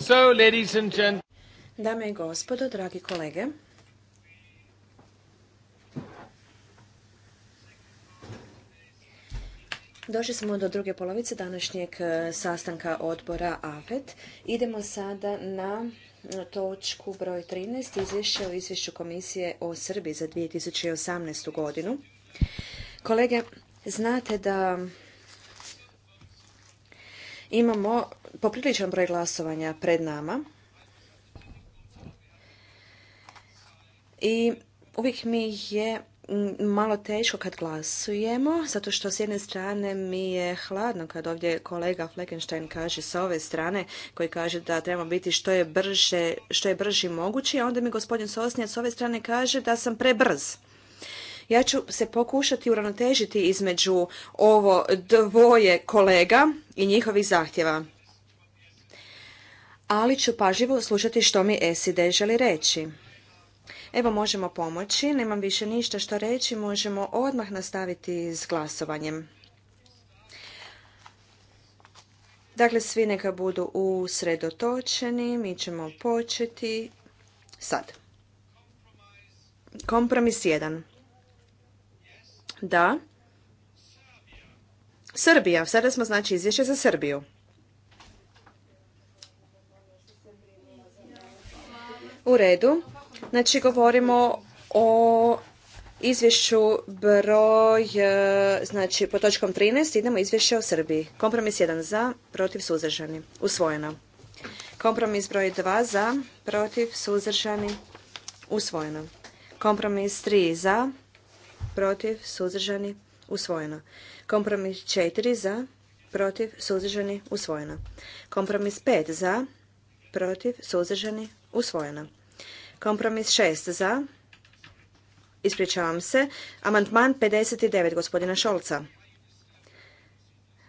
So, ladies and Dame i gospodo, dragi kolege. Došli smo do druge polovice današnjeg e, sastanka odbora AFET. Idemo sada na točku broj 13, izvješće o izvješću komisije o Srbiji za 2018. godinu. Kolege, znate da Imamo popriličan broj glasovanja pred nama. I uvijek mi je malo teško kad glasujemo, zato što s jedne strane mi je hladno kad ovdje kolega Fleckenstein kaže sa ove strane, koji kaže da trebamo biti što je, brže, što je brži mogući, a onda mi gospodin Sosnijac s ove strane kaže da sam prebrz. Ja ću se pokušati uravnotežiti između ovo dvoje kolega i njihovih zahtjeva. Ali ću pažljivo slušati što mi SID želi reći. Evo možemo pomoći, nemam više ništa što reći, možemo odmah nastaviti s glasovanjem. Dakle, svi neka budu usredotočeni, mi ćemo početi sad. Kompromis 1. Da. Srbija. Sada smo znači izvješće za Srbiju. U redu. Znači govorimo o izvješću broj, e, znači po točkom 13 idemo izvješće o Srbiji. Kompromis 1 za, protiv suzdržani. Usvojeno. Kompromis broj 2 za, protiv suzdržani. Usvojeno. Kompromis 3 za, protiv, suzdržani, usvojeno. Kompromis 4 za, protiv, suzdržani, usvojeno. Kompromis 5 za, protiv, suzdržani, usvojeno. Kompromis 6 za, ispričavam se, amandman 59 gospodina Šolca.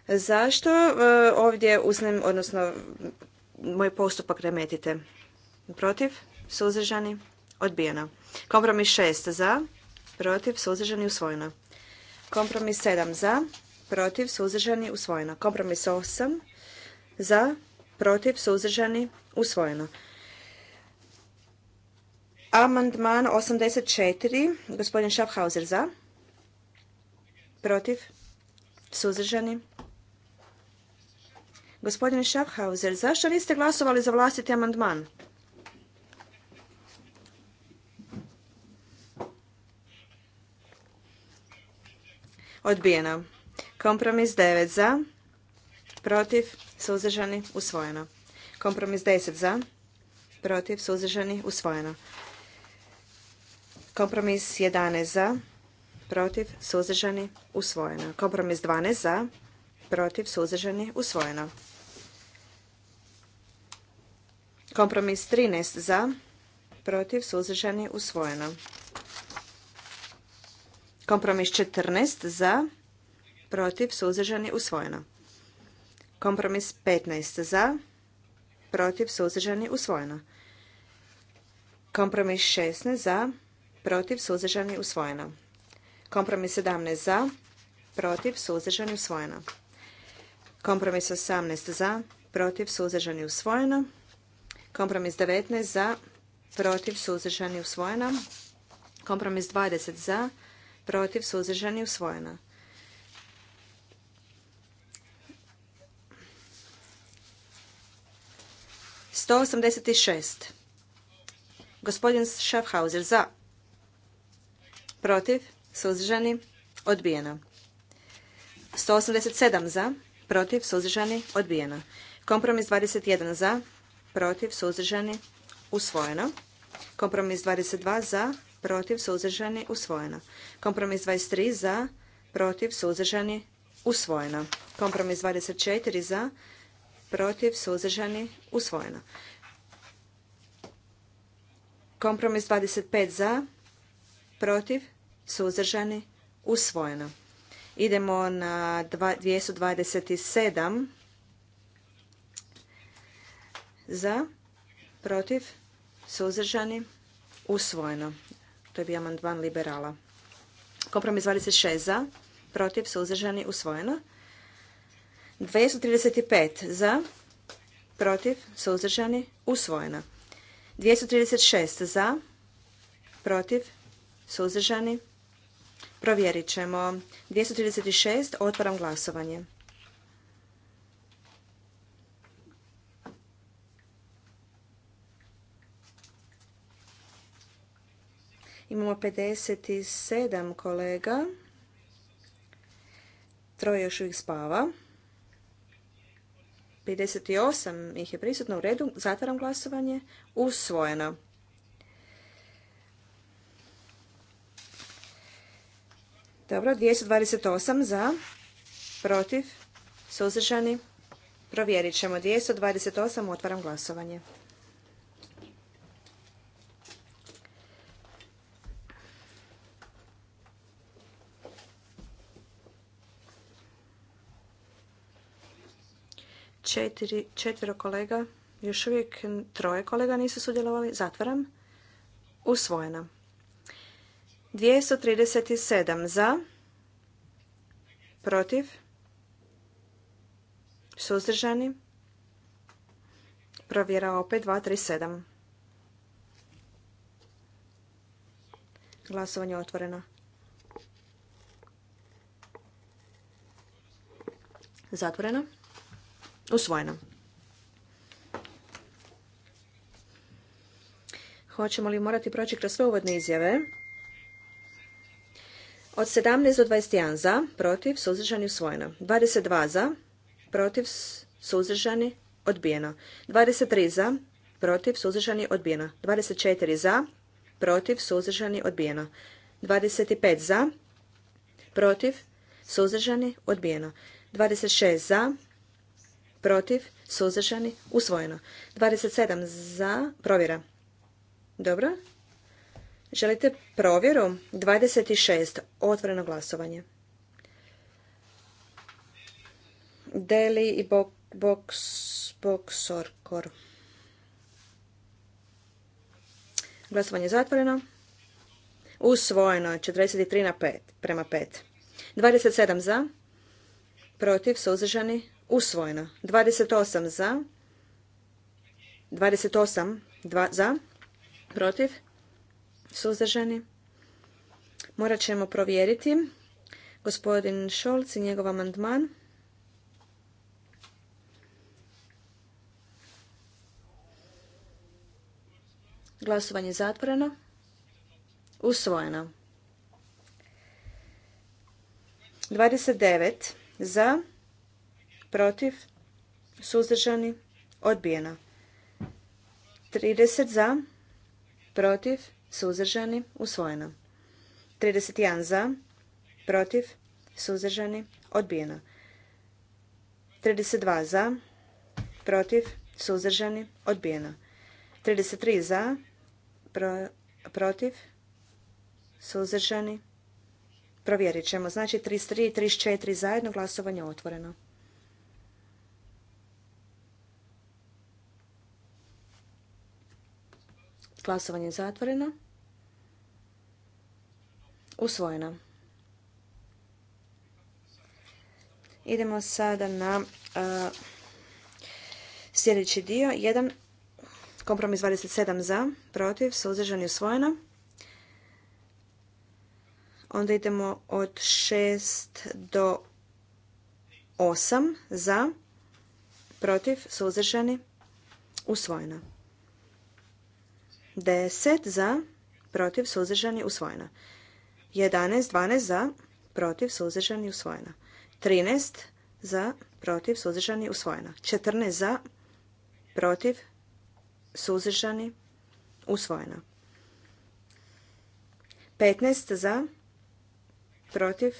Zašto e, ovdje usnem, odnosno moj postupak remetite? Protiv, suzdržani, odbijeno. Kompromis 6 za, protiv, suzdržani, usvojeno. Kompromis 7 za, protiv, suzdržani, usvojeno. Kompromis 8 za, protiv, suzdržani, usvojeno. Amandman 84, gospodin Schaffhauser za, protiv, suzdržani. Gospodin Schaffhauser, zašto niste glasovali za vlastiti amandman? Odbijeno. Kompromis 9 za, protiv, suzdržani, usvojeno. Kompromis 10 za, protiv, suzdržani, usvojeno. Kompromis 11 za, protiv, suzdržani, usvojeno. Kompromis 12 za, protiv, suzdržani, usvojeno. Kompromis 13 za, protiv, suzdržani, usvojeno. Kompromis 14 za, protiv, suzdržani, usvojeno. Kompromis 15 za, protiv, suzdržani, usvojeno. Kompromis 16 za, protiv, suzdržani, usvojeno. Kompromis 17 za, protiv, suzdržani, usvojeno. Kompromis 18 za, protiv, suzdržani, usvojeno. Kompromis 19 za, protiv, suzdržani, usvojeno. Kompromis 20 za, protiv, suzdržani, usvojeno. Sto osamdeset šest. Gospodin Schaffhauser za. Protiv, suzdržani, odbijeno. 187 za, protiv, suzdržani, odbijeno. Kompromis 21 za, protiv, suzdržani, usvojeno. Kompromis 22 za, protiv, suzdržani, usvojeno. Kompromis 23 za, protiv, suzdržani, usvojeno. Kompromis 24 za, protiv, suzdržani, usvojeno. Kompromis 25 za, protiv, suzdržani, usvojeno. Idemo na 227 za, protiv, suzdržani, usvojeno. To je bio amandman liberala. Kompromis 26 za, protiv, suzdržani, usvojeno. 235 za, protiv, suzdržani, usvojeno. 236 za, protiv, suzdržani. Provjerit ćemo. 236, otvaram glasovanje. Imamo 57 kolega. Troje još uvijek spava. 58 ih je prisutno u redu. Zatvaram glasovanje. Usvojeno. Dobro, 228 za, protiv, suzdržani. Provjerit ćemo. 228, otvaram glasovanje. četiri, četvero kolega, još uvijek troje kolega nisu sudjelovali. Zatvaram. Usvojena. 237 za, protiv, suzdržani, provjera opet 237. Glasovanje otvoreno. Zatvoreno. Usvojeno. Hoćemo li morati proći kroz sve uvodne izjave? Od 17 do 21 za, protiv, suzdržani, usvojeno. 22 za, protiv, suzdržani, odbijeno. 23 za, protiv, suzdržani, odbijeno. 24 za, protiv, suzdržani, odbijeno. 25 za, protiv, suzdržani, odbijeno. 26 za, protiv, suzdržani, usvojeno. 27 za, provjera. Dobro. Želite provjeru? 26, otvoreno glasovanje. Deli i boksorkor. Glasovanje je zatvoreno. Usvojeno 43 na 5, prema 5. 27 za, protiv, suzdržani, usvojeno. 28 za, 28 dva, za, protiv, suzdržani. Morat ćemo provjeriti gospodin Šolc i njegov amandman. Glasovanje je zatvoreno. Usvojeno. 29 za, protiv, suzdržani, odbijeno. 30 za, protiv, suzdržani, usvojeno. 31 za, protiv, suzdržani, odbijeno. 32 za, protiv, suzdržani, odbijeno. 33 za, protiv, suzdržani, provjerit ćemo. Znači 33 i 34 zajedno, glasovanje otvoreno. Glasovanje je zatvoreno. Usvojeno. Idemo sada na e, sljedeći dio. 1. Kompromis 27 za, protiv, suzdržani usvojeno. Onda idemo od 6 do 8 za, protiv, suzdržani, usvojeno. 10 za, protiv, suzdržani, usvojena. 11, 12 za, protiv, suzdržani, usvojena. 13 za, protiv, suzdržani, usvojena. 14 za, protiv, suzdržani, usvojena. 15 za, protiv,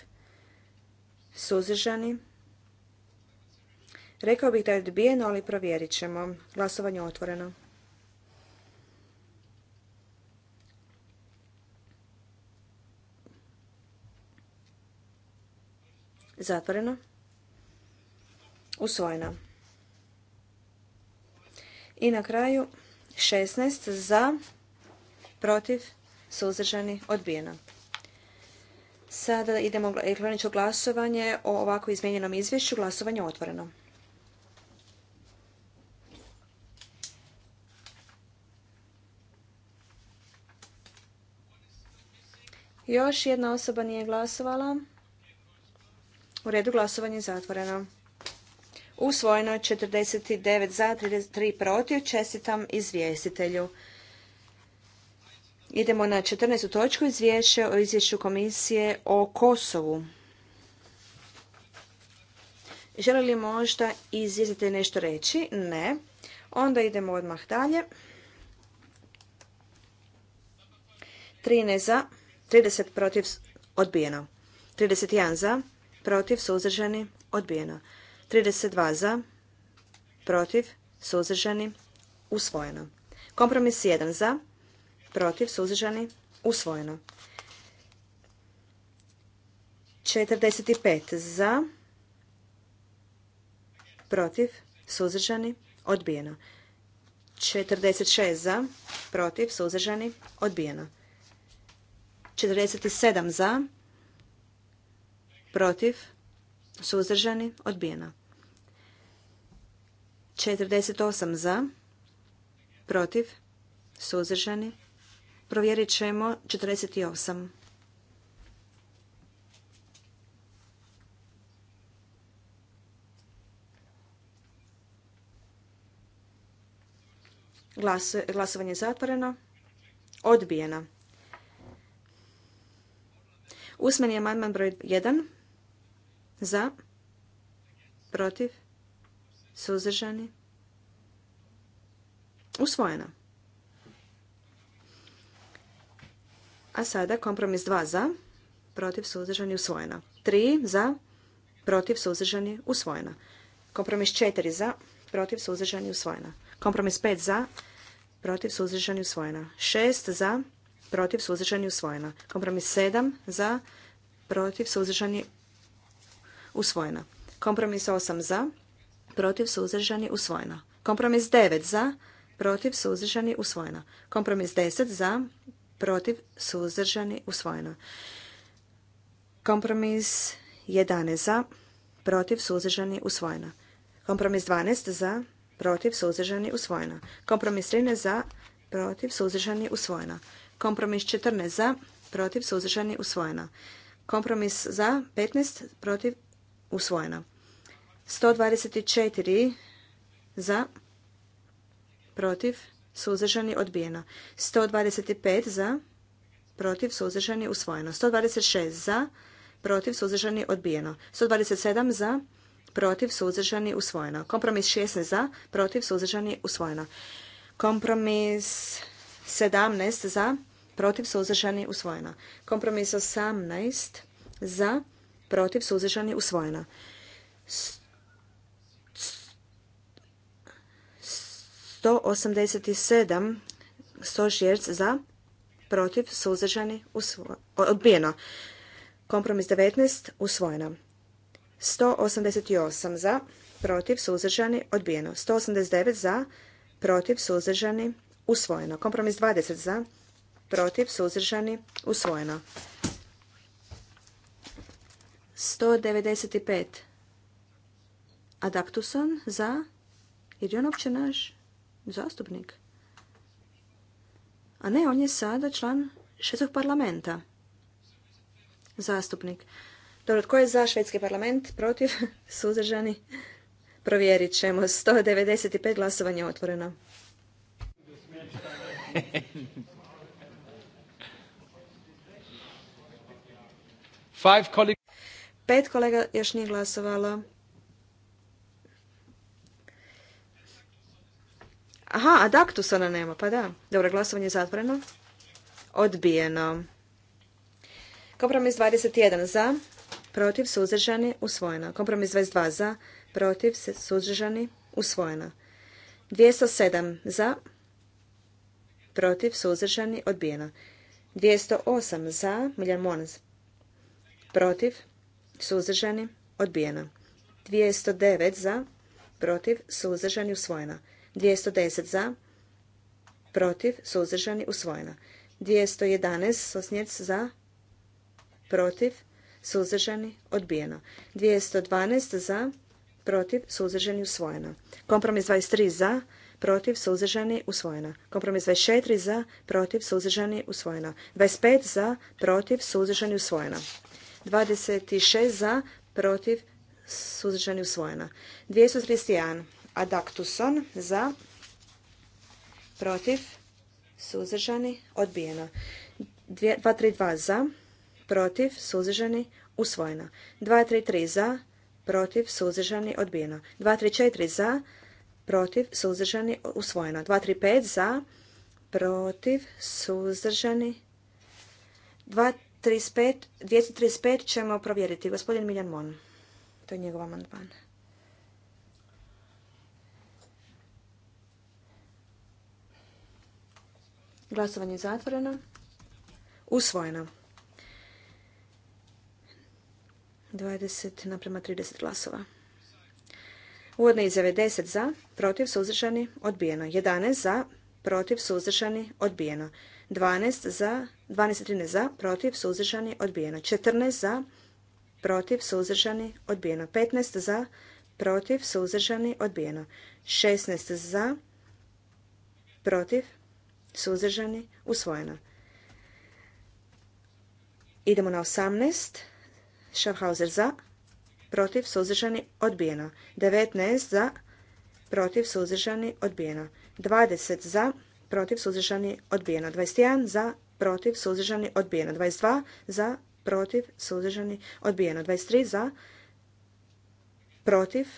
suzdržani. Rekao bih da je odbijeno, ali provjerit ćemo. Glasovanje otvoreno. Zatvoreno. Usvojena. I na kraju 16 za, protiv, suzdržani, odbijeno. Sada idemo elektroničko glasovanje o ovako izmijenjenom izvješću. Glasovanje otvoreno. Još jedna osoba nije glasovala. U redu glasovanje je zatvoreno. Usvojeno je 49 za, 33 protiv. Čestitam izvjestitelju. Idemo na 14. točku izvješće o izvješću komisije o Kosovu. Želi li možda izvjestitelj nešto reći? Ne. Onda idemo odmah dalje. 13 za, 30 protiv odbijeno. 31 za, protiv, suzdržani, odbijeno. 32 za, protiv, suzdržani, usvojeno. Kompromis 1 za, protiv, suzdržani, usvojeno. 45 za, protiv, suzdržani, odbijeno. 46 za, protiv, suzdržani, odbijeno. 47 za, protiv, suzdržani, odbijeno. 48 za, protiv, suzdržani. Provjerit ćemo 48. Glas, glasovanje je zatvoreno. Odbijeno. Usmeni amandman broj 1 za. Protiv. Suzdržani. Usvojena. A sada kompromis 2 za, protiv suzdržani usvojena. 3 za, protiv suzdržani usvojena. Kompromis 4 za, protiv suzdržani usvojena. Kompromis 5 za, protiv suzdržani usvojena. 6 za, protiv suzdržani usvojena. Kompromis 7 za, protiv suzdržani usvojena. Kompromis 8 za, protiv suzdržani usvojeno. Kompromis 9 za, protiv suzdržani usvojeno. Kompromis 10 za, protiv suzdržani usvojeno. Kompromis 11 za, protiv suzdržani usvojeno. Kompromis 12 za, protiv suzdržani usvojeno. Kompromis 13 za, protiv suzdržani usvojeno. Kompromis 14 za, protiv suzdržani usvojeno. Kompromis za 15 protiv usvojena. 124 za, protiv, suzdržani, odbijeno. 125 za, protiv, suzdržani, usvojeno. 126 za, protiv, suzdržani, odbijeno. 127 za, protiv, suzdržani, usvojeno. Kompromis 16 za, protiv, suzdržani, usvojeno. Kompromis 17 za, protiv, suzdržani, usvojeno. Kompromis 18 za, protiv, suzdržani, usvojena. 187 sedam, za, protiv, suzdržani, odbijeno. Kompromis 19 usvojeno. 188 za, protiv, suzdržani, odbijeno. 189 za, protiv, suzdržani, usvojeno. Kompromis 20 za, protiv, suzdržani, usvojeno. 195. adaptuson za? Jer je on uopće naš zastupnik. A ne, on je sada član švedskog parlamenta. Zastupnik. Dobro, tko je za švedski parlament? Protiv? Suzdržani? Provjerit ćemo. 195 glasovanje otvoreno. Five Pet kolega još nije glasovalo. Aha, adaktus ona nema, pa da. Dobro, glasovanje je zatvoreno. Odbijeno. Kompromis 21 za, protiv, suzdržani, usvojeno. Kompromis 22 za, protiv, suzdržani, usvojeno. 207 za, protiv, suzdržani, odbijeno. 208 za, Miljan Mons, protiv, suzdržani, odbijeno. 209 za, protiv, suzdržani, usvojeno. 210 za, protiv, suzdržani, usvojeno. 211 sosnjec za, protiv, suzdržani, odbijeno. 212 za, protiv, suzdržani, usvojeno. Kompromis 23 za, protiv, suzdržani, usvojeno. Kompromis 24 za, protiv, suzdržani, usvojeno. 25 za, protiv, suzdržani, usvojeno. 26 za, protiv, suzdržani usvojena. 231 Adaktuson za, protiv, suzdržani, odbijena. 232 za, protiv, suzdržani, usvojena. 233 za, protiv, suzdržani, odbijena. 234 za, protiv, suzdržani, usvojena. 235 za, protiv, suzdržani, 2 235 ćemo provjeriti. Gospodin Miljan Mon. To je njegov amandman. Glasovanje je zatvoreno. Usvojeno. 20 naprema 30 glasova. Uvodne izjave 10 za, protiv, suzdržani, odbijeno. 11 za, protiv, suzdržani, odbijeno. 12 za, 12 13 za, protiv, suzdržani, odbijeno. 14 za, protiv, suzdržani, odbijeno. 15 za, protiv, suzdržani, odbijeno. 16 za, protiv, suzdržani, usvojeno. Idemo na 18. Schaffhauser za, protiv, suzdržani, odbijeno. 19 za, protiv, suzdržani, odbijeno. 20 za, protiv, protiv, suzdržani, odbijeno. 21 za, protiv, suzdržani, odbijeno. 22 za, protiv, suzdržani, odbijeno. 23 za, protiv,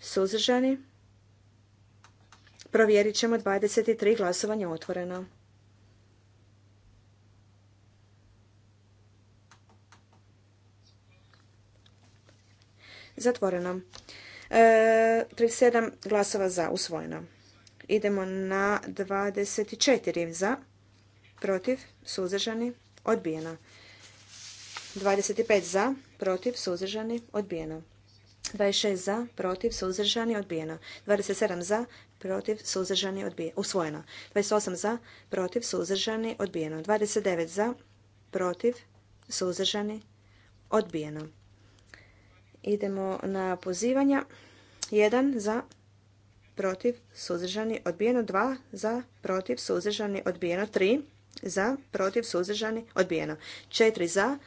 suzdržani. Provjerit ćemo 23 glasovanje otvoreno. Zatvoreno. 37 e, glasova za usvojeno. Idemo na 24 za, protiv, suzdržani, odbijeno. 25 za, protiv, suzdržani, odbijeno. 26 za, protiv, suzdržani, odbijeno. 27 za, protiv, suzdržani, odbijeno. Usvojeno. 28 za, protiv, suzdržani, odbijeno. 29 za, protiv, suzdržani, odbijeno. Idemo na pozivanja. 1 za, protiv, suzdržani, odbijeno 2 za, protiv, suzdržani, odbijeno 3 za, protiv, suzdržani, odbijeno 4 za,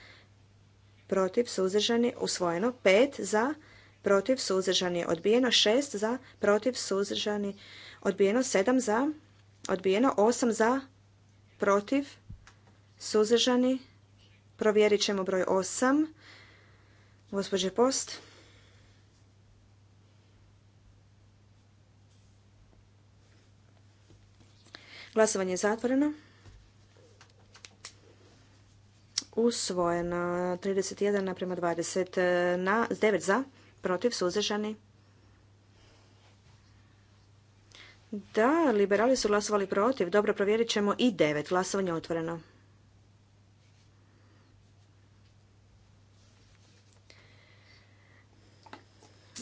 protiv, suzdržani, usvojeno 5 za, protiv, suzdržani, odbijeno 6 za, protiv, suzdržani, odbijeno 7 za, odbijeno 8 za, protiv, suzdržani, provjerit ćemo broj 8. Gospođe Post. Glasovanje je zatvoreno. Usvojeno 31 naprema 20 na 9 eh, za, protiv suzdržani. Da, liberali su glasovali protiv. Dobro, provjerit ćemo i 9. Glasovanje je otvoreno.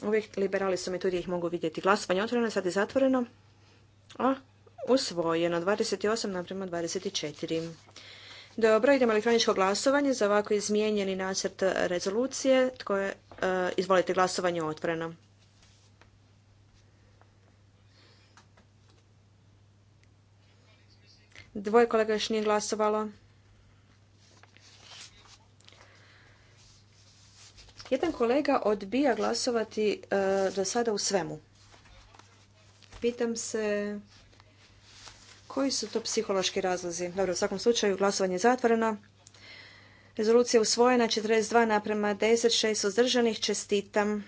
Uvijek liberali su mi tu gdje ih mogu vidjeti. Glasovanje je otvoreno, sad je zatvoreno. A, usvojeno 28 naprema 24. Dobro, idemo elektroničko glasovanje za ovako izmijenjeni nacrt rezolucije. Tko je, e, izvolite, glasovanje otvoreno. Dvoje kolega još nije glasovalo. Jedan kolega odbija glasovati za e, do sada u svemu. Pitam se koji su to psihološki razlozi? Dobro, u svakom slučaju glasovanje je zatvoreno. Rezolucija je usvojena 42 naprema 10, 6 suzdržanih. Čestitam.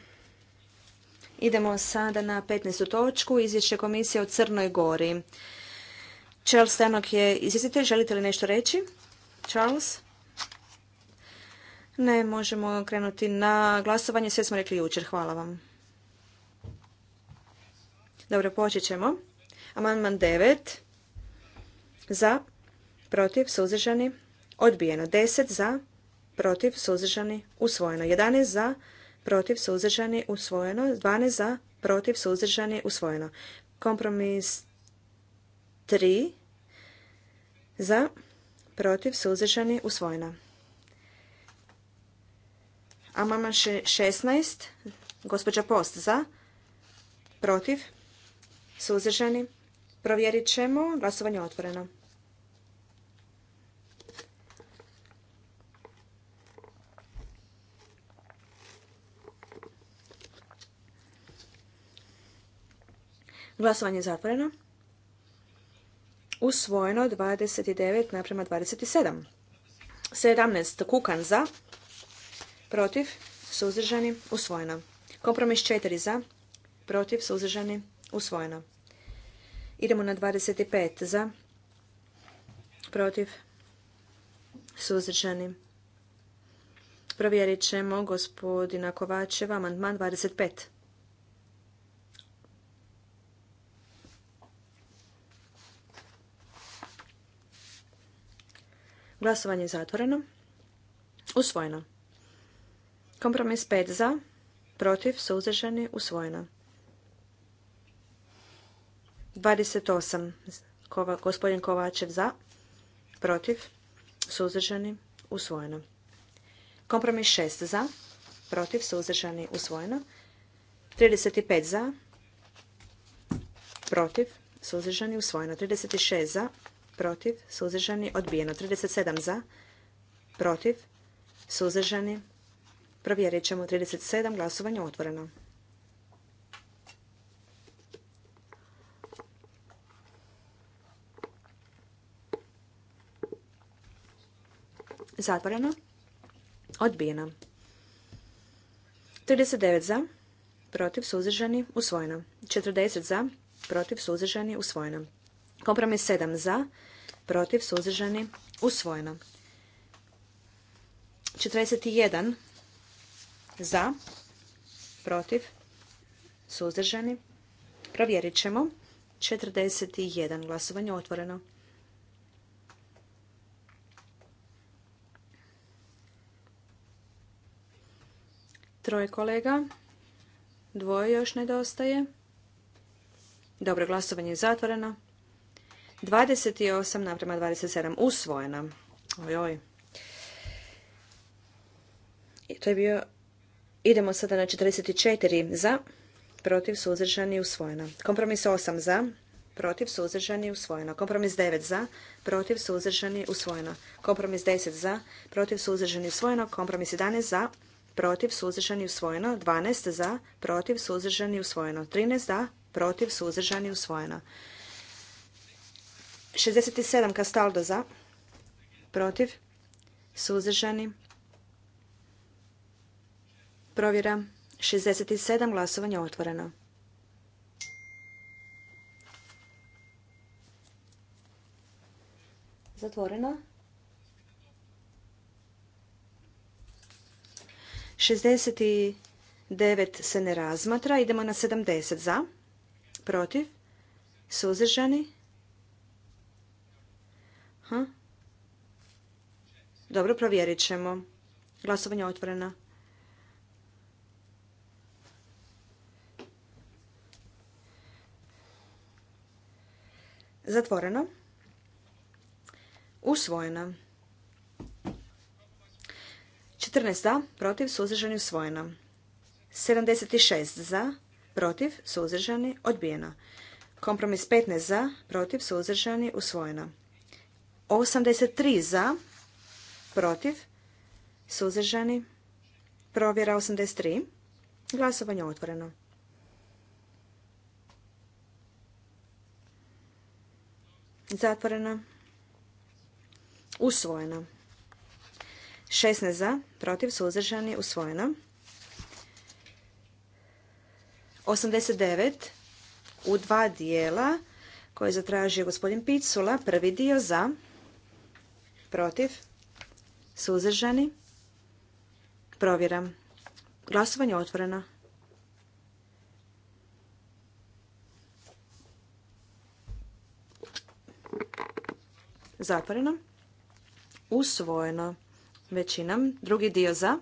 Idemo sada na 15. točku, izvješće komisije o Crnoj Gori. Charles Stanok je izvjestitelj, želite li nešto reći? Charles? Ne, možemo krenuti na glasovanje, sve smo rekli jučer, hvala vam. Dobro, počet ćemo. Amandman 9 za, protiv, suzdržani, odbijeno. 10 za, protiv, suzdržani, usvojeno. 11 za, protiv, suzdržani, usvojeno. 12 za, protiv, suzdržani, usvojeno. Kompromis 3 za, protiv, suzdržani, usvojeno. Amandman 16, gospođa Post za, protiv, suzdržani. Provjerit ćemo, glasovanje otvoreno. Glasovanje je zatvoreno. Usvojeno 29 naprema 27. 17. Kukan za. Protiv. Suzdržani. Usvojeno. Kompromis 4 za. Protiv. Suzdržani. Usvojeno. Idemo na 25 za. Protiv. Suzdržani. Provjerit ćemo gospodina Kovačeva. Amandman 25. Glasovanje je zatvoreno. Usvojeno. Kompromis 5 za, protiv, suzdržani, usvojeno. 28. gospodin Kovačev za, protiv, suzdržani, usvojeno. Kompromis 6 za, protiv, suzdržani, usvojeno. 35 za, protiv, suzdržani, usvojeno. 36 za, protiv, suzdržani, odbijeno. 37 za, protiv, suzdržani, provjerit ćemo. 37, glasovanje otvoreno. Zatvoreno. Odbijeno. 39 za, protiv, suzdržani, usvojeno. 40 za, protiv, suzdržani, usvojeno. Kompromis 7 za, protiv, suzdržani, usvojeno. 41 za, protiv, suzdržani. Provjerit ćemo. 41 glasovanje otvoreno. Troje kolega. Dvoje još nedostaje. Dobro, glasovanje je zatvoreno. 28 naprema 27 usvojena. Ojoj. I to je bio... Idemo sada na 44 za, protiv suzdržani usvojena. Kompromis 8 za, protiv suzdržani usvojena. Kompromis 9 za, protiv suzdržani usvojena. Kompromis 10 za, protiv suzdržani usvojena. Kompromis 11 za, protiv suzdržani usvojena. 12 za, protiv suzdržani usvojena. 13 za, protiv suzdržani usvojena. 67 Kastaldo za, protiv, suzdržani. Provjera 67 glasovanje otvoreno. Zatvoreno. 69 se ne razmatra. Idemo na 70 za, protiv, suzdržani. Dobro, provjerit ćemo. Glasovanje otvoreno. Zatvoreno. Usvojena. 14 za, protiv, suzdržani, usvojeno. 76 za, protiv, suzdržani, odbijeno. Kompromis 15 za, protiv, suzdržani, usvojeno. 83 za, protiv, suzdržani, provjera 83, glasovanje otvoreno. Zatvoreno. Usvojeno. 16 za, protiv, suzdržani, usvojeno. 89 u dva dijela koje je zatražio gospodin Picula. Prvi dio za, protiv, suzdržani, provjeram. Glasovanje otvoreno. Zatvoreno. Usvojeno većinom. Drugi dio za,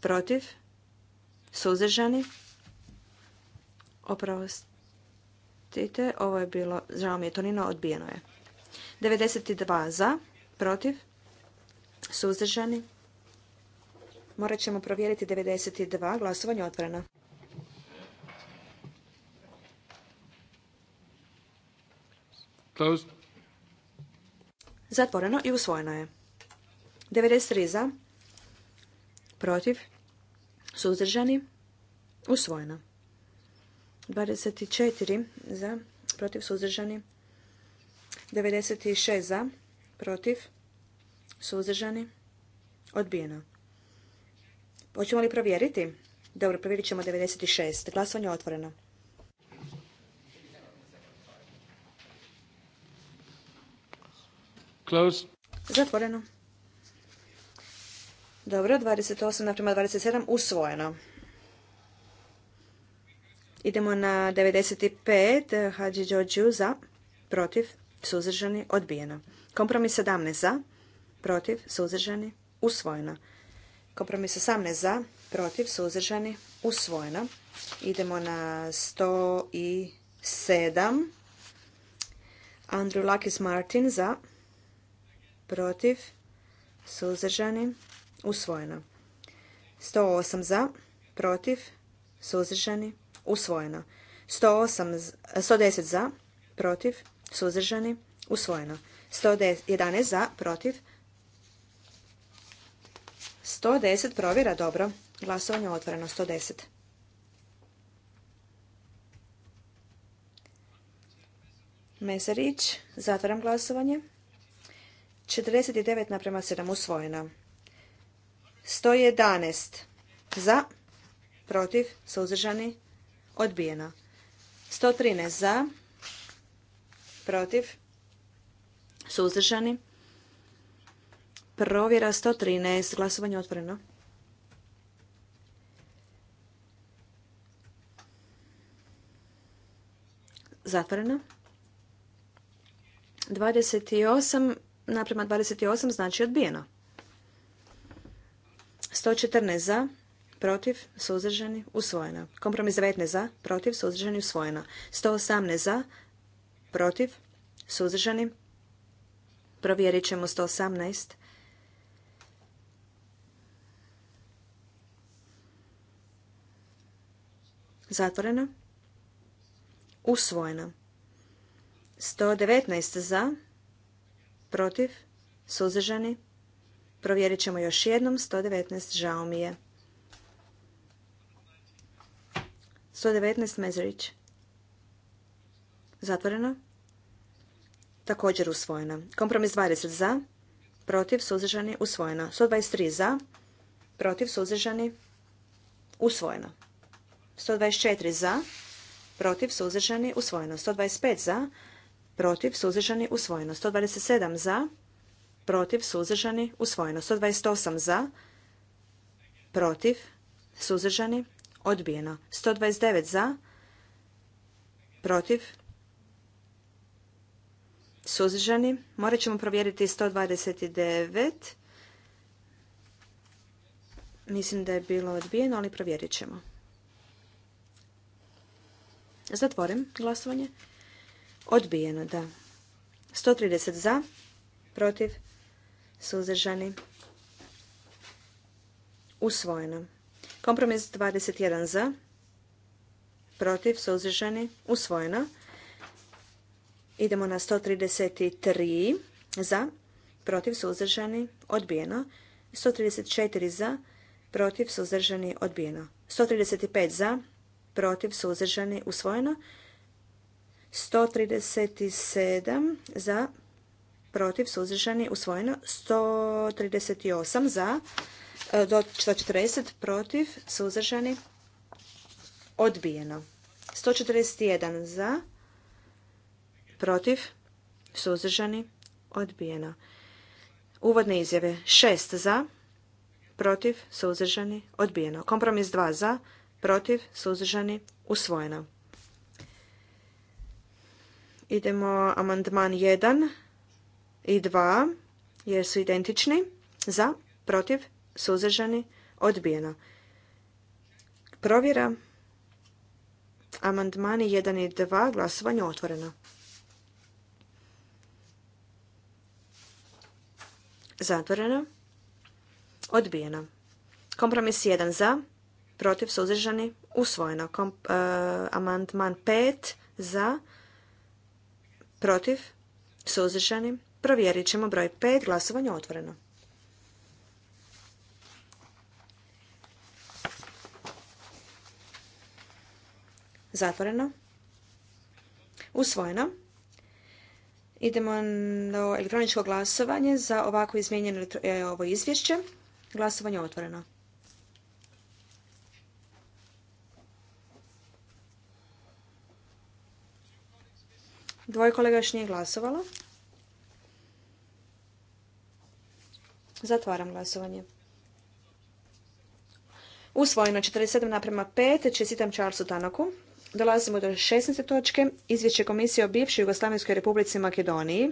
protiv, suzdržani, oprostite, ovo je bilo, žao mi je, Tonino, odbijeno je. 92 za, protiv, suzdržani. Morat ćemo provjeriti 92. Glasovanje otvoreno. Zatvoreno i usvojeno je. 93 za, protiv, suzdržani, usvojeno. 24 za, protiv, suzdržani, usvojeno. 96 za, protiv, suzdržani, odbijeno. Hoćemo li provjeriti? Dobro, provjerit ćemo 96. Glasovanje je otvoreno. Zatvoreno. Dobro, 28 naprema 27 usvojeno. Idemo na 95. Hadži Đođu za, protiv, suzdržani, odbijeno. Kompromis 17 za, protiv, suzdržani, usvojeno. Kompromis 18 za, protiv, suzdržani, usvojeno. Idemo na 107. Andrew Lakis Martin za, protiv, suzdržani, usvojeno. 108 za, protiv, suzdržani, usvojeno. 108, 110 za, protiv, suzdržani, usvojeno. 111 za, protiv. 110 provjera, dobro. Glasovanje otvoreno, 110. Mesarić, zatvaram glasovanje. 49 naprema 7 usvojena. 111 za, protiv, suzdržani, odbijeno. 113 za, protiv, suzdržani. Provjera 113, glasovanje otvoreno. Zatvoreno. 28 naprema 28 znači odbijeno. 114 za, protiv, suzdržani, usvojeno. Kompromis 19 za, protiv, suzdržani, usvojeno. 118 za, protiv, suzdržani. Provjerit ćemo 118. Zatvoreno. Usvojeno. 119 za, protiv, suzdržani. Provjerit ćemo još jednom. 119 žao mi je. 119 Mezerić. Zatvoreno također usvojena. Kompromis 20 za, protiv, suzdržani, usvojeno. 123 za, protiv, suzdržani, usvojeno. 124 za, protiv, suzdržani, usvojeno. 125 za, protiv, suzdržani, usvojeno. 127 za, protiv, suzdržani, usvojeno. 128 za, protiv, suzdržani, odbijeno. 129 za, protiv, Suzdržani? Morat ćemo provjeriti 129. Mislim da je bilo odbijeno, ali provjerit ćemo. Zatvorim glasovanje. Odbijeno, da. 130 za, protiv, suzdržani, usvojeno. Kompromis 21 za, protiv, suzdržani, usvojeno. Idemo na 133 za, protiv suzdržani, odbijeno. 134 za, protiv suzdržani, odbijeno. 135 za, protiv suzdržani, usvojeno. 137 za, protiv suzdržani, usvojeno. 138 za, e, do 140 protiv suzdržani, odbijeno. 141 za, protiv, suzdržani, odbijeno. Uvodne izjave 6 za, protiv, suzdržani, odbijeno. Kompromis 2 za, protiv, suzdržani, usvojeno. Idemo amandman 1 i 2 jer su identični. Za, protiv, suzdržani, odbijeno. Provjera amandmani 1 i 2 glasovanje otvoreno. Zatvoreno. Odbijeno. Kompromis 1 za, protiv suzdržani, usvojeno. E, amandman 5 za, protiv suzdržani. Provjerit ćemo broj 5, glasovanje otvoreno. Zatvoreno. Usvojeno. Idemo na elektroničko glasovanje za ovako izmijenjeno e, ovo izvješće. Glasovanje je otvoreno. Dvoje kolega još nije glasovalo. Zatvaram glasovanje. Usvojeno 47 naprema 5. Čestitam Charlesu Tanaku. Dolazimo do 16. točke. Izvješće komisije o bivšoj Jugoslavenskoj republici Makedoniji.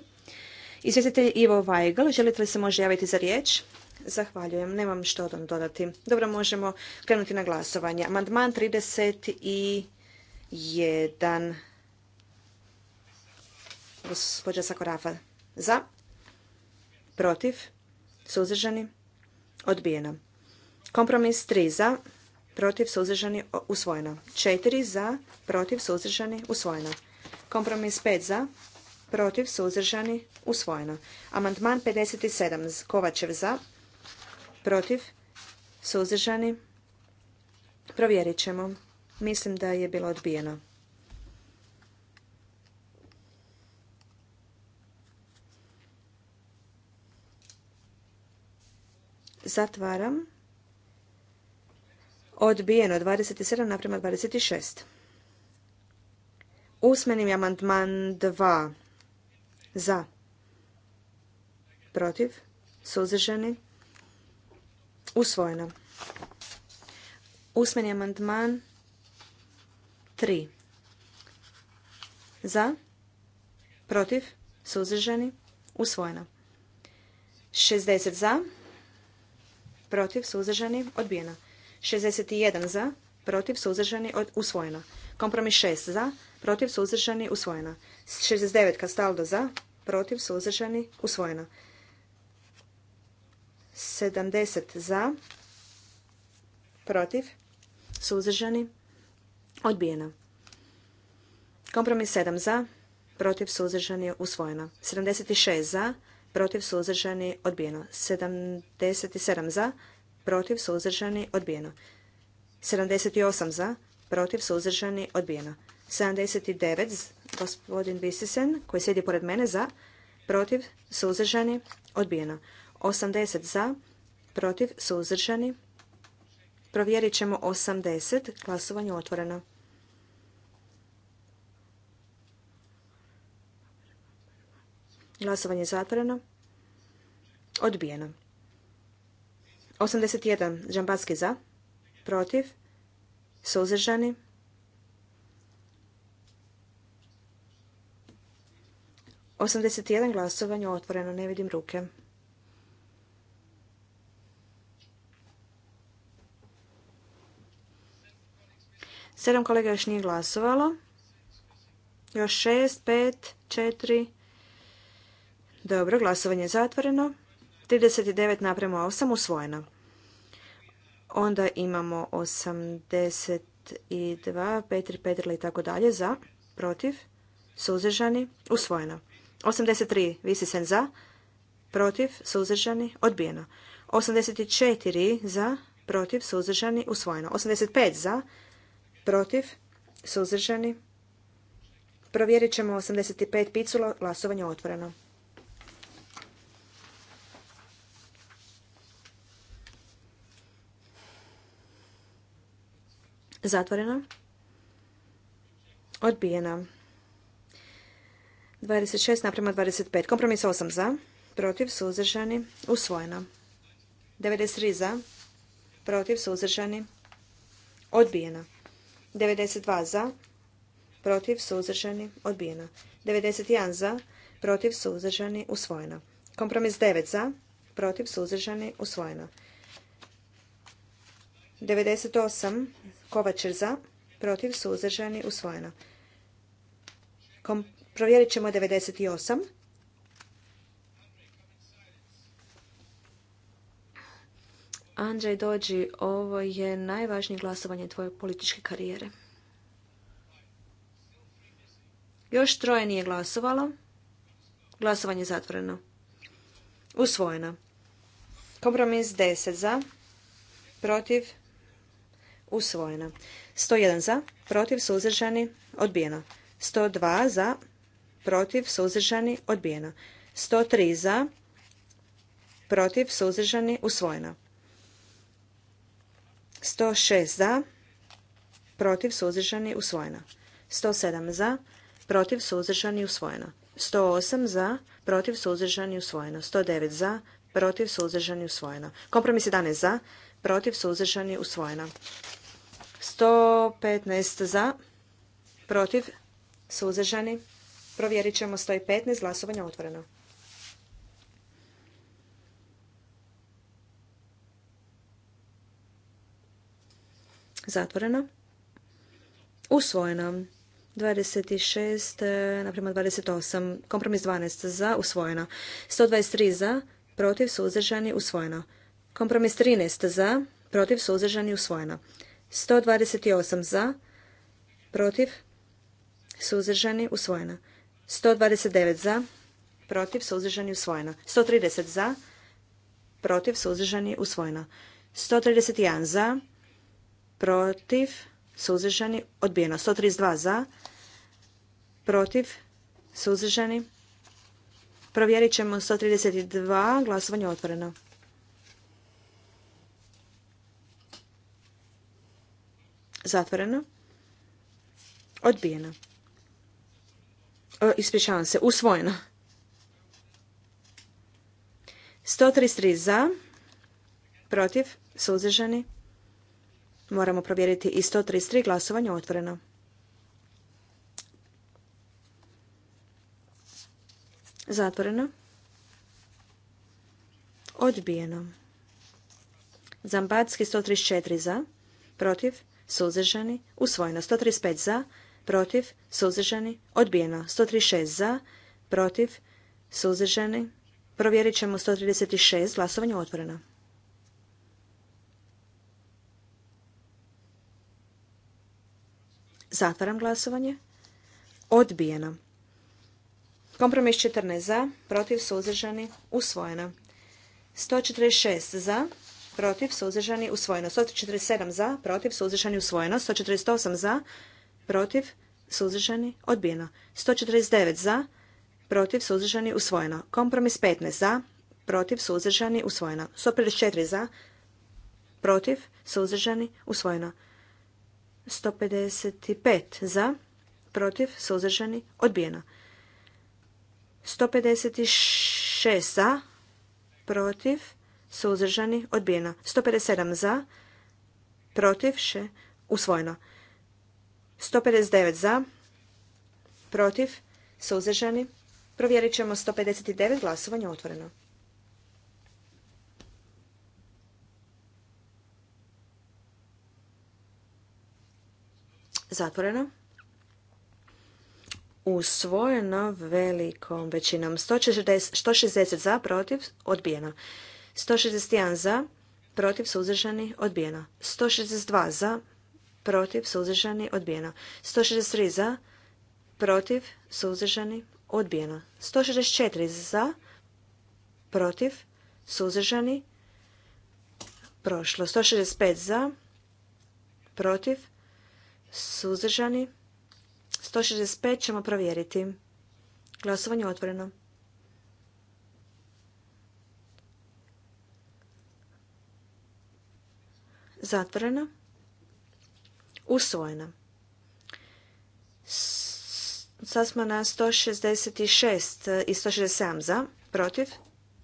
Izvjestitelj Ivo Weigl, želite li se može javiti za riječ? Zahvaljujem, nemam što dodati. Dobro, možemo krenuti na glasovanje. Amandman 31. Gospođa Sakorafa. Za? Protiv? Suzdržani? Odbijeno. Kompromis 3 za, protiv suzdržani usvojeno. Četiri za, protiv suzdržani usvojeno. Kompromis pet za, protiv suzdržani usvojeno. Amandman 57 Kovačev za, protiv suzdržani. Provjerit ćemo. Mislim da je bilo odbijeno. Zatvaram. Odbijeno 27 naprema 26. Usmenim je amandman 2. Za. Protiv. Suzdržani. Usvojeno. Usmeni amandman 3. Za. Protiv. Suzdržani. Usvojeno. 60 za. Protiv. Suzdržani. Odbijeno. 61 za, protiv, suzdržani, usvojeno. Kompromis 6 za, protiv, suzdržani, usvojeno. 69 Kastaldo za, protiv, suzdržani, usvojeno. 70 za, protiv, suzdržani, odbijeno. Kompromis 7 za, protiv, suzdržani, usvojeno. 76 za, protiv, suzdržani, odbijeno. 77 za, protiv, suzdržani, odbijeno. 78 za, protiv, suzdržani, odbijeno. 79, gospodin Bisisen, koji sjedi pored mene, za, protiv, suzdržani, odbijeno. 80 za, protiv, suzdržani. Provjerit ćemo 80, glasovanje otvoreno. Glasovanje zatvoreno. Odbijeno. 81. Žambatski za. Protiv. Suzdržani. Osamdeset jedan glasovanje otvoreno, ne vidim ruke. Sedam kolega još nije glasovalo. Još šest, pet, četiri. Dobro, glasovanje je zatvoreno. 39 naprema 8 usvojeno. Onda imamo 82, Petri, Petrila i tako dalje za, protiv, suzržani, usvojeno. 83 Visisen za, protiv, suzržani, odbijeno. 84 za, protiv, suzržani, usvojeno. 85 za, protiv, suzržani, Provjerit ćemo 85 Piculo, glasovanje otvoreno. Zatvorena, odbijena, 26 naprema 25. Kompromis 8 za. Protiv suzdržani. usvojena. 93 za. Protiv suzdržani. odbijena. 92 za. Protiv suzdržani. odbijena. 91 za. Protiv suzdržani. usvojena. Kompromis 9 za. Protiv suzdržani. usvojena. 98. Kovačer za. Protiv. Suzdržani. Usvojeno. provjerit ćemo 98. Andrej Dođi, ovo je najvažnije glasovanje tvoje političke karijere. Još troje nije glasovalo. Glasovanje je zatvoreno. Usvojeno. Kompromis 10 za, protiv, usvojena. 101 za, protiv, suzdržani, odbijeno. 102 za, protiv, suzdržani, odbijeno. 103 za, protiv, suzdržani, usvojeno. 106 za, protiv, suzdržani, usvojeno. 107 za, protiv, suzdržani, usvojeno. 108 za, protiv, suzdržani, usvojeno. 109 za, protiv, suzdržani, usvojeno. Kompromis 11 za, protiv, suzdržani, usvojeno. 115 za, protiv, suzežani, Provjerit ćemo 115, glasovanje otvoreno. Zatvoreno. Usvojeno. 26, eh, naprema 28. Kompromis 12 za, usvojeno. 123 za, protiv, suzežani, usvojeno. Kompromis 13 za, protiv, suzežani, usvojeno. 128 za, protiv, suzdržani, usvojeno. 129 za, protiv, suzdržani, usvojeno. 130 za, protiv, suzdržani, usvojeno. 131 za, protiv, suzdržani, odbijeno. 132 za, protiv, suzdržani. Provjerit ćemo 132, glasovanje otvoreno. Zatvoreno. Odbijeno. Ispričavam se, usvojeno. 133 za, protiv, suzdržani. Moramo provjeriti i 133 glasovanje otvoreno. Zatvoreno. Odbijeno. Zambatski 134 za, protiv, suzdržani, usvojeno 135 za, protiv, suzdržani, odbijeno 136 za, protiv, suzdržani. Provjerit ćemo 136, glasovanje otvoreno. Zatvaram glasovanje. Odbijeno. Kompromis 14 za, protiv, suzdržani, usvojeno. 146 za, protiv, suzdržani, usvojeno. 147 za, protiv, suzdržani, usvojeno. 148 za, protiv, suzdržani, odbijeno. 149 za, protiv, suzdržani, usvojeno. Kompromis 15 za, protiv, suzdržani, usvojeno. 154 za, protiv, suzdržani, usvojeno. 155 za, protiv, suzdržani, odbijeno. 156 za, protiv, suzdržani, odbijeno. 157 za, protiv, še, usvojeno. 159 za, protiv, suzdržani. Provjerit ćemo 159 glasovanja. otvoreno. Zatvoreno. Usvojeno velikom većinom. 160, 160 za, protiv, odbijeno. 161 za, protiv suzdržani odbijeno. 162 za, protiv suzdržani odbijeno. 163 za, protiv suzdržani odbijeno. 164 za, protiv suzdržani prošlo. 165 za, protiv suzdržani 165 ćemo provjeriti. Glasovanje otvoreno. Zatvorena. Usvojena. Sad smo na 166 i 167 za, protiv,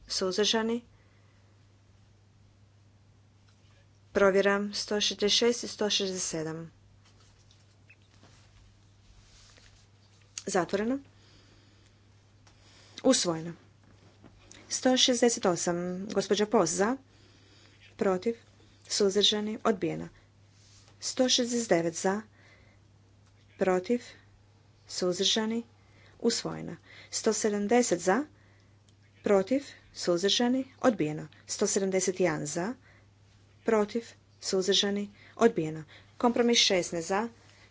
suzdržani. Provjeram 166 i 167. Zatvoreno. Usvojeno. 168. Gospođa Poz. za. Protiv suzdržani, odbijeno. 169 za, protiv, suzdržani, usvojeno. 170 za, protiv, suzdržani, odbijeno. 171 za, protiv, suzdržani, odbijeno. Kompromis 16 za,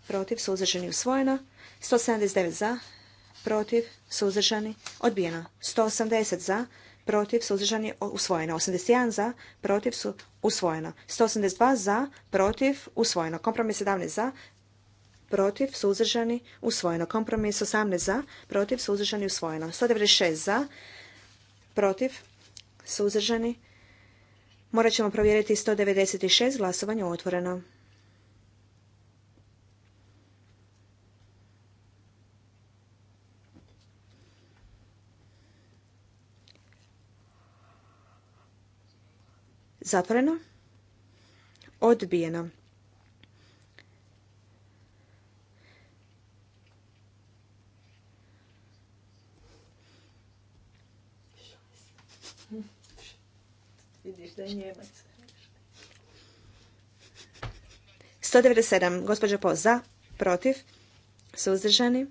protiv, suzdržani, usvojeno. 179 za, protiv, suzdržani, odbijeno. 180 za, protiv, protiv, suzdržani, usvojeno. 81 za, protiv, su usvojeno. 182 za, protiv, usvojeno. Kompromis 17 za, protiv, suzdržani, usvojeno. Kompromis 18 za, protiv, suzdržani, usvojeno. 196 za, protiv, suzdržani. Morat ćemo provjeriti 196 glasovanje otvoreno. Zatvoreno. Odbijeno. Vidiš da je Njemac. 197. Gospodža Po, za, protiv, suzdržani.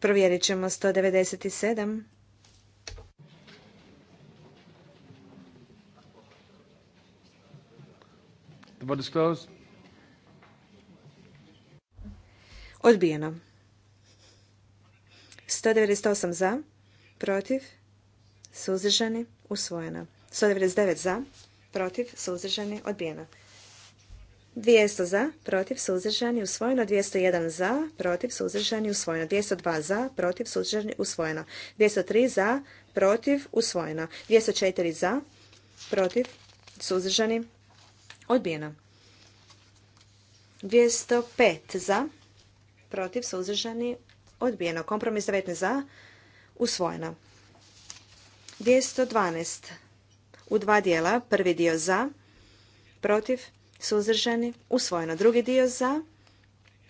Provjerit ćemo 197. Vote is closed. Odbijeno. 198 za, protiv, suzdržani, usvojeno. 199 za, protiv, suzdržani, odbijeno. 200 za, protiv, suzdržani, usvojeno. 201 za, protiv, suzdržani, usvojeno. 202 za, protiv, suzdržani, usvojeno. 203 za, protiv, usvojeno. 204 za, protiv, suzdržani, Odbijeno. 205 za, protiv, suzdržani, odbijeno. Kompromis 19 za, usvojeno. 212 u dva dijela. Prvi dio za, protiv, suzdržani, usvojeno. Drugi dio za,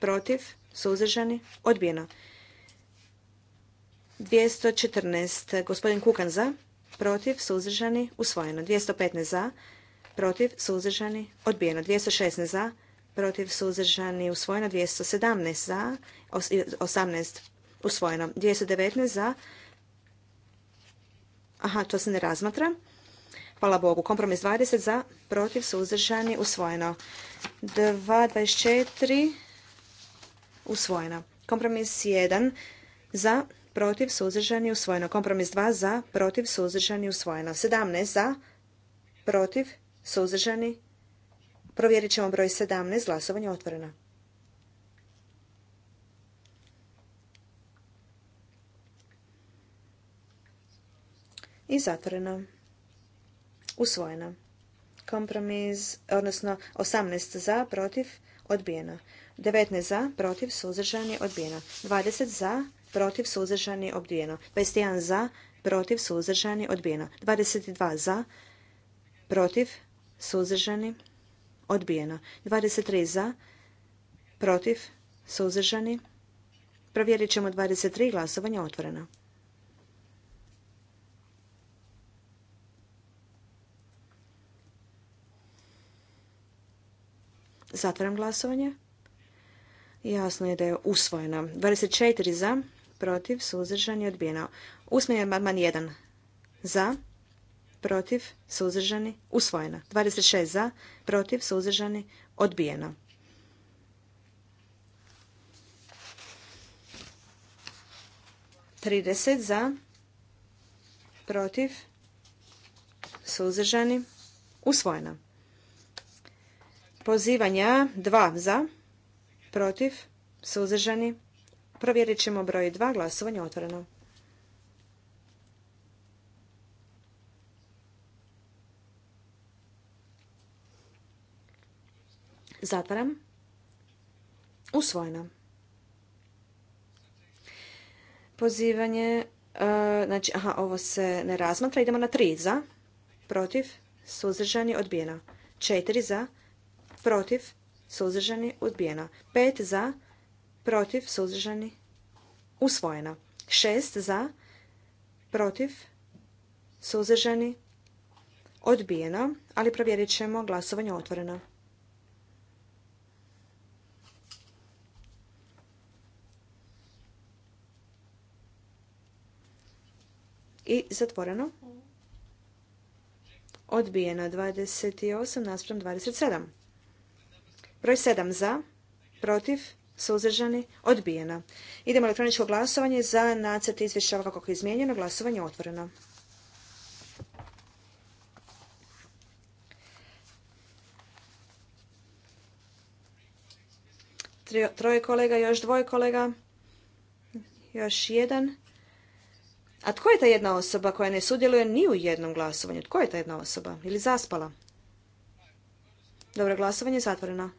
protiv, suzdržani, odbijeno. 214. Gospodin Kukan za, protiv, suzdržani, usvojeno. 215 za, protiv, suzdržani, odbijeno. 216 za, protiv, suzdržani, usvojeno. 217 za, 18 usvojeno. 219 za, aha, to se ne razmatra. Hvala Bogu. Kompromis 20 za, protiv, suzdržani, usvojeno. 224 usvojeno. Kompromis 1 za, protiv, suzdržani, usvojeno. Kompromis 2 za, protiv, suzdržani, usvojeno. 17 za, protiv, Suzdržani? Provjerit ćemo broj 17. Glasovanje otvoreno. I zatvoreno. Usvojeno. Kompromis, odnosno 18 za, protiv, odbijeno. 19 za, protiv, suzdržani, odbijeno. 20 za, protiv, suzdržani, odbijeno. 21 za, protiv, suzdržani, odbijeno. 22 za, protiv, suzdržani, odbijeno. 23 za, protiv, suzdržani. Provjerit ćemo 23 glasovanje otvoreno. Zatvaram glasovanje. Jasno je da je usvojeno. 24 za, protiv, suzdržani, odbijeno. je amandman 1 za, protiv, suzdržani, usvojena. 26 za, protiv, suzdržani, odbijeno. Trideset za, protiv, suzdržani, usvojeno. Pozivanja dva za, protiv, suzdržani. Provjerit ćemo broj dva. glasovanje otvoreno. Zatvaram. Usvojeno. Pozivanje, e, znači, aha, ovo se ne razmatra. Idemo na tri za, protiv, suzdržani, odbijeno. Četiri za, protiv, suzdržani, odbijeno. Pet za, protiv, suzdržani, usvojeno. Šest za, protiv, suzdržani, odbijeno, ali provjerit ćemo glasovanje otvoreno. i zatvoreno. Odbijeno 28 naspram 27. Broj 7 za, protiv, suzdržani, odbijeno. Idemo elektroničko glasovanje za nacrt izvješća ovako kako je izmijenjeno. Glasovanje otvoreno. Troje kolega, još dvoje kolega, još jedan. A tko je ta jedna osoba koja ne sudjeluje ni u jednom glasovanju? Tko je ta jedna osoba? Ili zaspala? Dobro, glasovanje je zatvoreno.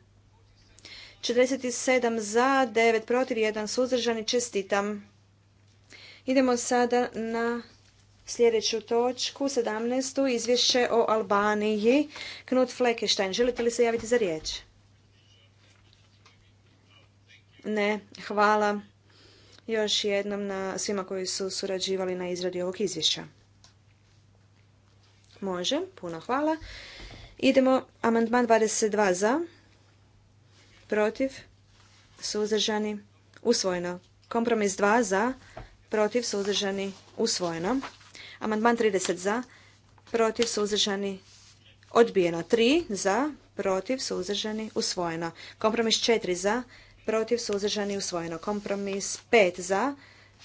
47 za, 9 protiv, 1 suzdržani. Čestitam. Idemo sada na sljedeću točku, 17. izvješće o Albaniji. Knut Fleckenstein, želite li se javiti za riječ? Ne, hvala još jednom na svima koji su surađivali na izradi ovog izvješća. Može, puno hvala. Idemo, amandman 22 za, protiv, suzdržani, usvojeno. Kompromis 2 za, protiv, suzdržani, usvojeno. Amandman 30 za, protiv, suzdržani, odbijeno. 3 za, protiv, suzdržani, usvojeno. Kompromis 4 za, protiv suzdržani usvojeno. Kompromis 5 za,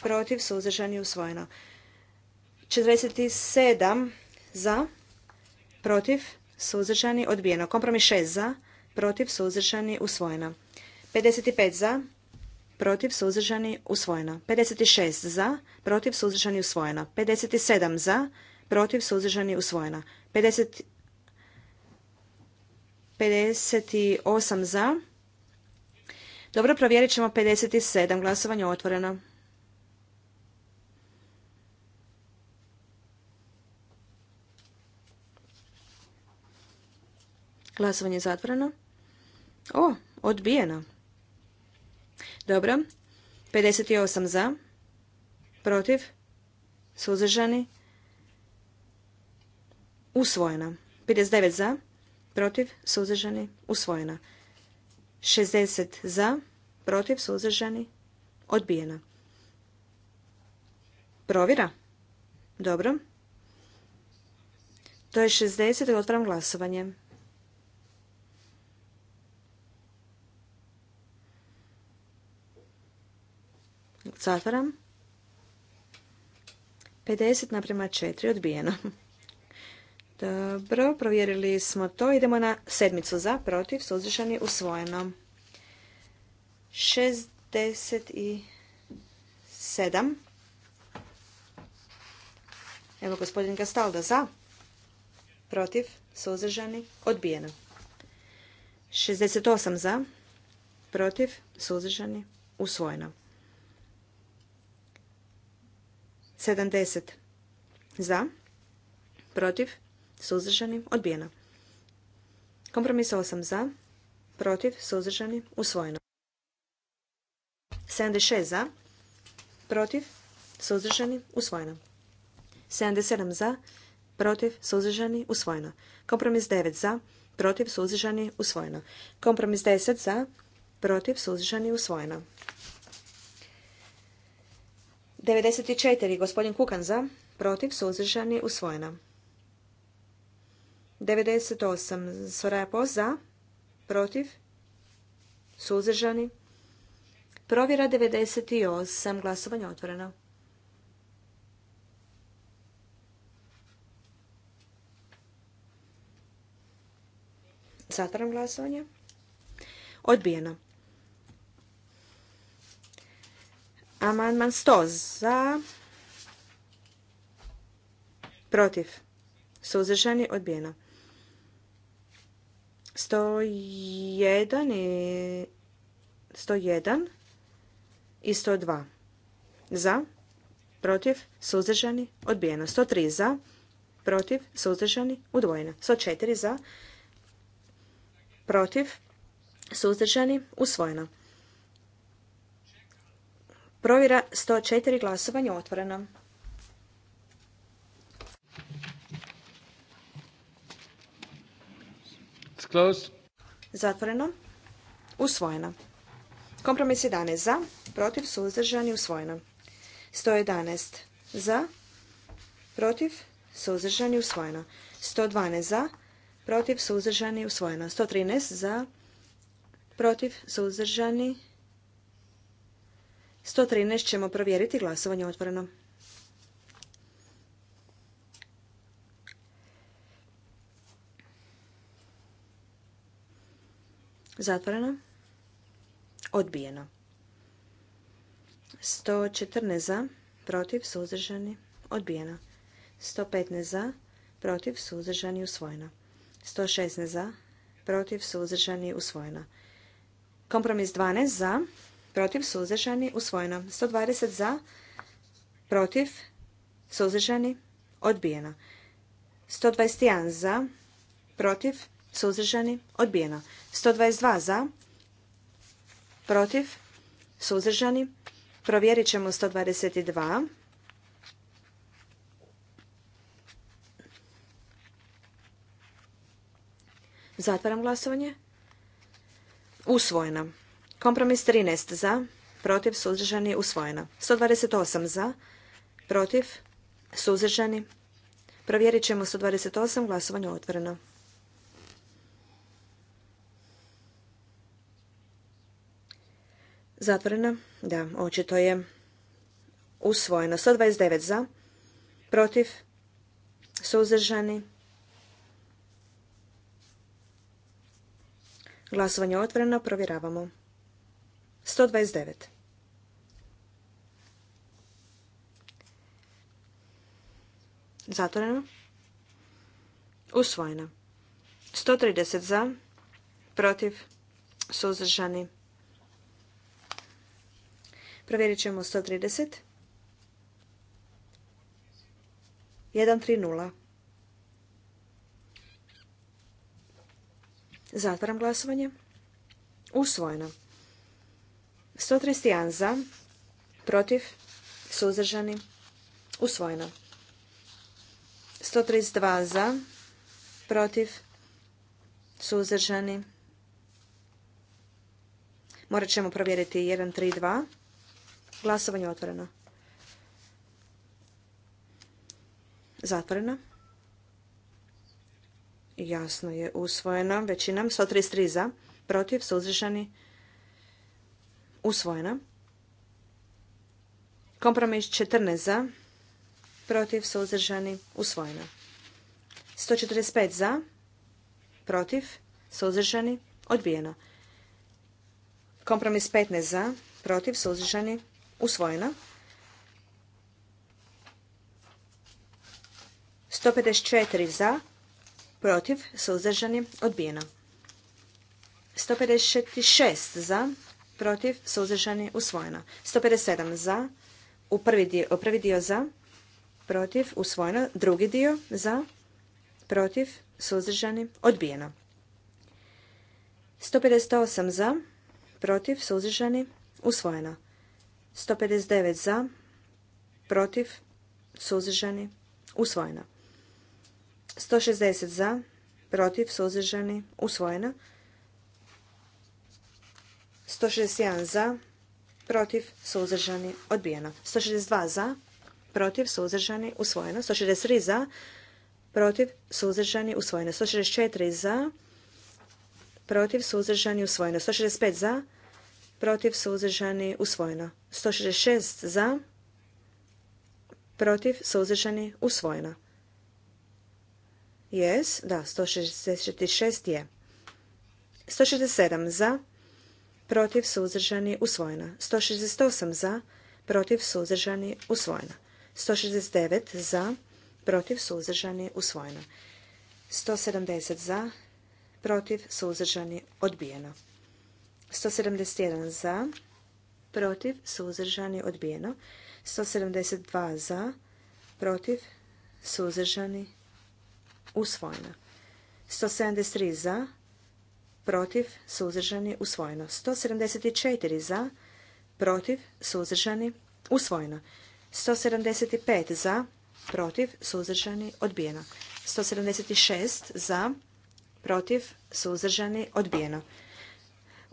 protiv suzdržani usvojeno. 47 za, protiv suzdržani odbijeno. Kompromis 6 za, protiv suzdržani usvojeno. 55 za, protiv suzdržani usvojeno. 56 za, protiv suzdržani usvojeno. 57 za, protiv suzdržani usvojeno. 50, 58 za, dobro, provjerit ćemo 57. Glasovanje otvoreno. Glasovanje zatvoreno. O, odbijeno. Dobro. 58 za. Protiv. Suzdržani. Usvojena. 59 za. Protiv. Suzdržani. Usvojena. 60 za, protiv, suzdržani, odbijena. Provira? Dobro. To je 60 i otvaram glasovanje. Zatvaram. 50 naprema 4, odbijeno. Dobro, provjerili smo to. Idemo na sedmicu za, protiv, suzdržani, usvojeno. 67. Evo gospodin Gastalda za, protiv, suzdržani, odbijeno. 68 za, protiv, suzdržani, usvojeno. 70 za, protiv, suzdržani, odbijeno. Kompromis 8 za, protiv, suzdržani, usvojeno. 76 za, protiv, suzdržani, usvojeno. 77 za, protiv, suzdržani, usvojeno. Kompromis 9 za, protiv, suzdržani, usvojeno. Kompromis 10 za, protiv, suzdržani, usvojeno. 94. Gospodin Kukan za, protiv, suzdržani, usvojeno. 98. Soraja Post za. Protiv. Suzdržani. Provjera 98. Glasovanje otvoreno. Zatvaram glasovanje. Odbijeno. Amandman sto. za. Protiv. Suzdržani. Odbijeno. 101 i 101 i 102 za, protiv, suzdržani, odbijeno. 103 za, protiv, suzdržani, udvojeno. 104 za, protiv, suzdržani, usvojeno. Provjera 104 glasovanje otvoreno. Zatvoreno. Usvojeno. Kompromis 11 za, protiv, suzdržani, usvojeno. 111 za, protiv, suzdržani, usvojeno. 112 za, protiv, suzdržani, usvojeno. 113 za, protiv, suzdržani, 113 ćemo provjeriti glasovanje otvoreno. Zatvoreno. Odbijeno. 114 za, protiv, suzdržani, odbijeno. 115 za, protiv, suzdržani, usvojeno. 116 za, protiv, suzdržani, usvojeno. Kompromis 12 za, protiv, suzdržani, usvojeno. 120 za, protiv, suzdržani, odbijeno. 121 za, protiv, suzdržani, odbijeno. 122 za, protiv, suzdržani, provjerit ćemo 122. Zatvaram glasovanje. Usvojena. Kompromis 13 za, protiv, suzdržani, usvojena. 128 za, protiv, suzdržani. Provjerit ćemo 128, glasovanje otvoreno. Zatvorena? Da, očito je usvojeno. 129 za, protiv, suzdržani. Glasovanje otvoreno, provjeravamo. 129. Zatvoreno. Usvojeno. 130 za, protiv, suzdržani. Provjerit ćemo 130. 130. Zatvaram glasovanje. Usvojeno. 131 za, protiv, suzdržani, usvojeno. 132 za, protiv, suzdržani. Morat ćemo provjeriti 132. Glasovanje otvoreno. Zatvoreno. Jasno je usvojeno. Većinom 133 za, protiv, suzdržani, usvojeno. Kompromis 14 za, protiv, suzdržani, usvojeno. 145 za, protiv, suzdržani, odbijeno. Kompromis 15 za, protiv, suzdržani, usvojena. 154 za, protiv, suzdržani, odbijeno. 156 za, protiv, suzdržani, usvojeno. 157 za, u prvi dio, prvi dio za, protiv, usvojeno. Drugi dio za, protiv, suzdržani, odbijeno. 158 za, protiv, suzdržani, usvojeno. 159 za, protiv, suzdržani, usvojena. 160 za, protiv, suzdržani, usvojena. 161 za, protiv, suzdržani, odbijeno. 162 za, protiv, suzdržani, usvojeno. 163 za, protiv, suzdržani, usvojena. 164 za, protiv, suzdržani, usvojena. 165 za, protiv suzdržani usvojeno. 166 za, protiv suzdržani usvojeno. Jes, da, 166 je. 167 za, protiv suzdržani usvojeno. 168 za, protiv suzdržani usvojeno. 169 za, protiv suzdržani usvojeno. 170 za, protiv suzdržani odbijeno. 171 za, protiv, suzdržani, odbijeno. 172 za, protiv, suzdržani, usvojeno. 173 za, protiv, suzdržani, usvojeno. 174 za, protiv, suzdržani, usvojeno. 175 za, protiv, suzdržani, odbijeno. 176 za, protiv, suzdržani, odbijeno.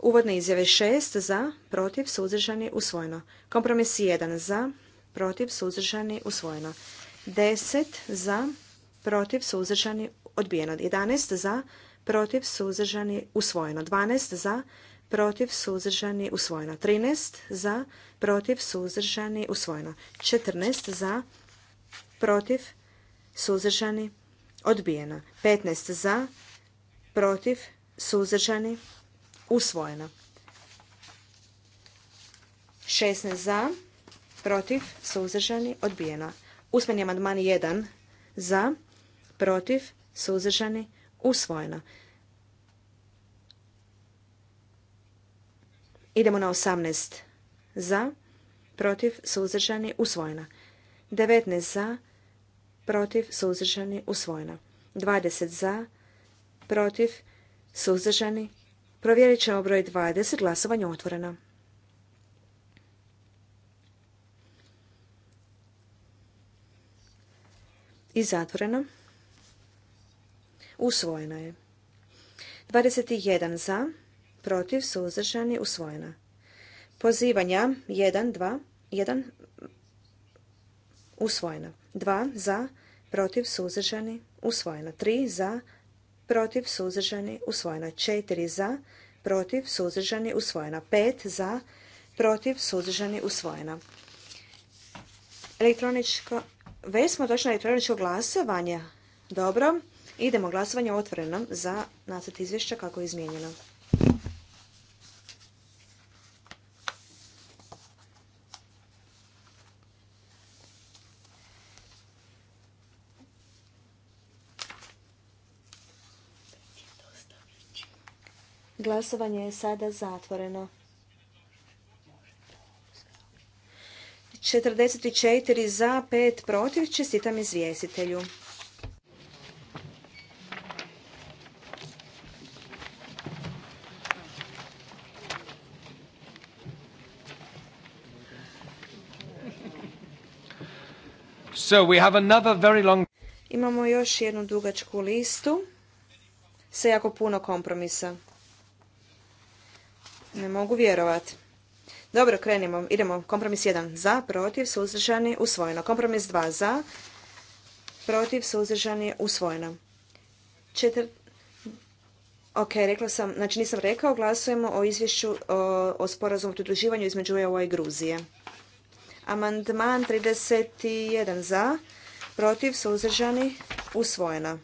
Uvodne izjave 6 za, protiv, suzdržani, usvojeno. Kompromis 1 za, protiv, suzdržani, usvojeno. 10 za, protiv, suzdržani, odbijeno. 11 za, protiv, suzdržani, usvojeno. 12 za, protiv, suzdržani, usvojeno. 13 za, protiv, suzdržani, usvojeno. 14 za, protiv, suzdržani, odbijeno. 15 za, protiv, suzdržani, Usvojena 16 za, protiv, suzdržani, odbijeno. Usmeni amandman 1 za, protiv, suzdržani, usvojena. Idemo na 18 za, protiv, suzdržani, usvojena. 19 za, protiv, suzdržani, usvojena. 20 za, protiv, suzdržani, Provjerit ćemo broj 20. Glasovanje otvoreno. I zatvoreno. Usvojeno je. 21 za, protiv, suzdržani, usvojena. Pozivanja 1, 2, 1, usvojena. 2 za, protiv, suzdržani, usvojena. 3 za, protiv, suzdržani, usvojena 4 za, protiv, suzdržani, usvojena 5 za, protiv, suzdržani, usvojena. Elektroničko, već smo došli na elektroničko glasovanje. Dobro, idemo glasovanje otvorenom za nacrt izvješća kako je izmijenjeno. Glasovanje je sada zatvoreno. 44 za, 5 protiv. Čestitam izvjestitelju. So we have another very long... Imamo još jednu dugačku listu sa jako puno kompromisa. Ne mogu vjerovati. Dobro, krenimo. Idemo. Kompromis 1 za, protiv, suzdržani, usvojeno. Kompromis 2 za, protiv, suzdržani, usvojeno. Četir... Ok, rekla sam, znači nisam rekao, glasujemo o izvješću o, o sporazumu o pridruživanju između EU i Gruzije. Amandman 31 za, protiv, suzdržani, usvojeno.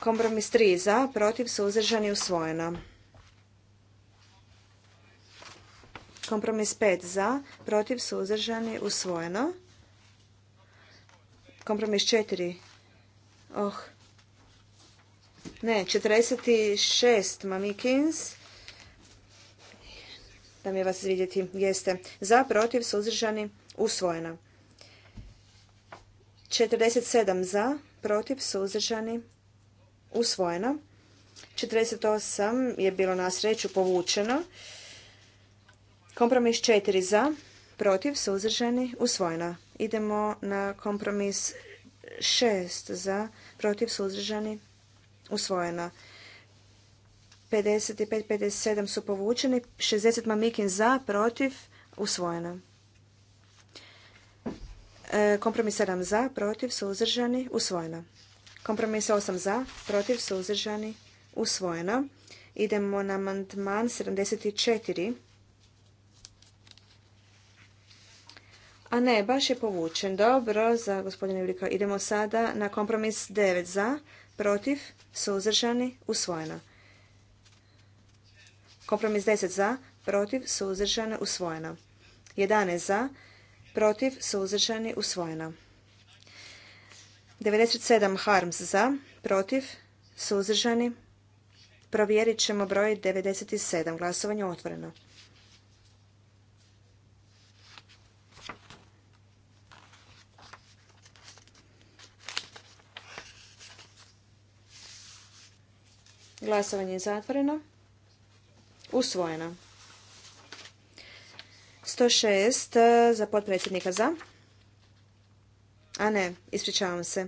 Kompromis 3 za, protiv, suzdržani, usvojeno. Kompromis 5 za, protiv suzdržani usvojeno. Kompromis 4. Oh. Ne, 46 mamikins. Da mi je vas vidjeti. Jeste. Za, protiv, suzdržani, usvojeno. 47 za, protiv, suzdržani, usvojeno. 48 je bilo na sreću povučeno. Kompromis 4 za, protiv, suzdržani, usvojeno. Idemo na kompromis 6 za, protiv, suzdržani, usvojeno. 55, 57 su povučeni, 60 mamikin za, protiv, usvojeno. E, kompromis 7 za, protiv, suzdržani, usvojeno. Kompromis 8 za, protiv, suzdržani, usvojeno. Idemo na amandman 74 A ne, baš je povučen. Dobro, za gospodine Jurika. Idemo sada na kompromis 9 za, protiv, suzdržani, usvojeno. Kompromis 10 za, protiv, suzdržani, usvojeno. 11 za, protiv, suzdržani, usvojeno. 97 Harms za, protiv, suzdržani. Provjerit ćemo broj 97. Glasovanje otvoreno. Glasovanje je zatvoreno. Usvojeno. 106 eh, za potpredsjednika za. A ne, ispričavam se.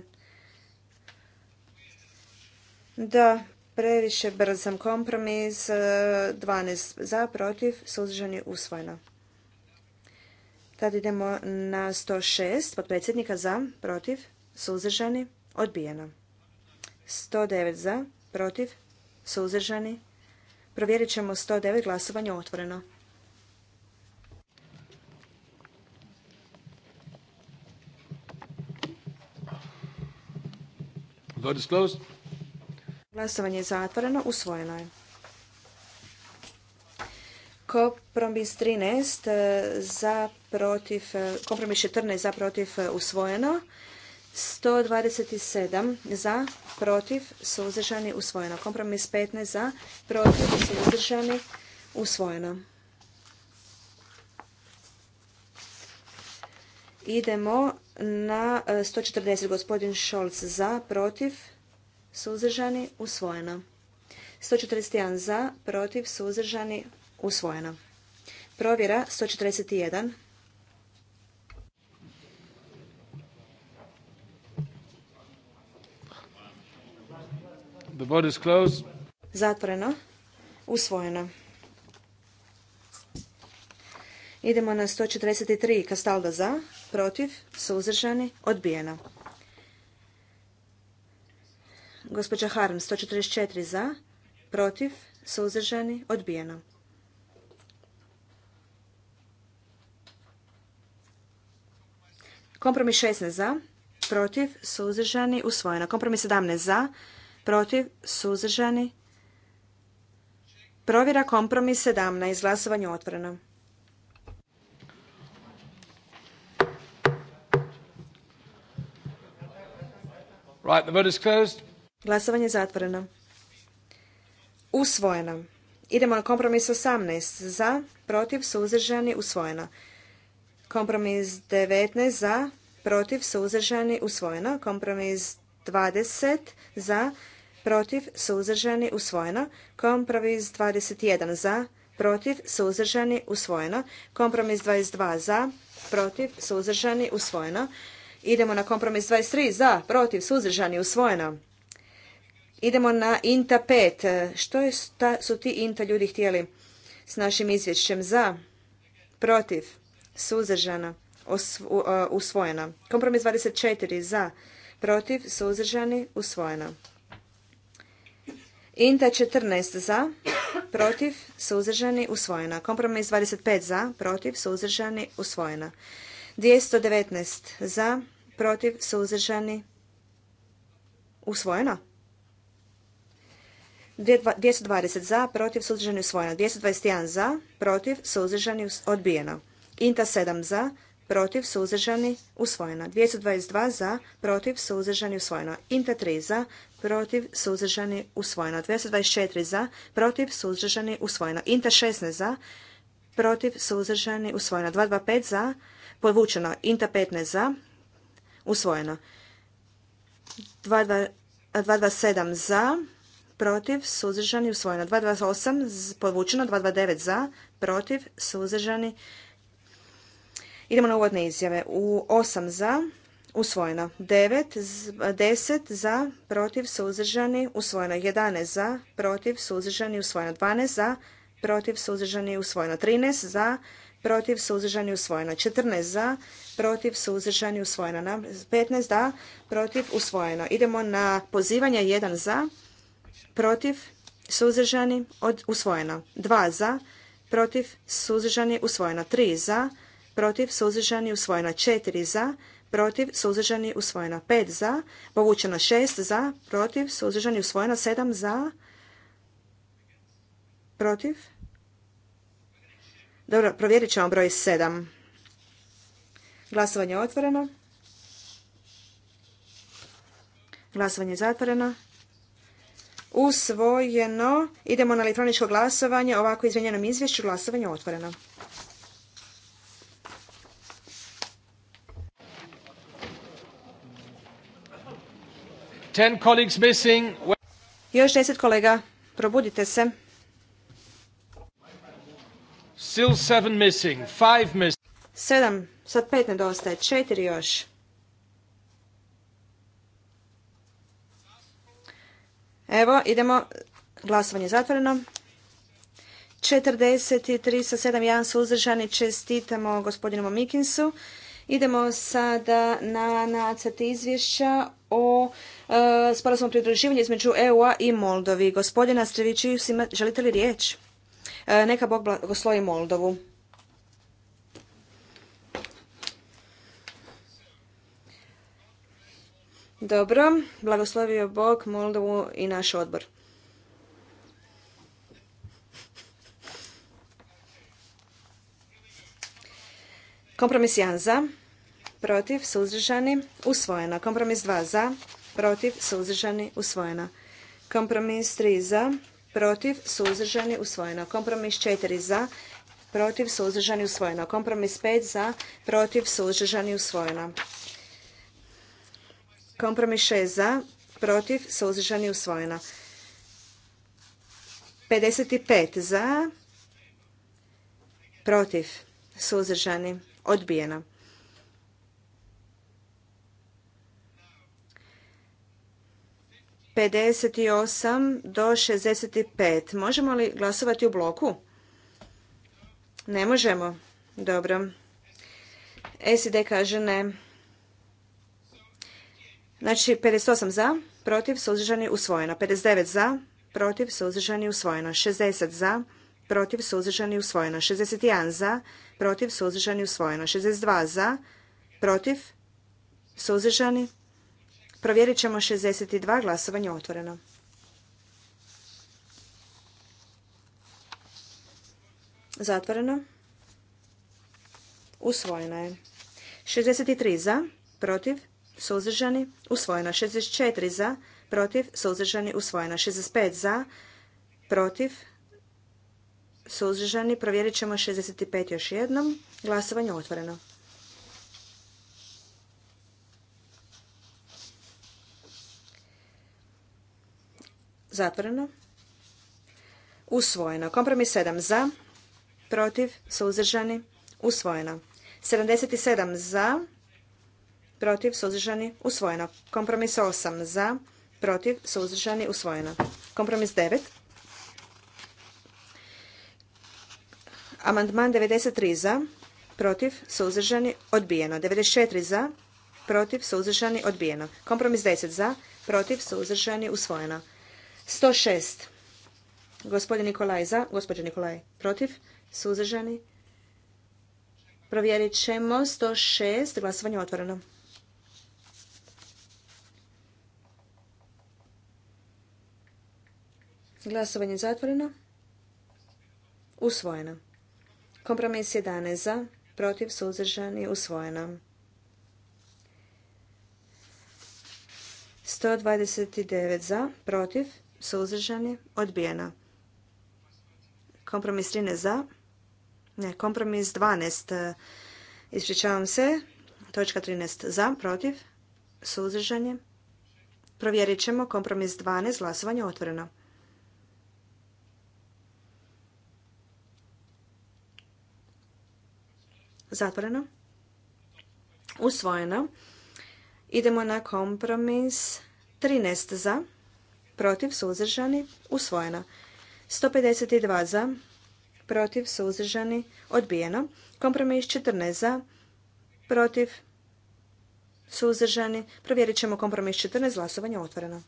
Da, previše brzam kompromis. 12 eh, za, protiv, suzdržani, usvojeno. Tad idemo na 106 potpredsjednika za, protiv, suzdržani, odbijeno. 109 za, protiv, Suzdržani? Provjerit ćemo 109. Glasovanje otvoreno. Glasovanje je zatvoreno. Usvojeno je. Kompromis 13 eh, za protiv, eh, kompromis 14 za protiv eh, usvojeno. 127 za, protiv, suzdržani, usvojeno. Kompromis 15 za, protiv, suzdržani, usvojeno. Idemo na 140. E, Gospodin Šolc za, protiv, suzdržani, usvojeno. 141 za, protiv, suzdržani, usvojeno. Provjera 141. The vote is closed. Zatvoreno. Usvojeno. Idemo na 143. Kastaldo za, protiv, suzdržani, odbijeno. Gospođa Harm, 144 za, protiv, suzdržani, odbijeno. Kompromis 16 za, protiv, suzdržani, usvojeno. Kompromis 17 za, protiv, suzdržani. Provjera kompromis 17. Glasovanje otvoreno. Right, the vote is closed. Glasovanje zatvoreno. Usvojeno. Idemo na kompromis 18. Za, protiv, suzdržani, usvojeno. Kompromis 19. Za, protiv, suzdržani, usvojeno. Kompromis 20. Za, protiv, suzdržani, usvojeno. Kompromis 21 za, protiv, suzdržani, usvojeno. Kompromis 22 za, protiv, suzdržani, usvojeno. Idemo na kompromis 23 za, protiv, suzdržani, usvojeno. Idemo na INTA 5. Što su ti INTA ljudi htjeli s našim izvješćem? Za, protiv, suzdržana, usvojena. Kompromis 24 za, protiv, suzdržani, usvojena. Inta 14 za, protiv, suzdržani, usvojena. Kompromis 25 za, protiv, suzdržani, usvojena. 219 za, protiv, suzdržani, usvojena. 220 za, protiv, suzdržani, usvojena. 221 za, protiv, suzdržani, odbijeno. Inta 7 za, protiv, suzdržani, usvojeno. 222 za, protiv, suzdržani, usvojeno. Inta 3 za, protiv, suzdržani, usvojeno. 224 za, protiv, suzdržani, usvojeno. Inta 16 za, protiv, suzdržani, usvojeno. 225 za, povučeno. Inta 15 za, usvojeno. 227 za, protiv, suzdržani, usvojeno. 228 povučeno. 229 za, protiv, suzdržani, usvojeno Idemo na uvodne izjave. U 8 za, usvojeno. 9, 10 za, protiv, suzdržani, usvojeno. 11 za, protiv, suzdržani, usvojeno. 12 za, protiv, suzdržani, usvojeno. 13 za, protiv, suzdržani, usvojeno. 14 za, protiv, suzdržani, usvojeno. 15 da protiv, usvojeno. Idemo na pozivanje 1 za, protiv, suzdržani, usvojeno. 2 za, protiv, suzdržani, usvojeno. 3 za, protiv, protiv, suzdržani, usvojena Četiri za, protiv, suzdržani, usvojena Pet za, povučeno Šest za, protiv, suzdržani, usvojeno. Sedam za, protiv. Dobro, provjerit ćemo broj 7. Glasovanje je otvoreno. Glasovanje je zatvoreno. Usvojeno. Idemo na elektroničko glasovanje. Ovako izmijenjenom izvješću glasovanje je otvoreno. Ten colleagues missing. Još deset kolega, probudite se. Still seven missing, five missing. Sedam, sad pet nedostaje, četiri još. Evo, idemo, glasovanje je zatvoreno. 43 sa 7, su uzdržani, čestitamo gospodinu Mikinsu. Idemo sada na nacrt izvješća o e, sporazumu pridruživanja između EU-a i Moldovi. Gospodina Strevićius, želite li riječ? E, neka Bog blagoslovi Moldovu. Dobro, blagoslovio Bog Moldovu i naš odbor. Kompromis protiv, suzdržani, usvojeno. Kompromis 2 za, protiv, suzdržani, usvojeno. Kompromis 3 za, protiv, suzdržani, usvojeno. Kompromis 4 za, protiv, suzdržani, usvojeno. Kompromis 5 za, protiv, suzdržani, usvojeno. Kompromis 6 za, protiv, suzdržani, usvojeno. 55 za, protiv, suzdržani, odbijeno. 58 do 65. Možemo li glasovati u bloku? Ne možemo. Dobro. SID kaže ne. Znači 58 za, protiv, suzdržani, usvojeno. 59 za, protiv, suzdržani, usvojeno. 60 za, protiv, suzdržani, usvojeno. 61 za, protiv, suzdržani, usvojeno. 62 za, protiv, suzdržani, usvojeno Provjerit ćemo 62. Glasovanje otvoreno. Zatvoreno. Usvojeno je. 63 za, protiv, suzdržani, usvojeno. 64 za, protiv, suzdržani, usvojeno. 65 za, protiv, suzdržani. Provjerit ćemo 65 još jednom. Glasovanje otvoreno. Zatvoreno. Usvojeno. Kompromis 7 za, protiv, suzdržani, usvojeno. 77 za, protiv, suzdržani, usvojeno. Kompromis 8 za, protiv, suzdržani, usvojeno. Kompromis 9. Amandman 93 za, protiv, suzdržani, odbijeno. 94 za, protiv, suzdržani, odbijeno. Kompromis 10 za, protiv, suzdržani, usvojeno. 106. Gospodin Nikolaj za, gospođa Nikolaj protiv, suzdržani. Provjerit ćemo 106. Glasovanje otvoreno. Glasovanje zatvoreno. Usvojeno. Kompromis 11 za, protiv, suzdržani, usvojeno. 129 za, protiv, suzdržani, odbijeno. Kompromis 13 za, ne, kompromis 12, e, ispričavam se, točka 13 za, protiv, suzdržani. Provjerit ćemo kompromis 12, glasovanje otvoreno. Zatvoreno. Usvojeno. Idemo na kompromis 13 za, protiv, suzdržani, usvojeno. 152 za, protiv, suzdržani, odbijeno. Kompromis 14 za, protiv, suzdržani. Provjerit ćemo kompromis 14, glasovanje otvoreno.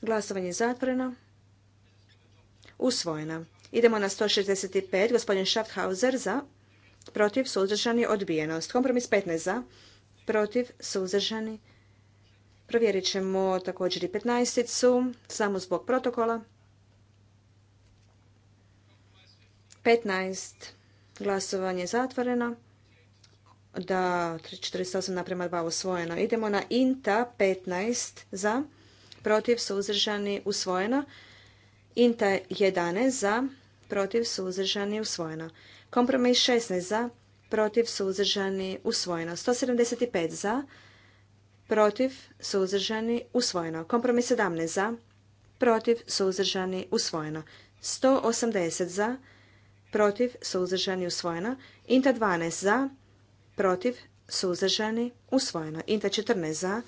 Glasovanje je zatvoreno. Usvojeno. Idemo na 165. Gospodin Schaffhauser za, protiv, suzdržani, odbijenost. Kompromis 15 za, protiv, suzdržani. Provjerit ćemo također i 15-icu, samo zbog protokola. 15. Glasovanje je zatvoreno. Da, 48 naprema 2 usvojeno. Idemo na INTA 15 za, protiv, suzdržani, usvojeno. INTA 11 za, protiv, suzdržani, usvojeno. Kompromis 16 za, protiv, suzdržani, usvojeno. 175 za, protiv, suzdržani, usvojeno. Kompromis 17 za, protiv, suzdržani, usvojeno. 180 za, protiv, suzdržani, usvojeno. Inta 12 za, protiv, suzdržani, usvojeno. Inta 14 za,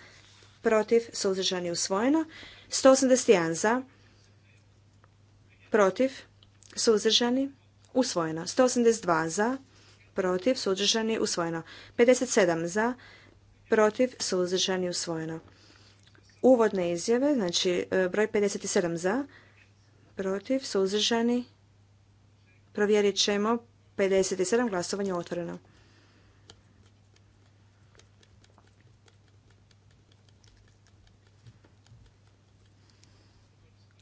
protiv, suzdržani, usvojeno. 181 za, protiv, suzdržani, usvojeno. 182 za, protiv, suzdržani, usvojeno. 57 za, protiv, suzdržani, usvojeno. Uvodne izjave, znači e, broj 57 za, protiv, suzdržani, provjerit ćemo 57 glasovanje otvoreno.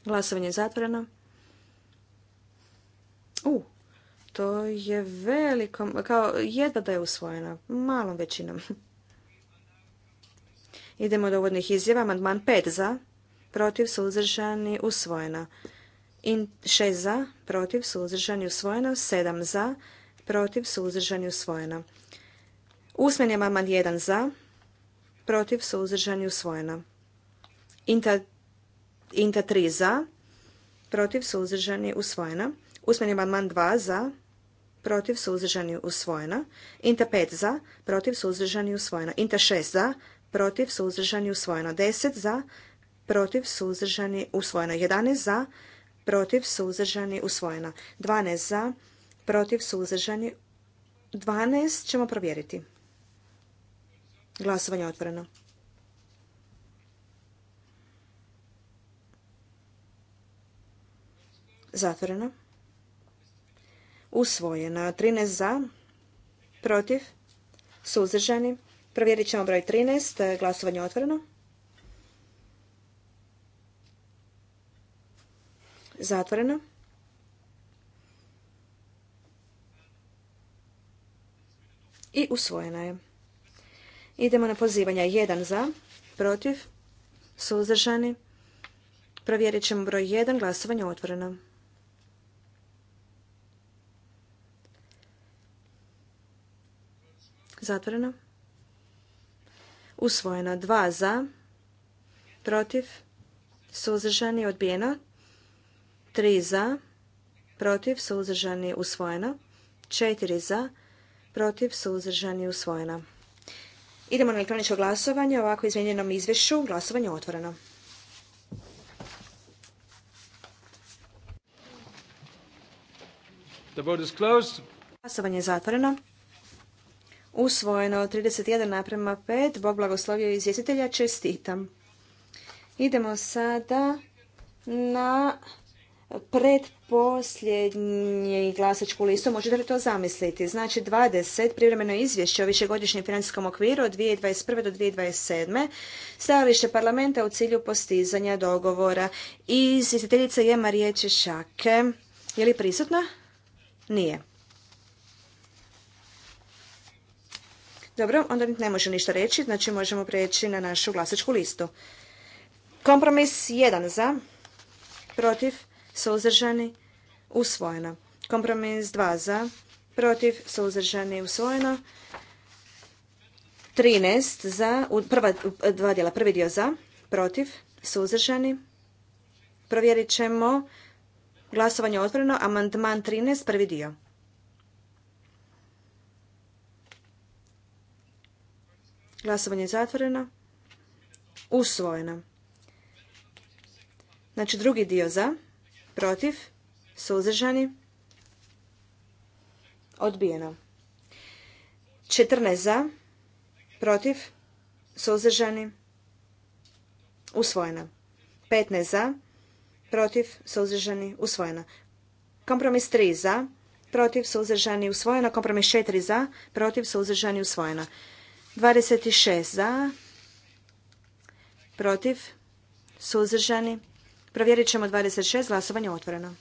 Glasovanje je zatvoreno. U, to je veliko. kao jedva da je usvojena, malom većinom. Idemo do uvodnih izjava, amandman 5 za, protiv suzdržani usvojena. In 6 za, protiv suzdržani usvojena, 7 za, protiv suzdržani usvojena. Usmeni amandman 1 za, protiv suzdržani usvojena. Inta, 3 za, protiv suzdržani usvojena. Usmeni amandman 2 za, protiv suzdržani usvojeno. Inta 5 za, protiv su uzdržani usvojeno. Inta 6 za, protiv suzdržani usvojeno. 10 za, protiv suzdržani usvojeno. 11 za, protiv su uzdržani usvojeno. 12 za, protiv suzdržani 12 ćemo provjeriti. Glasovanje otvoreno. Zatvoreno usvojena. 13 za, protiv, suzdržani. Provjerit ćemo broj 13, glasovanje otvoreno. Zatvoreno. I usvojena je. Idemo na pozivanja 1 za, protiv, suzdržani. Provjerit ćemo broj 1, glasovanje otvoreno. Zatvoreno. Usvojeno. Dva za. Protiv. Suzdržani. Odbijeno. Tri za. Protiv. Suzdržani. Usvojeno. Četiri za. Protiv. Suzdržani. Usvojeno. Idemo na elektroničko glasovanje. Ovako izmijenjenom izvješću. Glasovanje je otvoreno. Glasovanje je zatvoreno usvojeno 31 naprema 5. Bog blagoslovio izvjestitelja, čestitam. Idemo sada na predposljednji glasačku listu. Možete li to zamisliti? Znači 20 privremeno izvješće o višegodišnjem financijskom okviru od 2021. do 2027. Stajalište parlamenta u cilju postizanja dogovora. Izvjestiteljica je Marije Češake. Je li prisutna? Nije. Dobro, onda ne može ništa reći, znači možemo preći na našu glasačku listu. Kompromis 1 za, protiv, suzdržani, usvojeno. Kompromis 2 za, protiv, suzdržani, usvojeno. 13 za, prva dva dijela, prvi dio za, protiv, suzdržani. Provjerit ćemo glasovanje otvoreno, amandman 13, prvi dio. Glasovanje je zatvoreno. Usvojeno. Znači drugi dio za, protiv, suzdržani, odbijeno. 14 za, protiv, suzdržani, usvojeno. 15 za, protiv, suzdržani, usvojeno. Kompromis 3 za, protiv, suzdržani, usvojeno. Kompromis 4 za, protiv, suzdržani, usvojeno. 26 za, protiv, suzdržani. Provjerit ćemo 26, glasovanje otvoreno.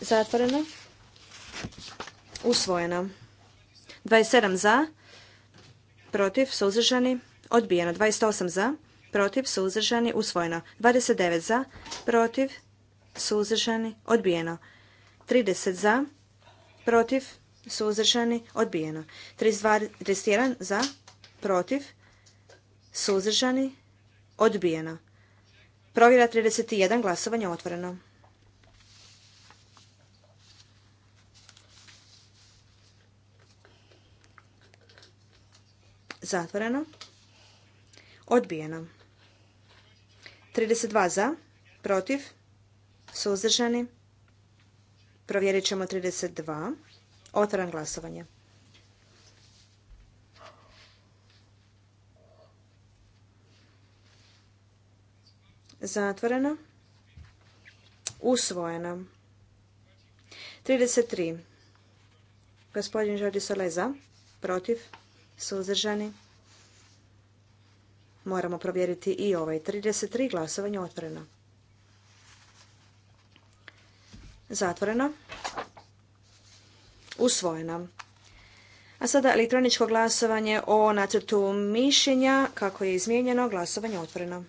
Zatvoreno. Usvojeno. 27 za, protiv, suzdržani, odbijeno. 28 za, protiv, suzdržani, usvojeno. 29 za, protiv, suzdržani, odbijeno. 30 za, protiv, suzdržani, odbijeno. 32, 31 za, protiv, suzdržani, odbijeno. Provjera 31, glasovanje otvoreno. Zatvoreno. Odbijeno. 32 za, protiv, suzdržani, Provjerit ćemo 32. Otvaram glasovanje. Zatvoreno. Usvojeno. 33. Gospodin Žodi Soleza. Protiv. Suzdržani. Moramo provjeriti i ovaj. 33. Glasovanje otvoreno. Zatvoreno. Usvojeno. A sada elektroničko glasovanje o nacrtu mišljenja. Kako je izmijenjeno, glasovanje otvoreno.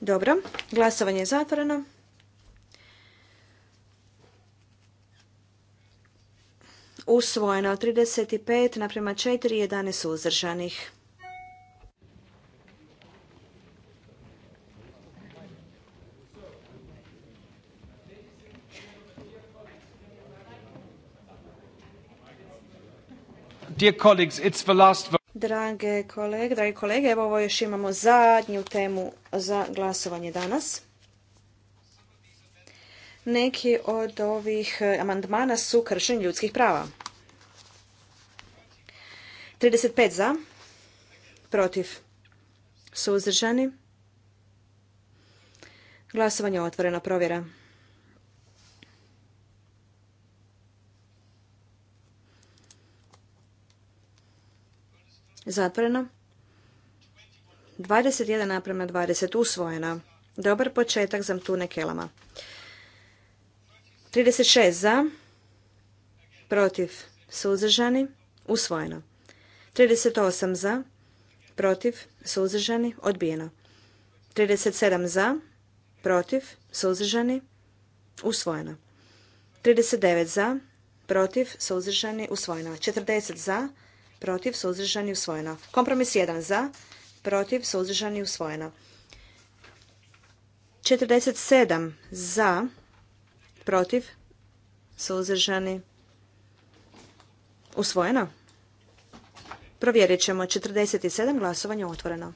Dobro, glasovanje je zatvoreno. usvojeno 35 naprema 4 11 uzdržanih. Dear colleagues, it's the last Drage kolege, dragi kolege, evo ovo još imamo zadnju temu za glasovanje danas. Neki od ovih amandmana su kršenje ljudskih prava. 35 za, protiv, suzdržani. Glasovanje je otvoreno, provjera. Zatvoreno. 21 naprema 20 usvojena. Dobar početak za mtune kelama. 36 za, protiv, suzdržani, usvojeno. 38 za, protiv, suzdržani, odbijeno. 37 za, protiv, suzdržani, usvojeno. 39 za, protiv, suzdržani, usvojeno. 40 za, protiv, suzdržani, usvojeno. Kompromis 1 za, protiv, suzdržani, usvojeno. 47 za, protiv, suzdržani, usvojeno. Provjerit ćemo. 47 glasovanja otvoreno.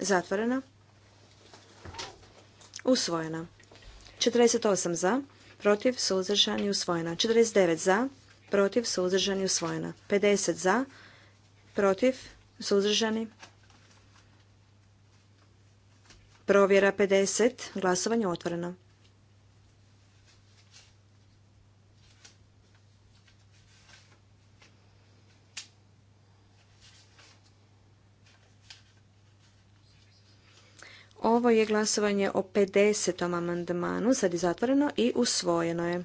Zatvoreno. Usvojeno. 48 za, protiv, suzdržani, usvojena. 49 za, protiv, suzdržani, usvojena. 50 za, protiv, suzdržani. Provjera 50, glasovanje otvoreno. Ovo je glasovanje o 50. amandmanu, sad je zatvoreno i usvojeno je.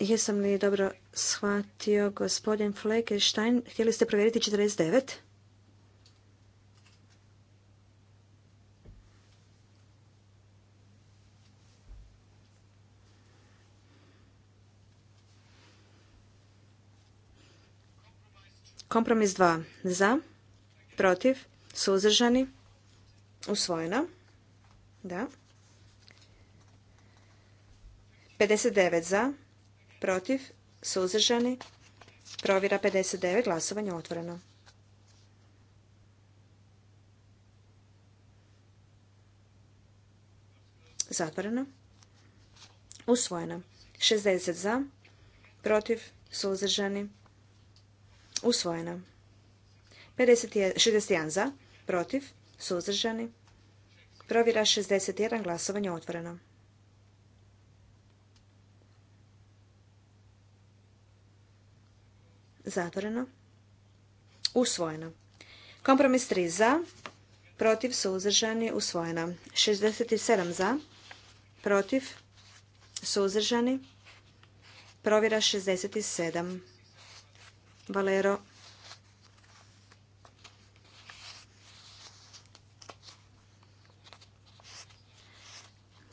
Jesam li dobro shvatio, gospodin Fleckenstein, htjeli ste provjeriti 49? Kompromis 2. Za, protiv, suzdržani, Usvojena, Da. 59 za, protiv, suzdržani. Provjera 59, glasovanje otvoreno. Zatvoreno. Usvojeno. 60 za, protiv, suzdržani. Usvojeno. 61 za, protiv, Suzdržani? Provjera 61. Glasovanje otvoreno. Zatvoreno. Usvojeno. Kompromis 3 za, protiv suzdržani, usvojeno. 67 za, protiv suzdržani, provjera 67. Valero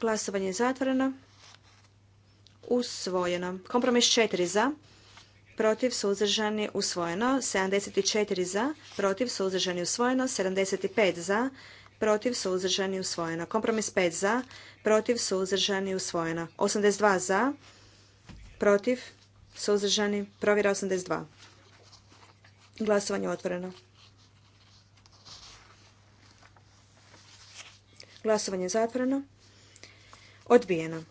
Glasovanje je zatvoreno. Usvojeno. Kompromis 4 za. Protiv suzdržani usvojeno. 74 za. Protiv suzdržani usvojeno. 75 za. Protiv suzdržani usvojeno. Kompromis 5 za. Protiv suzdržani usvojeno. 82 za. Protiv suzdržani. Provjera 82. Glasovanje otvoreno. Glasovanje je zatvoreno. Odbijeno.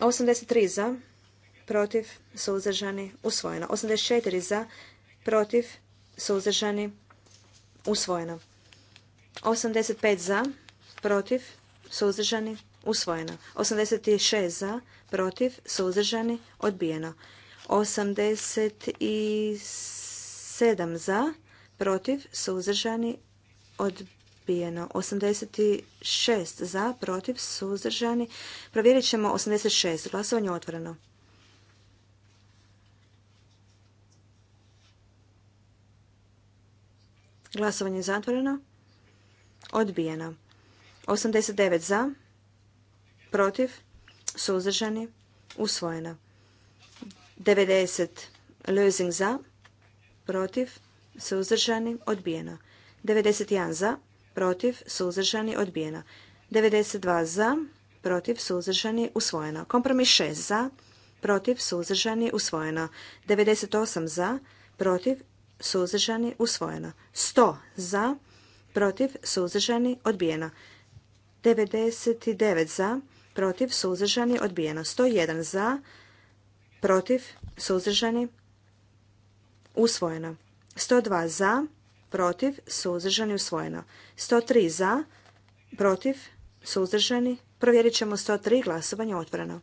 83 za, protiv, suzdržani, usvojeno. 84 za, protiv, suzdržani, usvojeno. 85 za, protiv, suzdržani, usvojeno. 86 za, protiv, suzdržani, odbijeno. 87 za, protiv, suzdržani, odbijeno odbijeno. 86 za, protiv, suzdržani. Provjerit ćemo 86. Glasovanje otvoreno. Glasovanje zatvoreno. Odbijeno. 89 za, protiv, suzdržani, usvojeno. 90 lozing za, protiv, suzdržani, odbijeno. 91 za, protiv, suzdržani, odbijeno. 92 za, protiv, suzdržani, usvojeno. Kompromis 6 za, protiv, suzdržani, usvojeno. 98 za, protiv, suzdržani, usvojeno. 100 za, protiv, suzdržani, odbijeno. 99 za, protiv, suzdržani, odbijeno. 101 za, protiv, suzdržani, usvojeno. 102 za, protiv, suzdržani, usvojeno. 103 za, protiv, suzdržani. Provjerit ćemo 103 glasovanje otvoreno.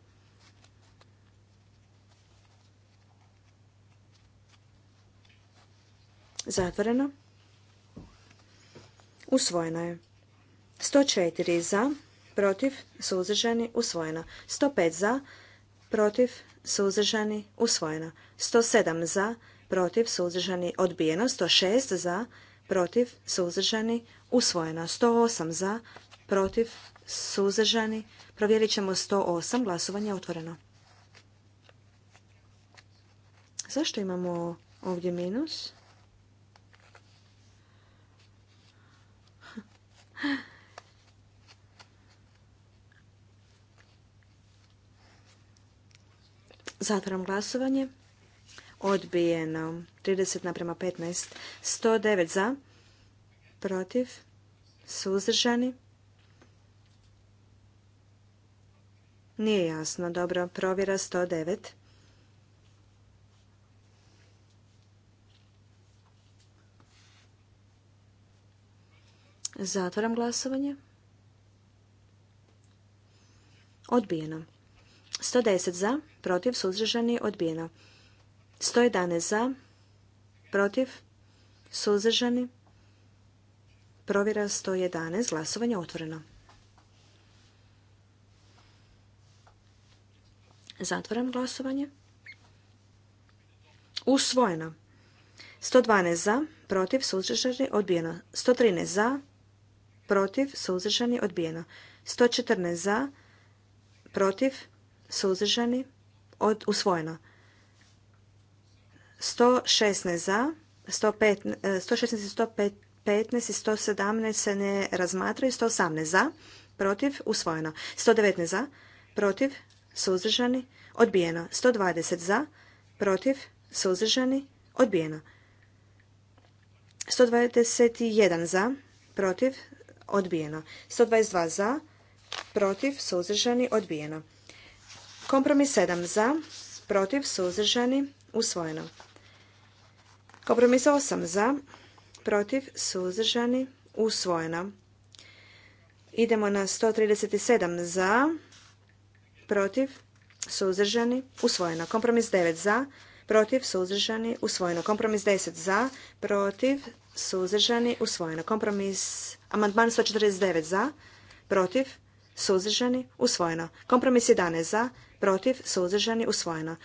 Zatvoreno. Usvojeno je. 104 za, protiv, suzdržani, usvojeno. 105 za, protiv, suzdržani, usvojeno. 107 za, protiv, protiv, suzdržani, odbijeno. 106 za, protiv, suzdržani, usvojeno. 108 za, protiv, suzdržani. Provjerit ćemo 108. Glasovanje je otvoreno. Zašto imamo ovdje minus? Zatvaram glasovanje odbijeno. 30 naprema 15. 109 za, protiv, suzdržani. Nije jasno, dobro, provjera 109. Zatvoram glasovanje. Odbijeno. 110 za, protiv, suzdržani, odbijeno. 111 za, protiv, suzdržani, provjera 111, glasovanje otvoreno. Zatvaram glasovanje. Usvojeno. 112 za, protiv, suzdržani, odbijeno. 113 za, protiv, suzdržani, odbijeno. 114 za, protiv, suzdržani, usvojeno. 116 za, 115, 116 115 i 117 se ne razmatraju, 118 za, protiv, usvojeno. 119 za, protiv, suzdržani, odbijeno. 120 za, protiv, suzdržani, odbijeno. 121 za, protiv, odbijeno. 122 za, protiv, suzdržani, odbijeno. Kompromis 7 za, protiv, suzdržani, usvojeno. Kompromis 8 za, protiv, suzdržani, usvojeno. Idemo na 137 za, protiv, suzdržani, usvojeno. Kompromis 9 za, protiv, suzdržani, usvojeno. Kompromis 10 za, protiv, suzdržani, usvojeno. Kompromis, amandman 149 za, protiv, suzdržani, usvojeno. Kompromis 11 za, protiv, suzdržani, usvojeno.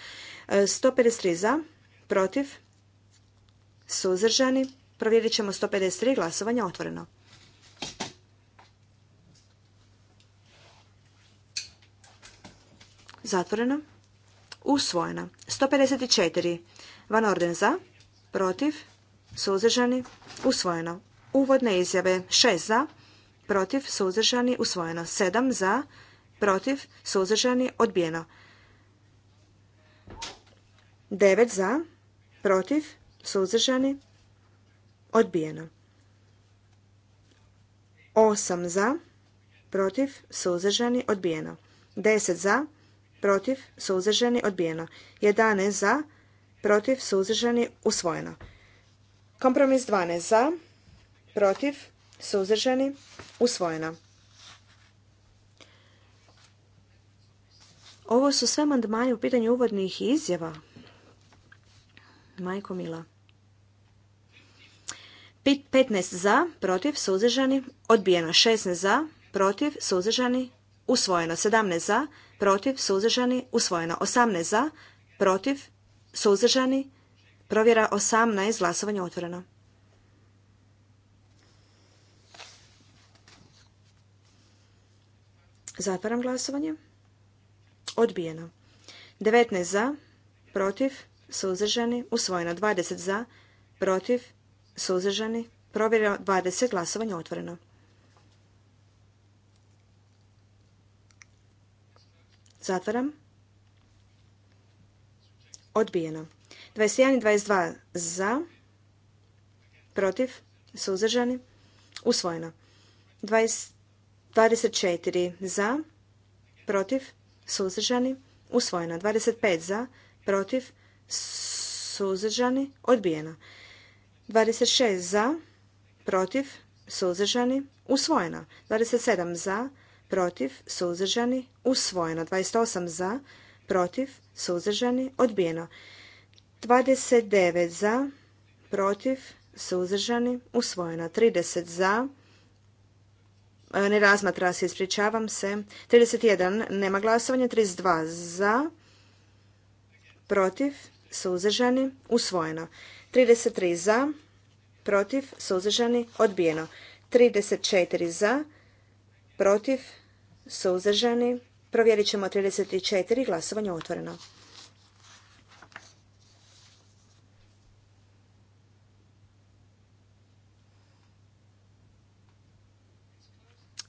153 e, za, protiv, suzdržani. Provjerit ćemo 153 glasovanje otvoreno. Zatvoreno. Usvojeno. 154. Van orden za. Protiv. Suzdržani. Usvojeno. Uvodne izjave. 6 za. Protiv. Suzdržani. Usvojeno. 7 za. Protiv. Suzdržani. Odbijeno. 9 za. Protiv. Suzdržani? Odbijeno. Osam za, protiv, suzdržani, odbijeno. Deset za, protiv, suzdržani, odbijeno. Jedane za, protiv, suzdržani, usvojeno. Kompromis 12 za, protiv, suzdržani, usvojeno. Ovo su sve mandmanje u pitanju uvodnih izjava. Majko Mila. 15 za, protiv, suzdržani, odbijeno 16 za, protiv, suzdržani, usvojeno 17 za, protiv, suzdržani, usvojeno 18 za, protiv, suzdržani, provjera 18, glasovanje otvoreno. Zatvaram glasovanje. Odbijeno. 19 za, protiv, suzdržani, usvojeno 20 za, protiv, suzdržani, provjerio 20, glasovanja otvoreno. Zatvaram. Odbijeno. 21 i 22 za, protiv, suzdržani, usvojeno. 20, 24 za, protiv, suzdržani, usvojeno. 25 za, protiv, suzdržani, odbijeno. 26 za, protiv, suzdržani, usvojeno. 27 za, protiv, suzdržani, usvojeno. 28 za, protiv, suzdržani, odbijeno. 29 za, protiv, suzdržani, usvojeno. 30 za, e, ne razmatra se, ispričavam se. 31 nema glasovanja, 32 za, protiv, suzdržani, usvojeno. 33 za, protiv, suzržani, odbijeno. 34 za, protiv, suzdržani. Provjerit ćemo 34, glasovanje otvoreno.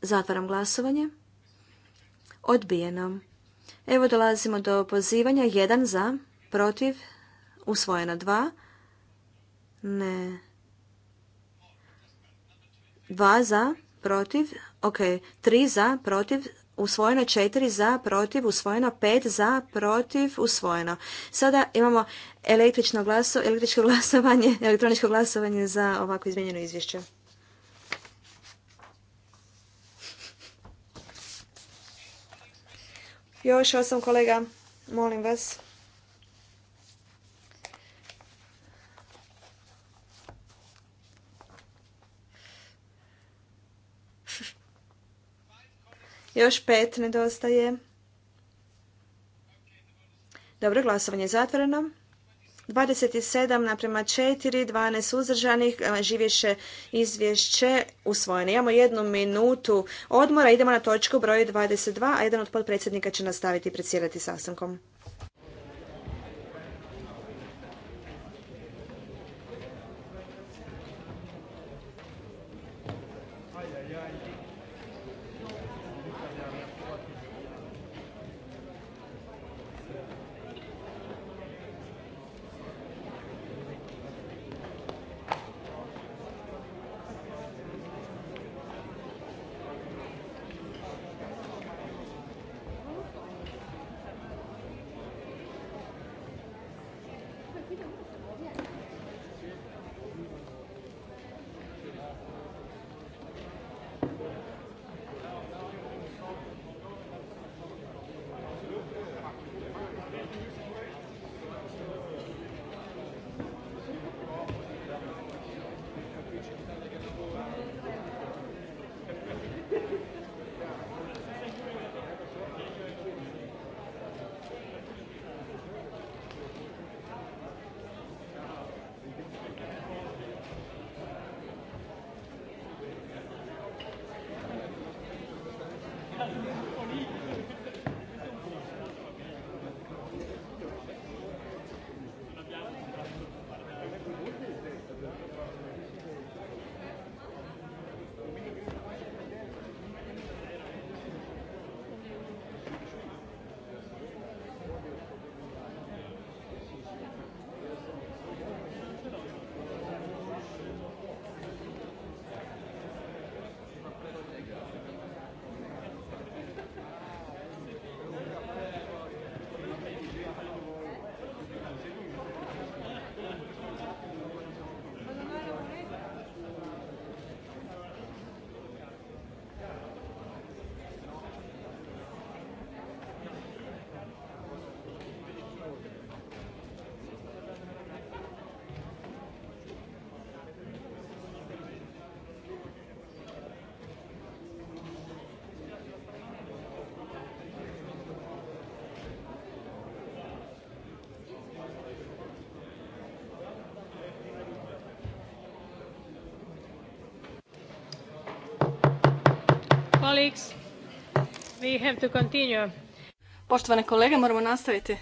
Zatvaram glasovanje. Odbijeno. Evo dolazimo do pozivanja 1 za, protiv, usvojeno 2, ne. Dva za, protiv, ok, tri za, protiv, usvojeno četiri za, protiv, usvojeno pet za, protiv, usvojeno. Sada imamo električno glaso, glasovanje, elektroničko glasovanje za ovako izmijenjeno izvješće. Još osam kolega, molim vas. Još pet nedostaje. Dobro, glasovanje je zatvoreno. 27 naprema 4, 12 uzdržanih, e, živješe izvješće usvojeno. Imamo jednu minutu odmora, idemo na točku broj 22, a jedan od podpredsjednika će nastaviti predsjedati sastankom. Poštovane kolege, moramo nastaviti.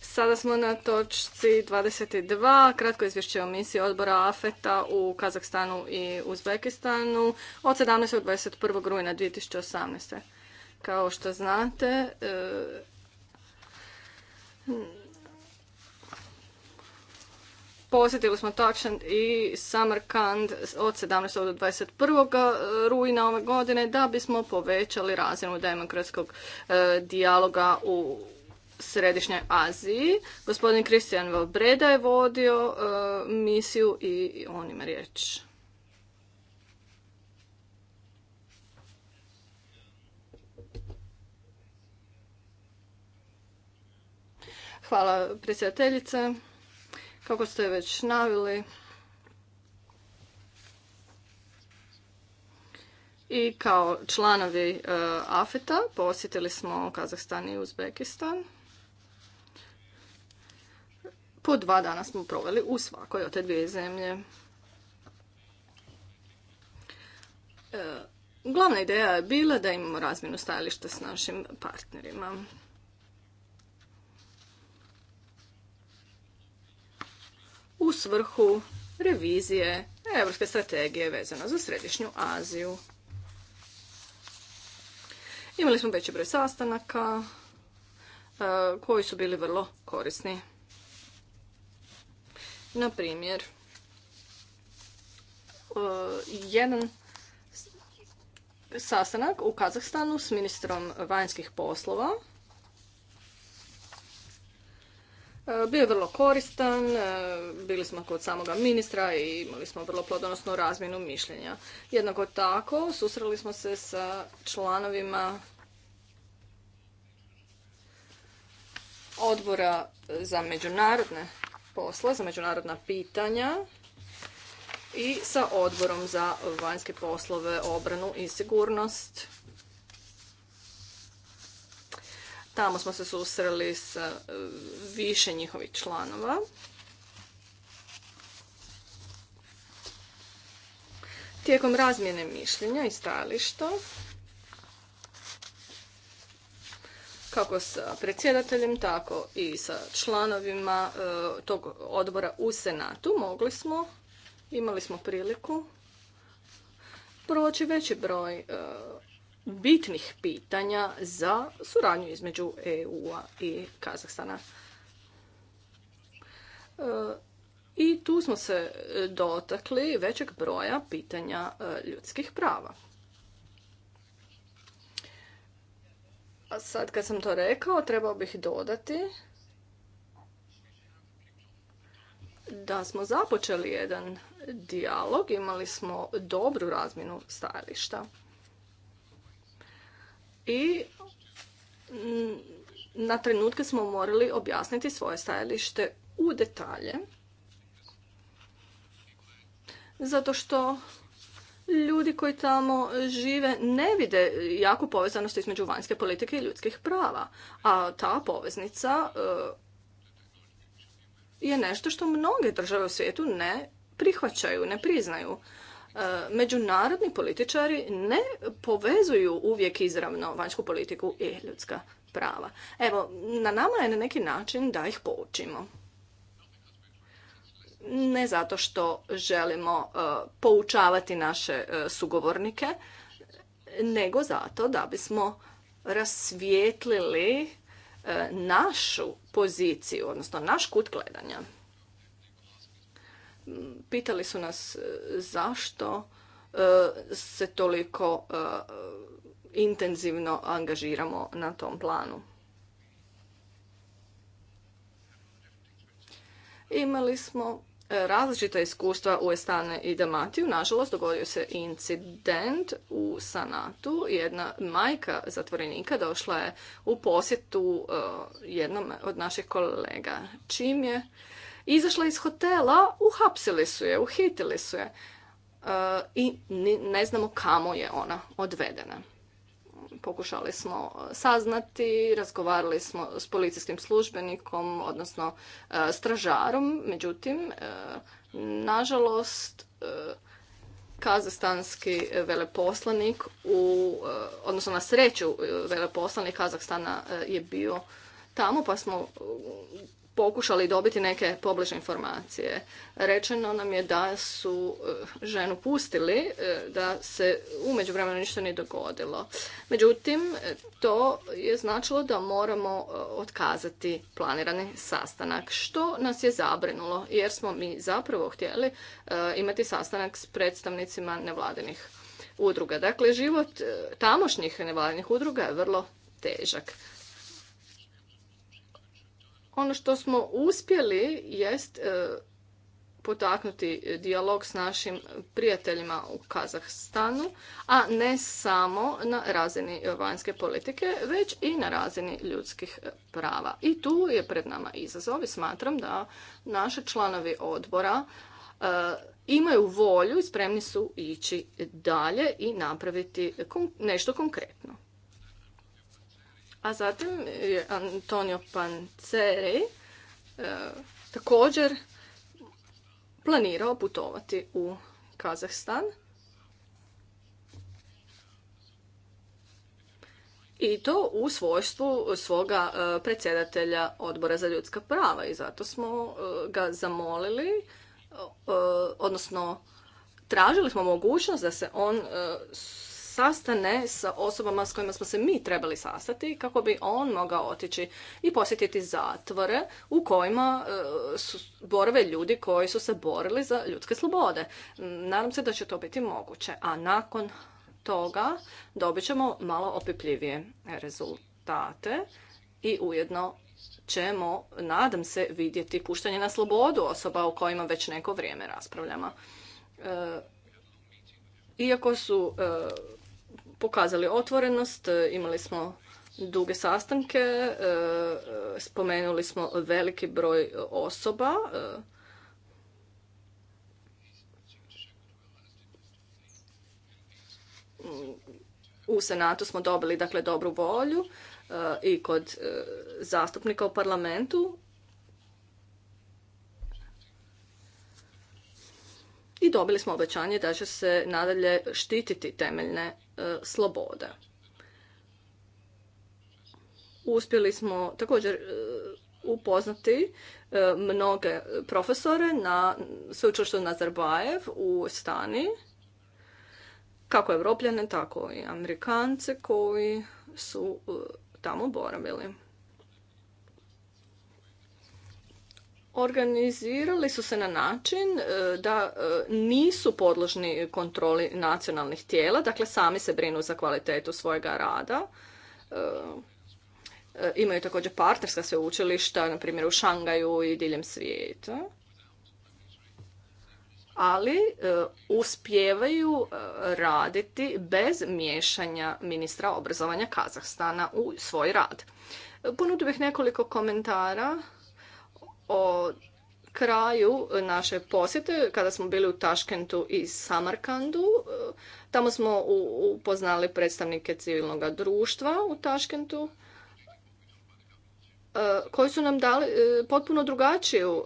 Sada smo na točci 22, kratko izvješće o misiji odbora AFETA u Kazahstanu i Uzbekistanu od 17. do 21. rujna 2018. Kao što znate, e, Posjetili smo Tačan i Samarkand od 17. do 21. E, rujna ove godine da bismo povećali razinu demokratskog e, dijaloga u Središnjoj Aziji. Gospodin Kristijan Valbreda je vodio e, misiju i on ima riječ. Hvala predsjedateljice kako ste već navili. I kao članovi e, AFETA posjetili smo Kazahstan i Uzbekistan. Po dva dana smo proveli u svakoj od te dvije zemlje. E, glavna ideja je bila da imamo razmjenu stajališta s našim partnerima. u svrhu revizije Europske strategije vezano za Središnju Aziju. Imali smo veći broj sastanaka e, koji su bili vrlo korisni. Na primjer, e, jedan sastanak u Kazahstanu s ministrom vanjskih poslova E, bio je vrlo koristan, e, bili smo kod samoga ministra i imali smo vrlo plodonosnu razmjenu mišljenja. Jednako tako susreli smo se sa članovima odbora za međunarodne poslove, za međunarodna pitanja i sa odborom za vanjske poslove, obranu i sigurnost. Tamo smo se susreli s e, više njihovih članova. Tijekom razmjene mišljenja i stajališta, kako sa predsjedateljem, tako i sa članovima e, tog odbora u Senatu, mogli smo, imali smo priliku proći veći broj e, bitnih pitanja za suradnju između EU-a i Kazahstana. E, I tu smo se dotakli većeg broja pitanja e, ljudskih prava. A sad kad sam to rekao, trebao bih dodati da smo započeli jedan dijalog, imali smo dobru razminu stajališta i mm, na trenutke smo morali objasniti svoje stajalište u detalje. Zato što ljudi koji tamo žive ne vide jaku povezanost između vanjske politike i ljudskih prava. A ta poveznica e, je nešto što mnoge države u svijetu ne prihvaćaju, ne priznaju. E, međunarodni političari ne povezuju uvijek izravno vanjsku politiku i ljudska prava. Evo, na nama je na neki način da ih poučimo. Ne zato što želimo e, poučavati naše e, sugovornike, nego zato da bismo rasvijetlili našu poziciju, odnosno naš kut gledanja. Pitali su nas e, zašto e, se toliko e, intenzivno angažiramo na tom planu. Imali smo različita iskustva u Estane i Damatiju. Nažalost, dogodio se incident u Sanatu. Jedna majka zatvorenika došla je u posjetu jednom od naših kolega. Čim je izašla iz hotela, uhapsili su je, uhitili su je e, i ne znamo kamo je ona odvedena. Pokušali smo e, saznati, razgovarali smo s policijskim službenikom, odnosno e, stražarom, međutim, nažalost, kazahstanski veleposlanik u, odnosno na sreću veleposlanik Kazahstana je bio tamo pa smo pokušali dobiti neke pobliže informacije. Rečeno nam je da su eh, ženu pustili, eh, da se umeđu vremena ništa nije dogodilo. Međutim, to je značilo da moramo eh, otkazati planirani sastanak, što nas je zabrinulo, jer smo mi zapravo htjeli imati sastanak s predstavnicima nevladinih udruga. Dakle, život tamošnjih nevladinih udruga je vrlo težak. Ono što smo uspjeli jest e, potaknuti dijalog s našim prijateljima u Kazahstanu, a ne samo na razini vanjske politike, već i na razini ljudskih prava. I tu je pred nama izazov i smatram da naši članovi odbora e, imaju volju i spremni su ići dalje i napraviti nešto konkretno. A zatim je Antonio Panceri e, također planirao putovati u Kazahstan. I to u svojstvu svoga e, predsjedatelja odbora za ljudska prava i zato smo e, ga zamolili, odnosno tražili smo mogućnost da se on sastane sa osobama s kojima smo se mi trebali sastati kako bi on mogao otići i posjetiti zatvore u kojima e, su borave ljudi koji su se borili za ljudske slobode. Nadam se da će to biti moguće, a nakon toga dobit ćemo malo opipljivije rezultate i ujedno ćemo, nadam se, vidjeti puštanje na slobodu osoba u kojima već neko vrijeme raspravljamo. E, iako su e, pokazali otvorenost, e, imali smo duge sastanke, e, e, spomenuli smo veliki broj osoba. U Senatu smo dobili dakle dobru volju i kod zastupnika u parlamentu i dobili smo obećanje da će se nadalje štititi temeljne e, slobode. Uspjeli smo također e, upoznati e, mnoge profesore na sveučilištu Nazarbajev u Stani, kako Evropljane, tako i Amerikance koji su tamo boravili. organizirali su se na način e, da e, nisu podložni kontroli nacionalnih tijela, dakle sami se brinu za kvalitetu svojega rada. E, imaju također partnerska sveučilišta, na primjer u Šangaju i diljem svijeta. Ali uspijevaju raditi bez miješanja ministra obrazovanja Kazahstana u svoj rad. Ponudio bih nekoliko komentara o kraju naše posjete, kada smo bili u Taškentu i Samarkandu, e, tamo smo upoznali predstavnike civilnog društva u Taškentu, e, koji su nam dali e, potpuno drugačiju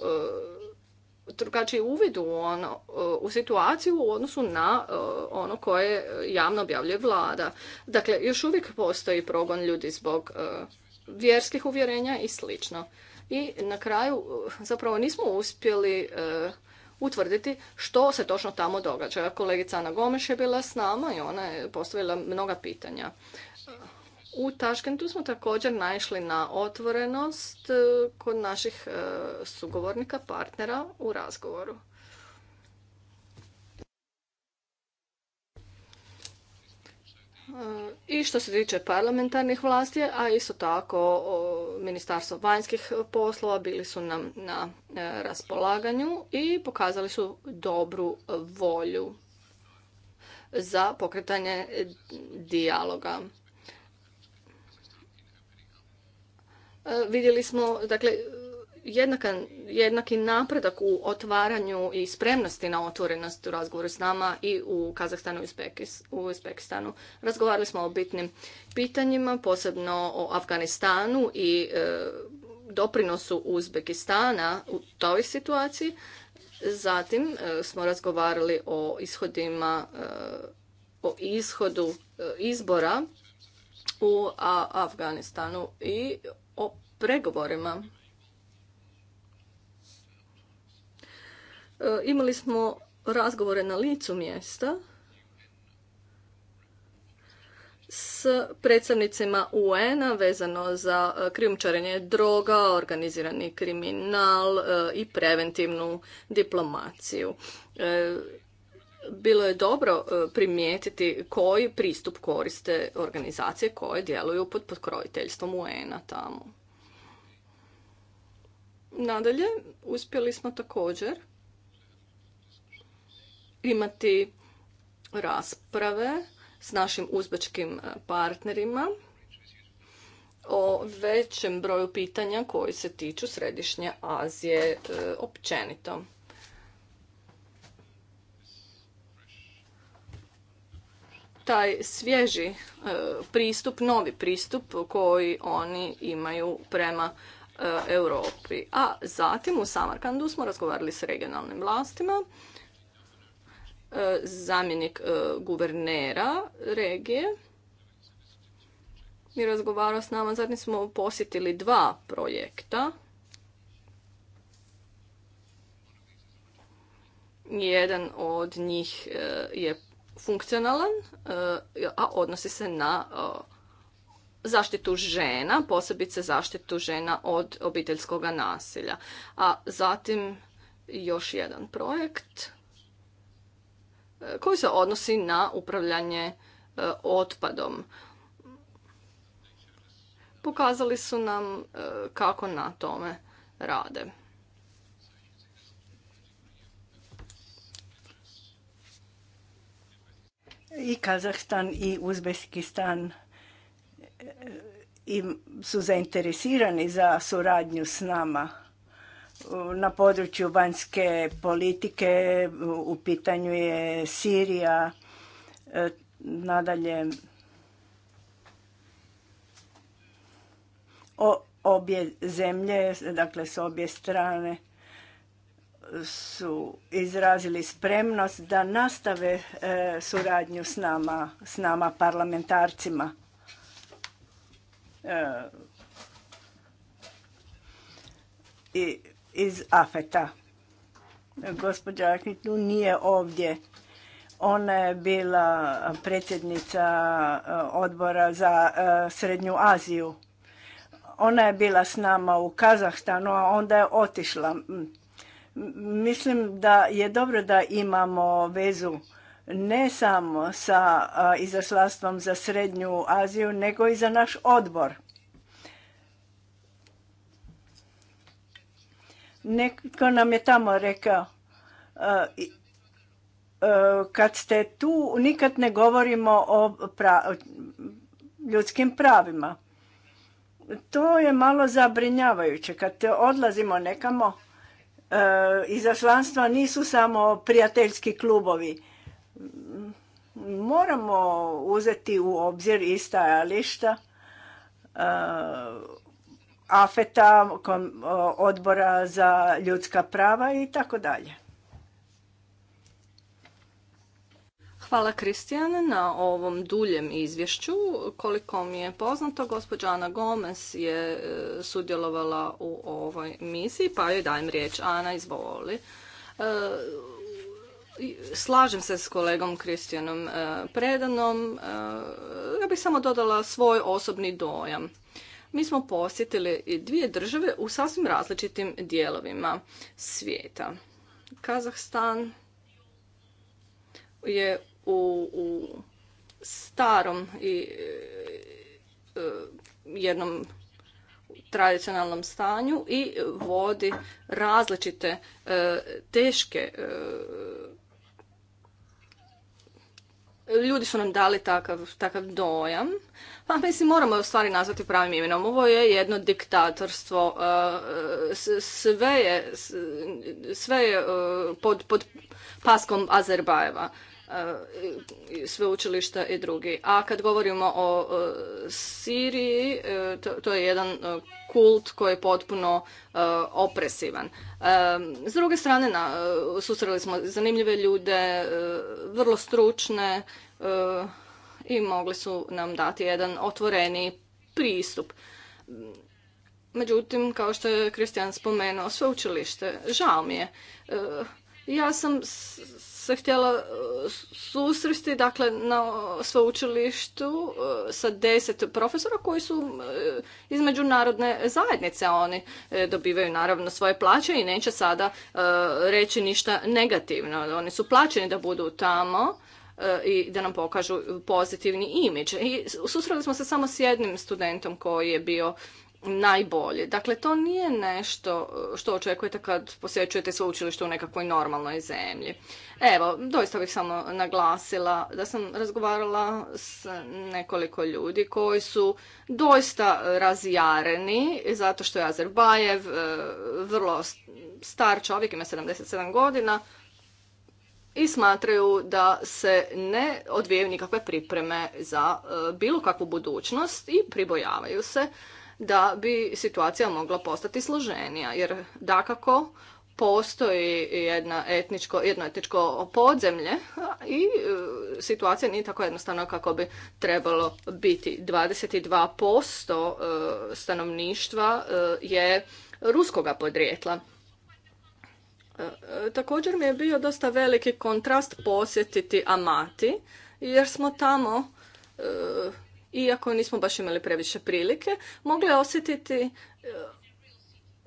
drugačiji uvid u, ono, u situaciju u odnosu na ono koje javno objavljuje vlada. Dakle, još uvijek postoji progon ljudi zbog vjerskih uvjerenja i slično i na kraju eh, zapravo nismo uspjeli eh, utvrditi što se točno tamo događa. Kolegica Ana Gomeš je bila s nama i ona je postavila mnoga pitanja. U Taškentu smo također naišli na otvorenost eh, kod naših sugovornika, partnera u razgovoru. i što se tiče parlamentarnih vlasti, a isto tako Ministarstvo vanjskih poslova bili su nam na e, raspolaganju i pokazali su dobru volju za pokretanje dijaloga. E, vidjeli smo, dakle, jednaki napredak u otvaranju i spremnosti na otvorenost u razgovoru s nama i u Kazahstanu i u Uzbekistanu. Razgovarali smo o bitnim pitanjima, posebno o Afganistanu i e, doprinosu Uzbekistana u toj situaciji. Zatim e, smo razgovarali o ishodima, e, o ishodu izbora u Afganistanu i o pregovorima E, imali smo razgovore na licu mjesta s predstavnicima UN-a vezano za e, krijumčarenje droga, organizirani kriminal e, i preventivnu diplomaciju. Bilo je dobro primijetiti koji pristup koriste organizacije koje djeluju pod potkroviteljstvom UN-a tamo. Nadalje, uspjeli smo također imati rasprave s našim uzbečkim e, partnerima o većem broju pitanja koji se tiču Središnje Azije e, općenito. taj svježi e, pristup, novi pristup koji oni imaju prema Europi. A zatim u Samarkandu smo razgovarali s regionalnim vlastima E, zamjenik e, guvernera regije i razgovarao s nama. Zatim smo posjetili dva projekta. Jedan od njih e, je funkcionalan, a odnosi se na zaštitu žena, posebice zaštitu žena od obiteljskog nasilja. A zatim još jedan projekt E, koji se odnosi na upravljanje e, otpadom. Pokazali su nam e, kako na tome rade. I Kazahstan i Uzbekistan su zainteresirani za suradnju s nama na području vanjske politike, u pitanju je Sirija, e, nadalje obje zemlje, dakle s obje strane, su izrazili spremnost da nastave e, suradnju s nama, s nama parlamentarcima. E, I iz Afeta. Gospođa tu nije ovdje. Ona je bila predsjednica eh, odbora za eh, Srednju Aziju. Ona je bila s nama u Kazahstanu, a onda je otišla. Mislim da je dobro da imamo vezu ne samo sa eh, izaslanstvom za Srednju Aziju, nego i za naš odbor. Neko nam je tamo rekao, e, e, kad ste tu, nikad ne govorimo o ljudskim pravima. To je malo zabrinjavajuće. Kad odlazimo nekamo, e, izaslanstva nisu samo prijateljski klubovi. Moramo uzeti u obzir i stajališta AFETA, odbora za ljudska prava i tako dalje. Hvala Kristijan na ovom duljem izvješću. Koliko mi je poznato, gospođa Ana Gomez je e, sudjelovala u ovoj misiji, pa joj dajem riječ. Ana, izvoli. E, slažem se s kolegom Kristijanom e, Predanom. Ja bih samo dodala svoj osobni dojam mi smo posjetili dvije države u sasvim različitim dijelovima svijeta. Kazahstan je u, u starom i e, e jednom tradicionalnom stanju i vodi različite e, teške e, ljudi su nam dali takav dojam pa mislim moramo stvari nazvati pravim imenom. Ovo je jedno diktatorstvo. Uh, sve je, sve je uh, pod, pod paskom Azerbajeva uh, učilišta i drugi. A kad govorimo o Siriji, to je jedan kult koji je potpuno opresivan. Um, s druge strane, susreli smo zanimljive ljude, vrlo stručne, i mogli su nam dati jedan otvoreni pristup. Međutim, kao što je Kristijan spomenuo, sveučilište, žao mi je. E, ja sam se htjela e, susresti dakle, na sveučilištu e, sa deset profesora koji su iz međunarodne zajednice. Oni dobivaju naravno svoje plaće i neće sada reći ništa negativno. Oni su plaćeni da budu tamo E, i da nam pokažu pozitivni imidž. I susreli smo se samo s jednim studentom koji je bio najbolji. Dakle, to nije nešto e, što očekujete kad posjećujete sveučilište u nekakvoj normalnoj zemlji. Evo, doista bih samo naglasila da sam razgovarala s nekoliko ljudi koji su doista razjareni zato što je Azerbajev e, vrlo star čovjek, ima 77 godina, i smatraju da se ne odvijaju nikakve pripreme za e, bilo kakvu budućnost i pribojavaju se da bi situacija mogla postati složenija jer dakako postoji jedna etničko, jedno etničko podzemlje i e, situacija nije tako jednostavna kako bi trebalo biti. 22% e, stanovništva je ruskoga podrijetla. E, također mi je bio dosta veliki kontrast posjetiti Amati, jer smo tamo, e, iako nismo baš imali previše prilike, mogli osjetiti e,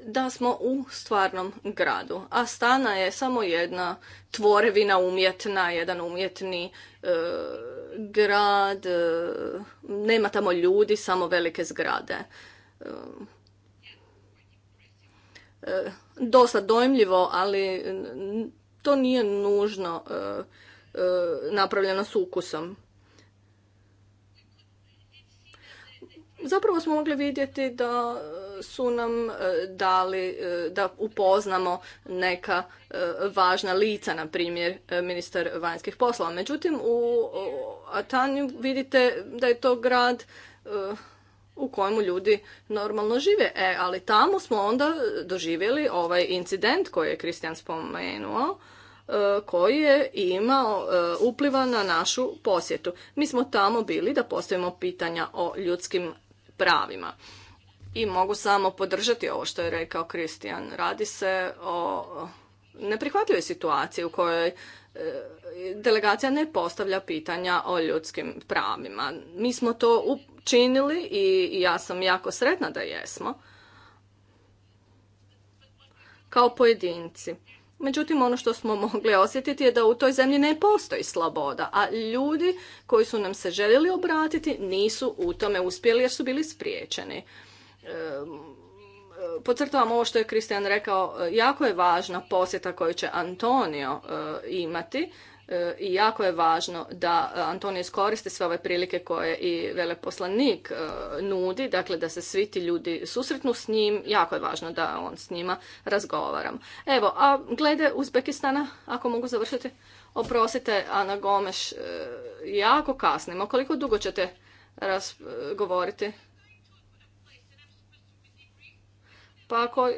da smo u stvarnom gradu. A stana je samo jedna tvorevina umjetna, jedan umjetni grad. nema tamo ljudi, samo velike zgrade dosta dojmljivo, ali to nije nužno e, e, napravljeno s ukusom. Zapravo smo mogli vidjeti da su nam e, dali da upoznamo neka važna lica, na primjer ministar vanjskih poslova. Međutim, u Atanju vidite da je to grad u kojemu ljudi normalno žive. E, ali tamo smo onda doživjeli ovaj incident koji je Kristijan spomenuo, e, koji je imao e, upliva na našu posjetu. Mi smo tamo bili da postavimo pitanja o ljudskim pravima. I mogu samo podržati ovo što je rekao Kristijan. Radi se o neprihvatljivoj situaciji u kojoj e, delegacija ne postavlja pitanja o ljudskim pravima. Mi smo to učinili i ja sam jako sretna da jesmo. Kao pojedinci. Međutim, ono što smo mogli osjetiti je da u toj zemlji ne postoji sloboda, a ljudi koji su nam se željeli obratiti nisu u tome uspjeli jer su bili spriječeni. Ehm, podcrtavam ovo što je Kristijan rekao, jako je važna posjeta koju će Antonio eh, imati E, i jako je važno da e, Antonio iskoristi sve ove prilike koje i veleposlanik e, nudi, dakle da se svi ti ljudi susretnu s njim, jako je važno da on s njima razgovaram. Evo, a glede Uzbekistana, ako mogu završiti, oprostite Ana Gomeš, jako kasnimo, koliko dugo ćete govoriti? Pa ako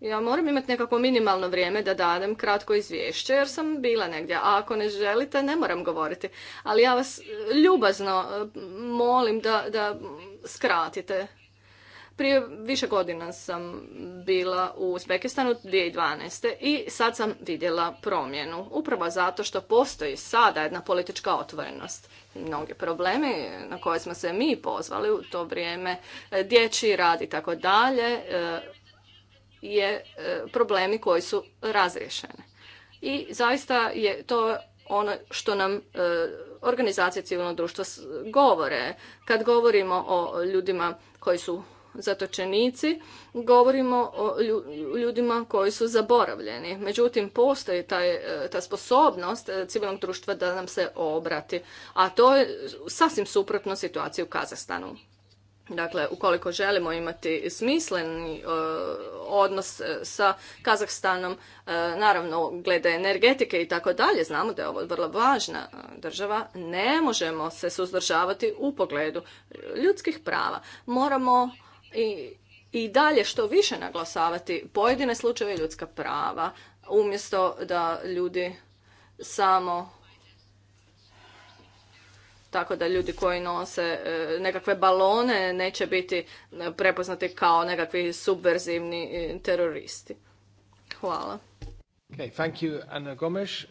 ja moram imati nekako minimalno vrijeme da dadem kratko izvješće jer sam bila negdje. A ako ne želite, ne moram govoriti. Ali ja vas eh, ljubazno eh, molim da, da skratite. Prije više godina sam bila u Uzbekistanu 2012. i sad sam vidjela promjenu. Upravo zato što postoji sada jedna politička otvorenost. Mnogi problemi na koje smo se mi pozvali u to vrijeme, eh, dječji rad i tako dalje, je e, problemi koji su razriješeni. I zaista je to ono što nam e, organizacije civilnog društva govore. Kad govorimo o ljudima koji su zatočenici, govorimo o ljudima koji su zaboravljeni. Međutim, postoji taj, e, ta sposobnost civilnog društva da nam se obrati, a to je sasvim suprotno situaciji u Kazahstanu. Dakle, ukoliko želimo imati smisleni e, odnos e, sa Kazahstanom, e, naravno glede energetike i tako dalje, znamo da je ovo vrlo važna država, ne možemo se suzdržavati u pogledu ljudskih prava. Moramo i, i dalje što više naglasavati pojedine slučajeve ljudska prava, umjesto da ljudi samo tako da ljudi koji nose e, nekakve balone neće biti prepoznati kao nekakvi subverzivni e, teroristi. Hvala. Okay, thank you, Anna Gomes.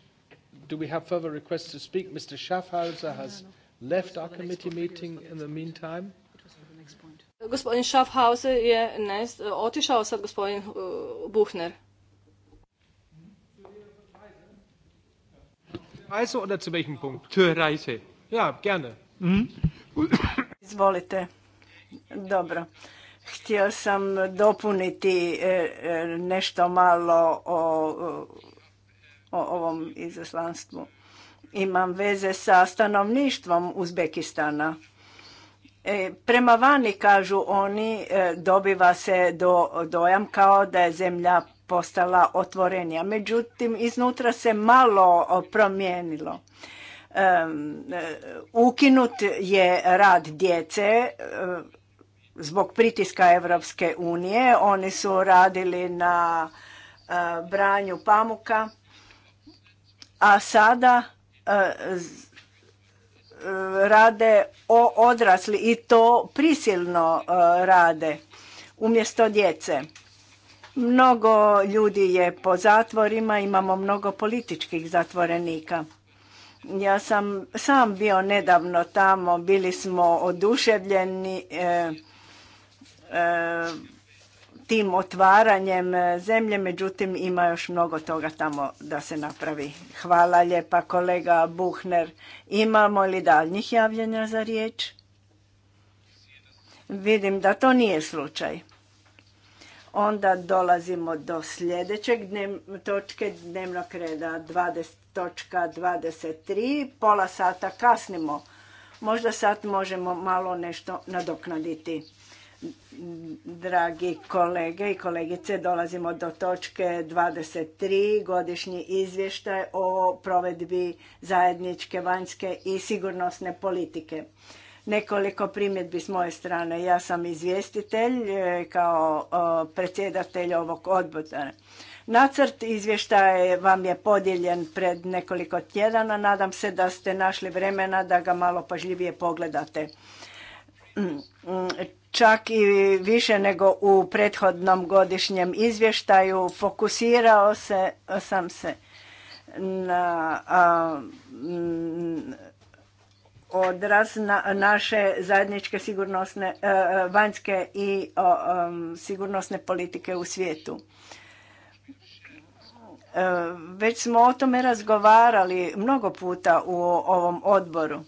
Do we have further requests to speak? Mr. Schaffhauser has left our committee meeting in the meantime. Gospodin Schaffhauser je ne, otišao sad gospodin e, Buchner. Reise oder zu welchem Punkt? Zur Reise. Ja, gerne. Mhm. Izvolite. Dobro. Htio sam dopuniti e, e, nešto malo o, ovom izaslanstvu. Imam veze sa stanovništvom Uzbekistana. E, prema vani, kažu oni, dobiva se do, dojam kao da je zemlja postala otvorenija. Međutim, iznutra se malo promijenilo. E, ukinut je rad djece e, zbog pritiska Europske unije. Oni su radili na e, branju pamuka, a sada rade o odrasli i to prisilno rade umjesto djece. Mnogo ljudi je po zatvorima, imamo mnogo političkih zatvorenika. Ja sam sam bio nedavno tamo, bili smo oduševljeni e, e, tim otvaranjem zemlje, međutim ima još mnogo toga tamo da se napravi. Hvala lijepa kolega Buhner. Imamo li daljnjih javljenja za riječ? Vidim da to nije slučaj. Onda dolazimo do sljedećeg dnev, točke dnevnog reda točka 23, pola sata kasnimo. Možda sad možemo malo nešto nadoknaditi. Dragi kolege i kolegice, dolazimo do točke 23, godišnji izvještaj o provedbi zajedničke vanjske i sigurnosne politike. Nekoliko primjedbi s moje strane. Ja sam izvjestitelj e, kao predsjedatelj ovog odbora. Nacrt izvještaja vam je podijeljen pred nekoliko tjedana. Nadam se da ste našli vremena da ga malo pažljivije pogledate. Čak i više nego u prethodnom godišnjem izvještaju fokusirao se, sam se na a, mm, odraz na naše zajedničke sigurnosne, e, vanjske i e, sigurnosne politike u svijetu. E, već smo o tome razgovarali mnogo puta u ovom odboru.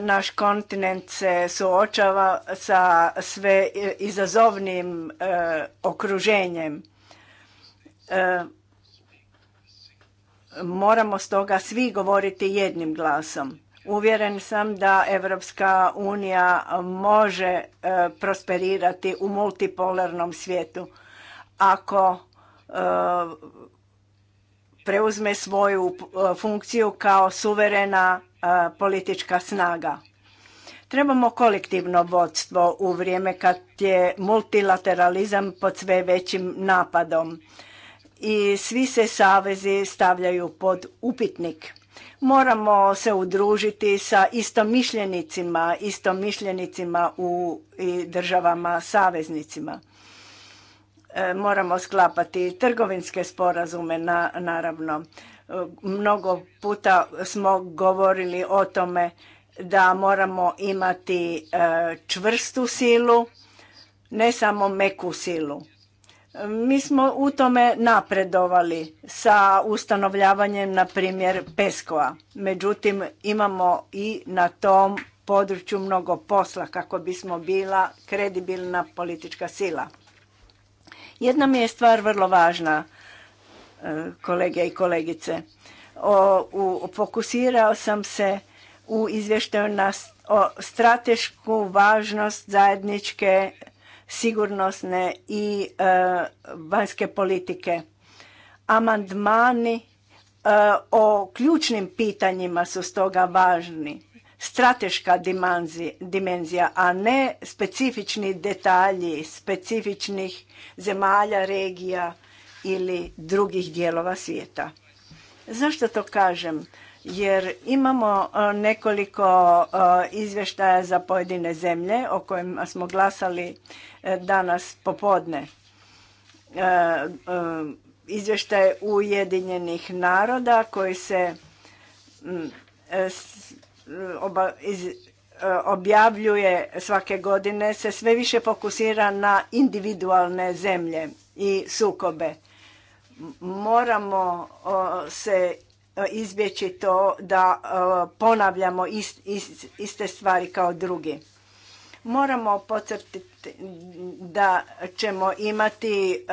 Naš kontinent se suočava sa sve izazovnim e, okruženjem. E, moramo stoga svi govoriti jednim glasom. Uvjeren sam da Evropska unija može prosperirati u multipolarnom svijetu ako preuzme svoju uh, funkciju kao suverena uh, politička snaga. Trebamo kolektivno vodstvo u vrijeme kad je multilateralizam pod sve većim napadom i svi se savezi stavljaju pod upitnik. Moramo se udružiti sa istomišljenicima, istomišljenicima u državama saveznicima. E, moramo sklapati trgovinske sporazume na, naravno. E, mnogo puta smo govorili o tome da moramo imati e, čvrstu silu, ne samo meku silu. Mi smo u tome napredovali sa ustanovljavanjem, na primjer, Peskoa. Međutim, imamo i na tom području mnogo posla kako bismo bila kredibilna politička sila. Jedna mi je stvar vrlo važna, e, kolege i kolegice. fokusirao sam se u izvještaju na o stratešku važnost zajedničke sigurnosne i e, vanjske politike. Amandmani e, o ključnim pitanjima su stoga važni strateška dimenzija, a ne specifični detalji specifičnih zemalja, regija ili drugih dijelova svijeta. Zašto to kažem? Jer imamo e, nekoliko e, izvještaja za pojedine zemlje o kojima smo glasali e, danas popodne. Izvještaj Ujedinjenih naroda koji se E, oba, iz, e, objavljuje svake godine se sve više fokusira na individualne zemlje i sukobe. Moramo se e, izbjeći to da ponavljamo iste stvari kao drugi. Moramo pocrtiti da ćemo imati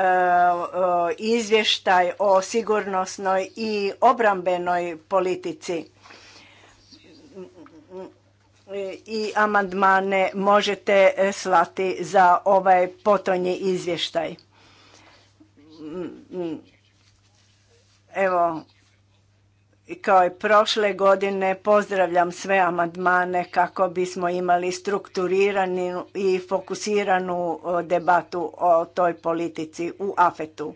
izvještaj o sigurnosnoj i obrambenoj politici E, i amandmane možete e, slati za ovaj potonji izvještaj. Mm, mm. Evo, kao i prošle godine pozdravljam sve amandmane kako bismo imali strukturiranu i fokusiranu debatu o toj politici u afetu.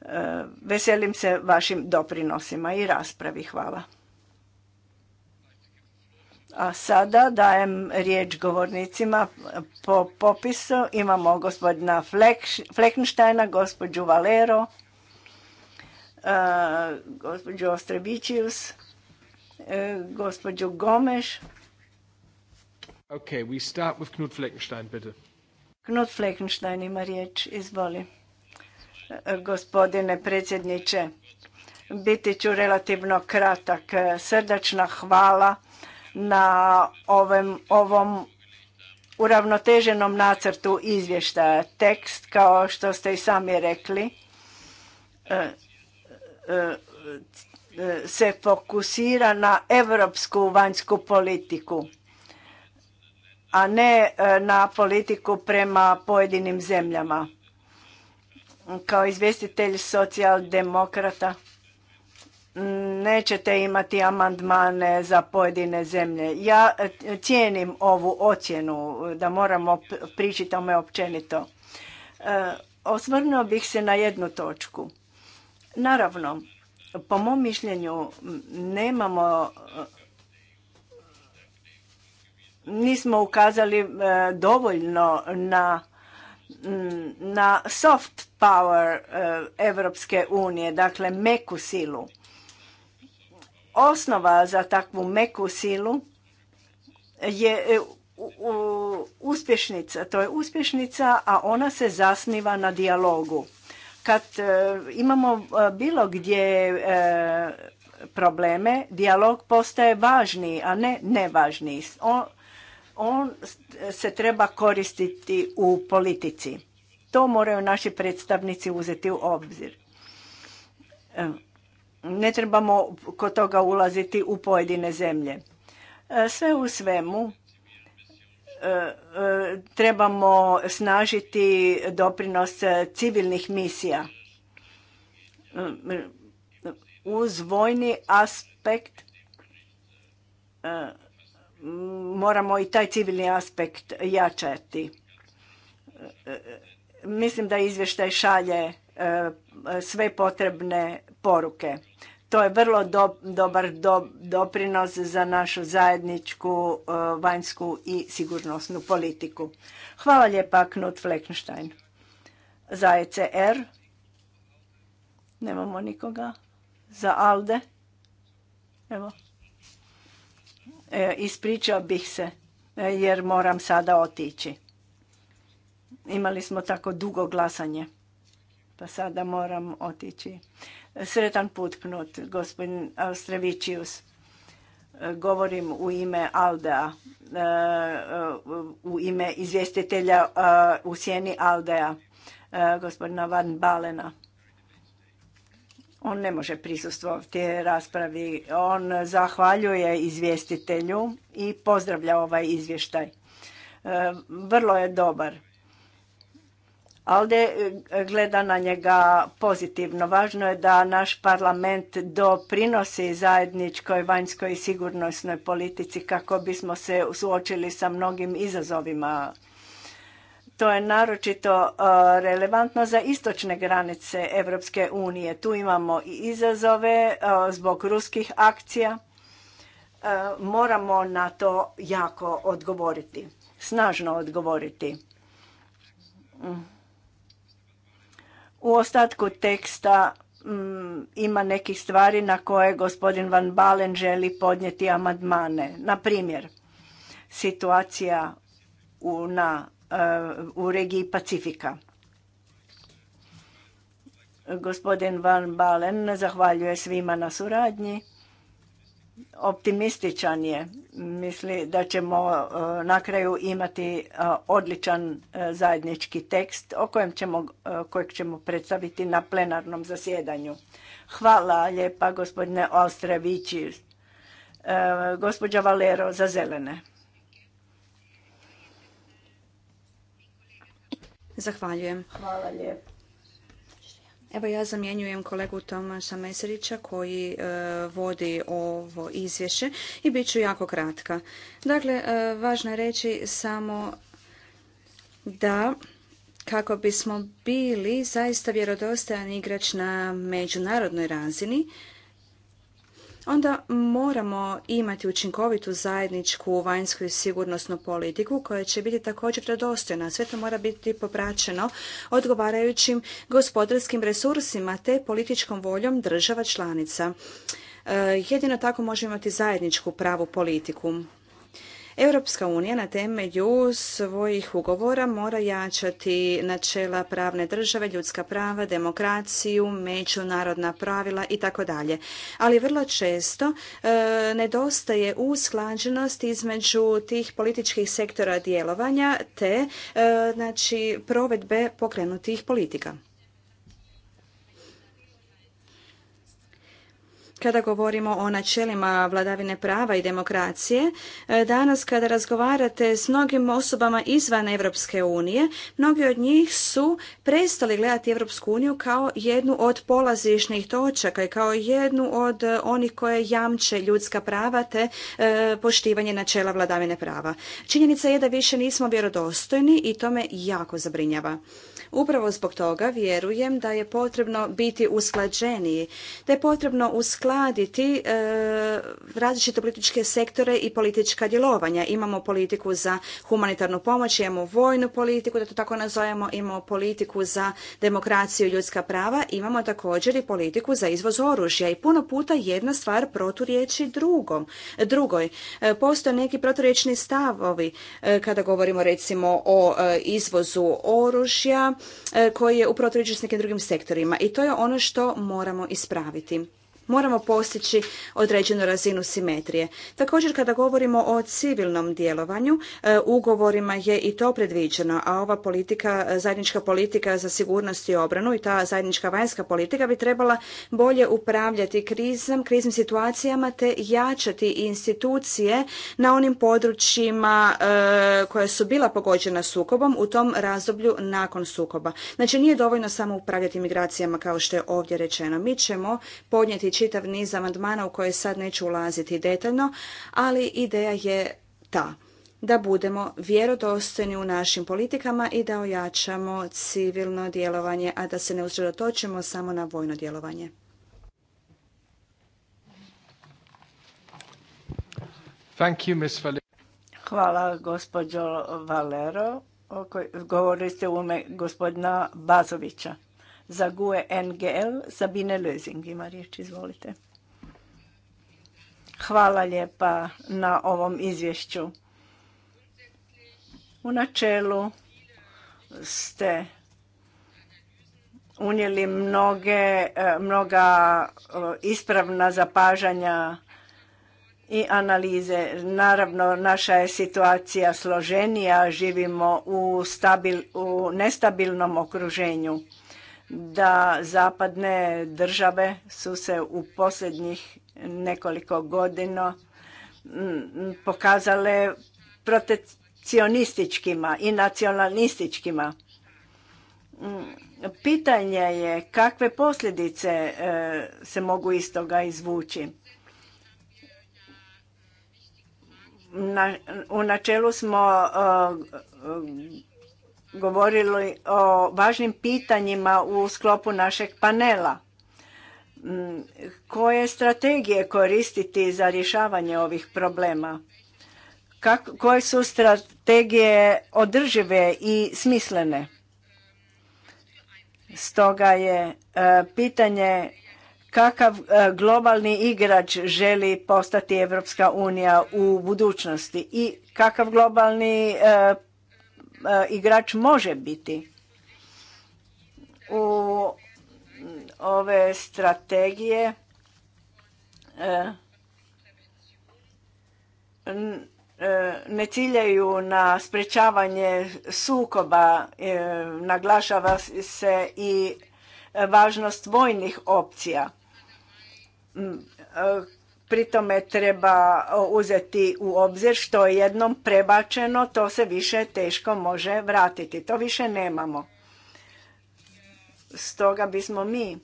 E, veselim se vašim doprinosima i raspravi. Hvala. A sada dajem riječ govornicima po popisu. Imamo gospodina Fleckensteina, gospođu Valero, e, gospođu Ostrebićius, e, gospođu Gomeš. we start with Knut Fleckenstein, bitte. Knut Fleckenstein ima riječ, izvoli. E, gospodine predsjedniče, biti ću relativno kratak. Srdačna hvala na ovom uravnoteženom nacrtu izvještaja. Tekst, kao što ste i sami rekli, e, e, e, se fokusira na europsku vanjsku politiku, a ne na politiku prema pojedinim zemljama. Kao izvjestitelj socijaldemokrata nećete imati amandmane za pojedine zemlje. Ja e, cijenim ovu ocjenu da moramo pričati tome općenito. E, osvrnuo bih se na jednu točku. Naravno, po mom mišljenju nemamo e, nismo ukazali dovoljno na na soft power Evropske unije, dakle meku silu. Osnova za takvu meku silu je e, uspješnica. To je uspješnica, a ona se zasniva na dijalogu. Kad e, imamo e, bilo gdje probleme, dijalog postaje važniji, a ne nevažniji. On, on se treba koristiti u politici. To moraju naši predstavnici uzeti u obzir ne trebamo kod toga ulaziti u pojedine zemlje. E, sve u svemu e, e, trebamo snažiti doprinos civilnih misija. Uz vojni aspekt moramo i taj civilni aspekt jačati. Mislim da izvještaj šalje sve potrebne poruke. To je vrlo dobar do, doprinos za našu zajedničku e, vanjsku i sigurnosnu politiku. Hvala lijepa Knut Fleckenstein. Za ECR nemamo nikoga. Za ALDE evo. E, ispričao bih se e, jer moram sada otići. Imali smo tako dugo glasanje pa sada moram otići. Sretan put, Knut, gospodin Austrevićius. Govorim u ime Aldea, eh, u ime izvjestitelja eh, u sjeni Aldea, eh, gospodina Van Balena. On ne može prisustvovati raspravi. On zahvaljuje izvjestitelju i pozdravlja ovaj izvještaj. Vrlo je dobar. Alde e, gleda na njega pozitivno. Važno je da naš parlament doprinosi zajedničkoj vanjskoj i sigurnosnoj politici kako bismo se suočili sa mnogim izazovima. To je naročito e, relevantno za istočne granice Europske unije. Tu imamo i izazove e, zbog ruskih akcija. Moramo na to jako odgovoriti, snažno odgovoriti mm. U ostatku teksta mm, ima nekih stvari na koje gospodin Van Balen želi podnijeti amandmane. Na primjer, situacija u, na, eh, u regiji Pacifika. Gospodin Van Balen zahvaljuje svima na suradnji optimističan je. Misli da ćemo e, na kraju imati e, odličan e, zajednički tekst o kojem ćemo, kojeg ćemo predstaviti na plenarnom zasjedanju. Hvala lijepa gospodine Ostrevići. Gospođa Valero za zelene. Zahvaljujem. Hvala lijepo. Evo ja zamjenjujem kolegu Tomaša Meserića koji e, vodi ovo izvješće i bit ću jako kratka. Dakle, e, važno je reći samo da kako bismo bili zaista vjerodostojan igrač na međunarodnoj razini, onda moramo imati učinkovitu zajedničku vanjsku i sigurnosnu politiku koja će biti također vjerodostojna. Sve to mora biti popraćeno odgovarajućim gospodarskim resursima te političkom voljom država članica. E, jedino tako možemo imati zajedničku pravu politiku. Europska unija na temelju svojih ugovora mora jačati načela pravne države, ljudska prava, demokraciju, međunarodna pravila i tako dalje. Ali vrlo često e, nedostaje usklađenost između tih političkih sektora djelovanja te e, znači provedbe pokrenutih politika. kada govorimo o načelima vladavine prava i demokracije, e, danas kada razgovarate s mnogim osobama izvan Europske unije, mnogi od njih su prestali gledati Europsku uniju kao jednu od polazišnih točaka i kao jednu od e, onih koje jamče ljudska prava te e, poštivanje načela vladavine prava. Činjenica je da više nismo vjerodostojni i to me jako zabrinjava. Upravo zbog toga vjerujem da je potrebno biti usklađeniji, da je potrebno uskladiti e, različite političke sektore i politička djelovanja. Imamo politiku za humanitarnu pomoć, imamo vojnu politiku, da to tako nazovemo, imamo politiku za demokraciju i ljudska prava, imamo također i politiku za izvoz oružja i puno puta jedna stvar proturječi drugom, drugoj. E, postoje neki proturječni stavovi e, kada govorimo recimo o izvozu oružja, E, koji je u proturječju s nekim drugim sektorima i to je ono što moramo ispraviti moramo postići određenu razinu simetrije. Također kada govorimo o civilnom djelovanju, e, ugovorima je i to predviđeno, a ova politika, e, zajednička politika za sigurnost i obranu i ta zajednička vanjska politika bi trebala bolje upravljati krizom, kriznim situacijama te jačati institucije na onim područjima e, koja su bila pogođena sukobom u tom razdoblju nakon sukoba. Znači nije dovoljno samo upravljati migracijama kao što je ovdje rečeno. Mi ćemo podnijeti čitav niz amandmana u koje sad neću ulaziti detaljno, ali ideja je ta da budemo vjerodostojni u našim politikama i da ojačamo civilno djelovanje, a da se ne usredotočimo samo na vojno djelovanje. Hvala, gospođo Valero. Govorili ste u ime gospodina Bazovića. Za GUE NGL Sabine Lözing ima riječ, izvolite. Hvala lijepa na ovom izvješću. U načelu ste unijeli mnoge, e, mnoga e, ispravna zapažanja i analize. Naravno, naša je situacija složenija, živimo u, stabil, u nestabilnom okruženju da zapadne države su se u posljednjih nekoliko godina mm, pokazale protekcionističkima i nacionalističkima. Mm, pitanje je kakve posljedice e, se mogu iz toga izvući. Na, u načelu smo e, govorili o važnim pitanjima u sklopu našeg panela. Mm, koje strategije koristiti za rješavanje ovih problema? Kako, koje su strategije održive i smislene? Stoga je e, pitanje kakav e, globalni igrač želi postati Evropska unija u budućnosti i kakav globalni e, E, igrač može biti. U ove strategije e, e, ne ciljaju na sprečavanje sukoba, naglašava se i važnost vojnih opcija Pri tome treba uzeti u obzir što je jednom prebačeno, to se više teško može vratiti. To više nemamo. Stoga bismo mi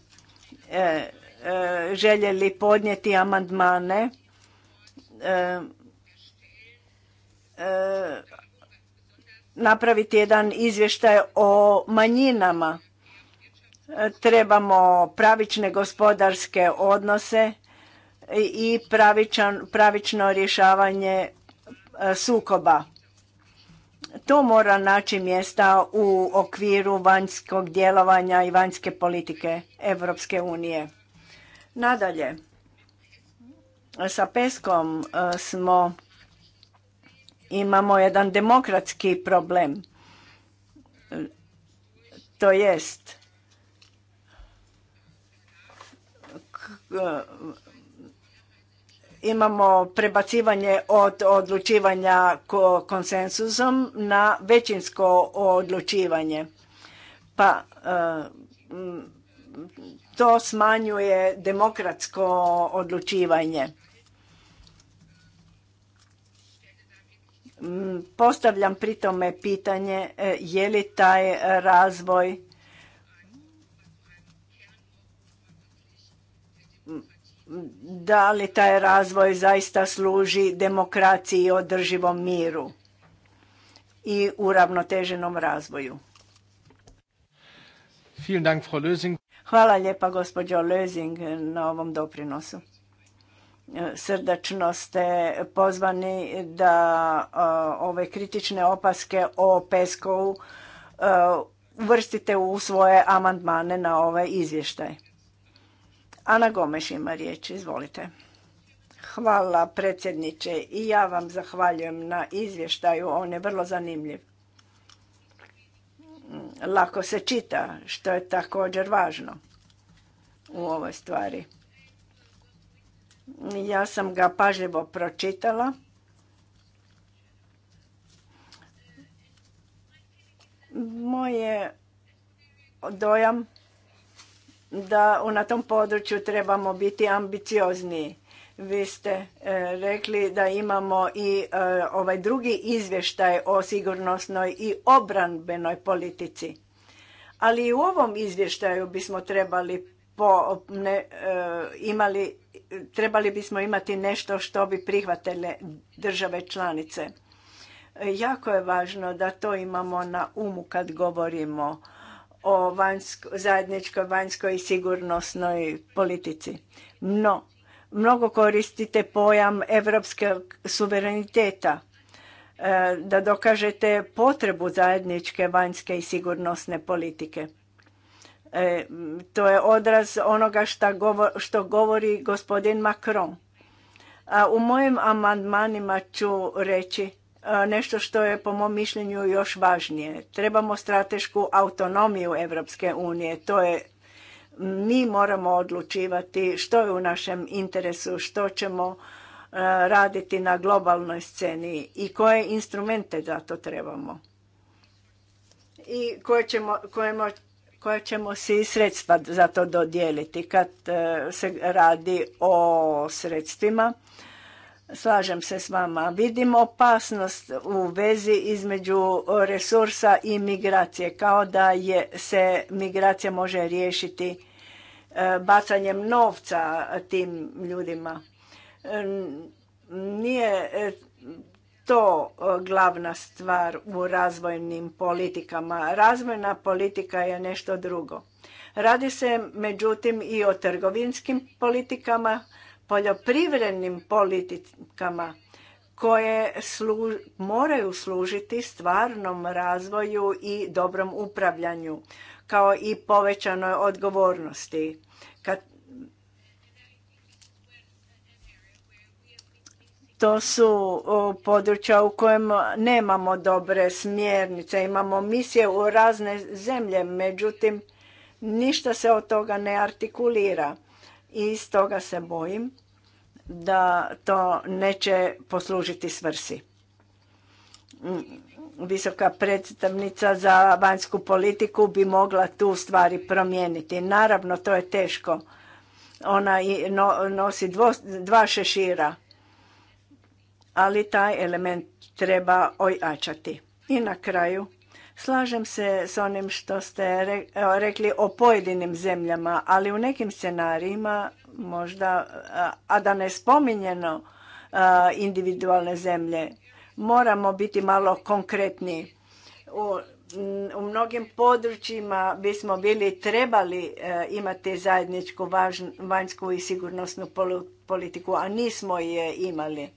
e, e željeli podnijeti amandmane e, e, napraviti jedan izvještaj o manjinama. Trebamo pravične gospodarske odnose i pravičan, pravično rješavanje e, sukoba. To mora naći mjesta u okviru vanjskog djelovanja i vanjske politike Europske unije. Nadalje, sa Peskom e, smo, imamo jedan demokratski problem. To jest, imamo prebacivanje od odlučivanja konsenzusom na većinsko odlučivanje. Pa e, to smanjuje demokratsko odlučivanje. Postavljam pri tome pitanje e, je li taj razvoj da li taj razvoj zaista služi demokraciji i održivom miru i uravnoteženom razvoju. Hvala lijepa gospođo Lözing na ovom doprinosu. Srdačno ste pozvani da ove kritične opaske o Peskovu uvrstite u svoje amandmane na ovaj izvještaj. Ana Gomes ima riječ, izvolite. Hvala predsjedniče i ja vam zahvaljujem na izvještaju, on je vrlo zanimljiv. Mm, lako se čita, što je također važno u ovoj stvari. Ja sam ga pažljivo pročitala. Moje dojam da na tom području trebamo biti ambiciozniji. Vi ste e, rekli da imamo i e, ovaj drugi izvještaj o sigurnosnoj i obranbenoj politici. Ali i u ovom izvještaju bismo trebali po, ne, e, imali, trebali bismo imati nešto što bi prihvatile države članice. jako je važno da to imamo na umu kad govorimo o vanjsko, zajedničkoj vanjskoj i sigurnosnoj politici. No, mnogo koristite pojam evropskog suvereniteta e, da dokažete potrebu zajedničke vanjske i sigurnosne politike. E, to je odraz onoga šta što govori gospodin Macron. A u mojim amandmanima ću reći E, nešto što je po mom mišljenju još važnije. Trebamo stratešku autonomiju Europske unije. To je mi moramo odlučivati što je u našem interesu, što ćemo e, raditi na globalnoj sceni i koje instrumente za to trebamo. I koje ćemo, koja ćemo si sredstva za to dodijeliti kad e, se radi o sredstvima Slažem se s vama. Vidim opasnost u vezi između resursa i migracije, kao da je, se migracija može riješiti e, bacanjem novca tim ljudima. Nije e, to glavna stvar u razvojnim politikama. Razvojna politika je nešto drugo. Radi se međutim i o trgovinskim politikama poljoprivrednim politikama koje moraju služiti stvarnom razvoju i dobrom upravljanju kao i povećanoj odgovornosti to su područja u kojem nemamo dobre smjernice imamo misije u razne zemlje međutim ništa se od toga ne artikulira i stoga se bojim da to neće poslužiti svrsi. Visoka predstavnica za vanjsku politiku bi mogla tu stvari promijeniti. Naravno, to je teško. Ona nosi dva šešira, ali taj element treba ojačati. I na kraju, Slažem se s onim što ste e, rekli o pojedinim zemljama, ali u nekim scenarijima možda, a da ne spominjeno individualne zemlje, moramo biti malo konkretni. U, u mnogim područjima bismo bili trebali e, imati zajedničku vanjsku i sigurnosnu politiku, a nismo je imali.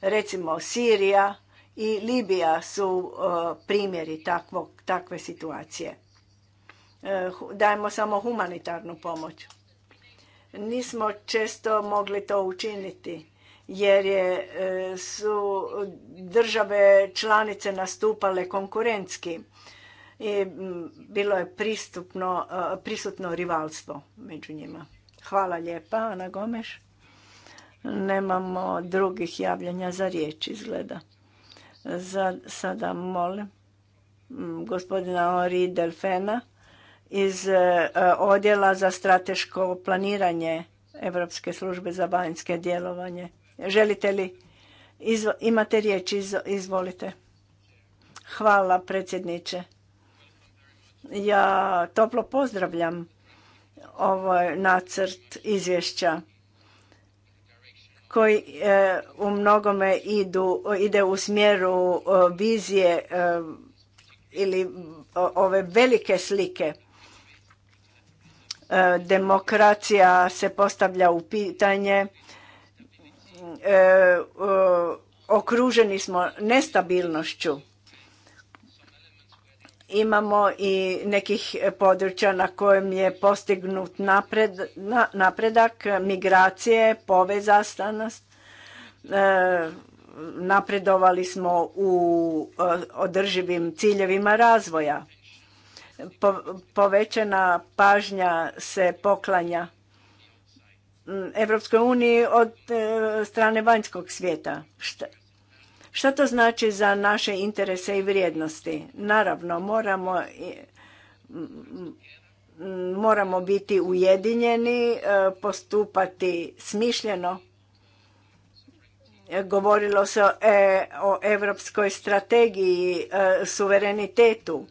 Recimo Sirija, i Libija su uh, primjeri takve situacije. Uh, dajemo samo humanitarnu pomoć. Nismo često mogli to učiniti jer je, uh, su države članice nastupale konkurentski i bilo je pristupno, prisutno rivalstvo među njima. Hvala lijepa, Ana Gomeš. Nemamo drugih javljanja za riječ, izgleda. Za, sada molim mm, gospodina Henri Delfena iz e, e, Odjela za strateško planiranje Europske službe za vanjske djelovanje. Želite li? imate riječ, izvolite. Hvala predsjedniče. Ja toplo pozdravljam ovaj nacrt izvješća koji e, u mnogome idu, ide u smjeru e, vizije e, ili ove velike slike. Demokracija se postavlja u pitanje, okruženi smo nestabilnošću Imamo i nekih područja na kojem je postignut napred, napredak, migracije, povezastanost. E, napredovali smo u e, održivim ciljevima razvoja. Po, povećana pažnja se poklanja mm, Evropskoj uniji od e, strane vanjskog svijeta. Šta to znači za naše interese i vrijednosti? Naravno, moramo mm, moramo biti ujedinjeni, e, postupati smišljeno. Govorilo se o e, evropskoj strategiji, e, suverenitetu.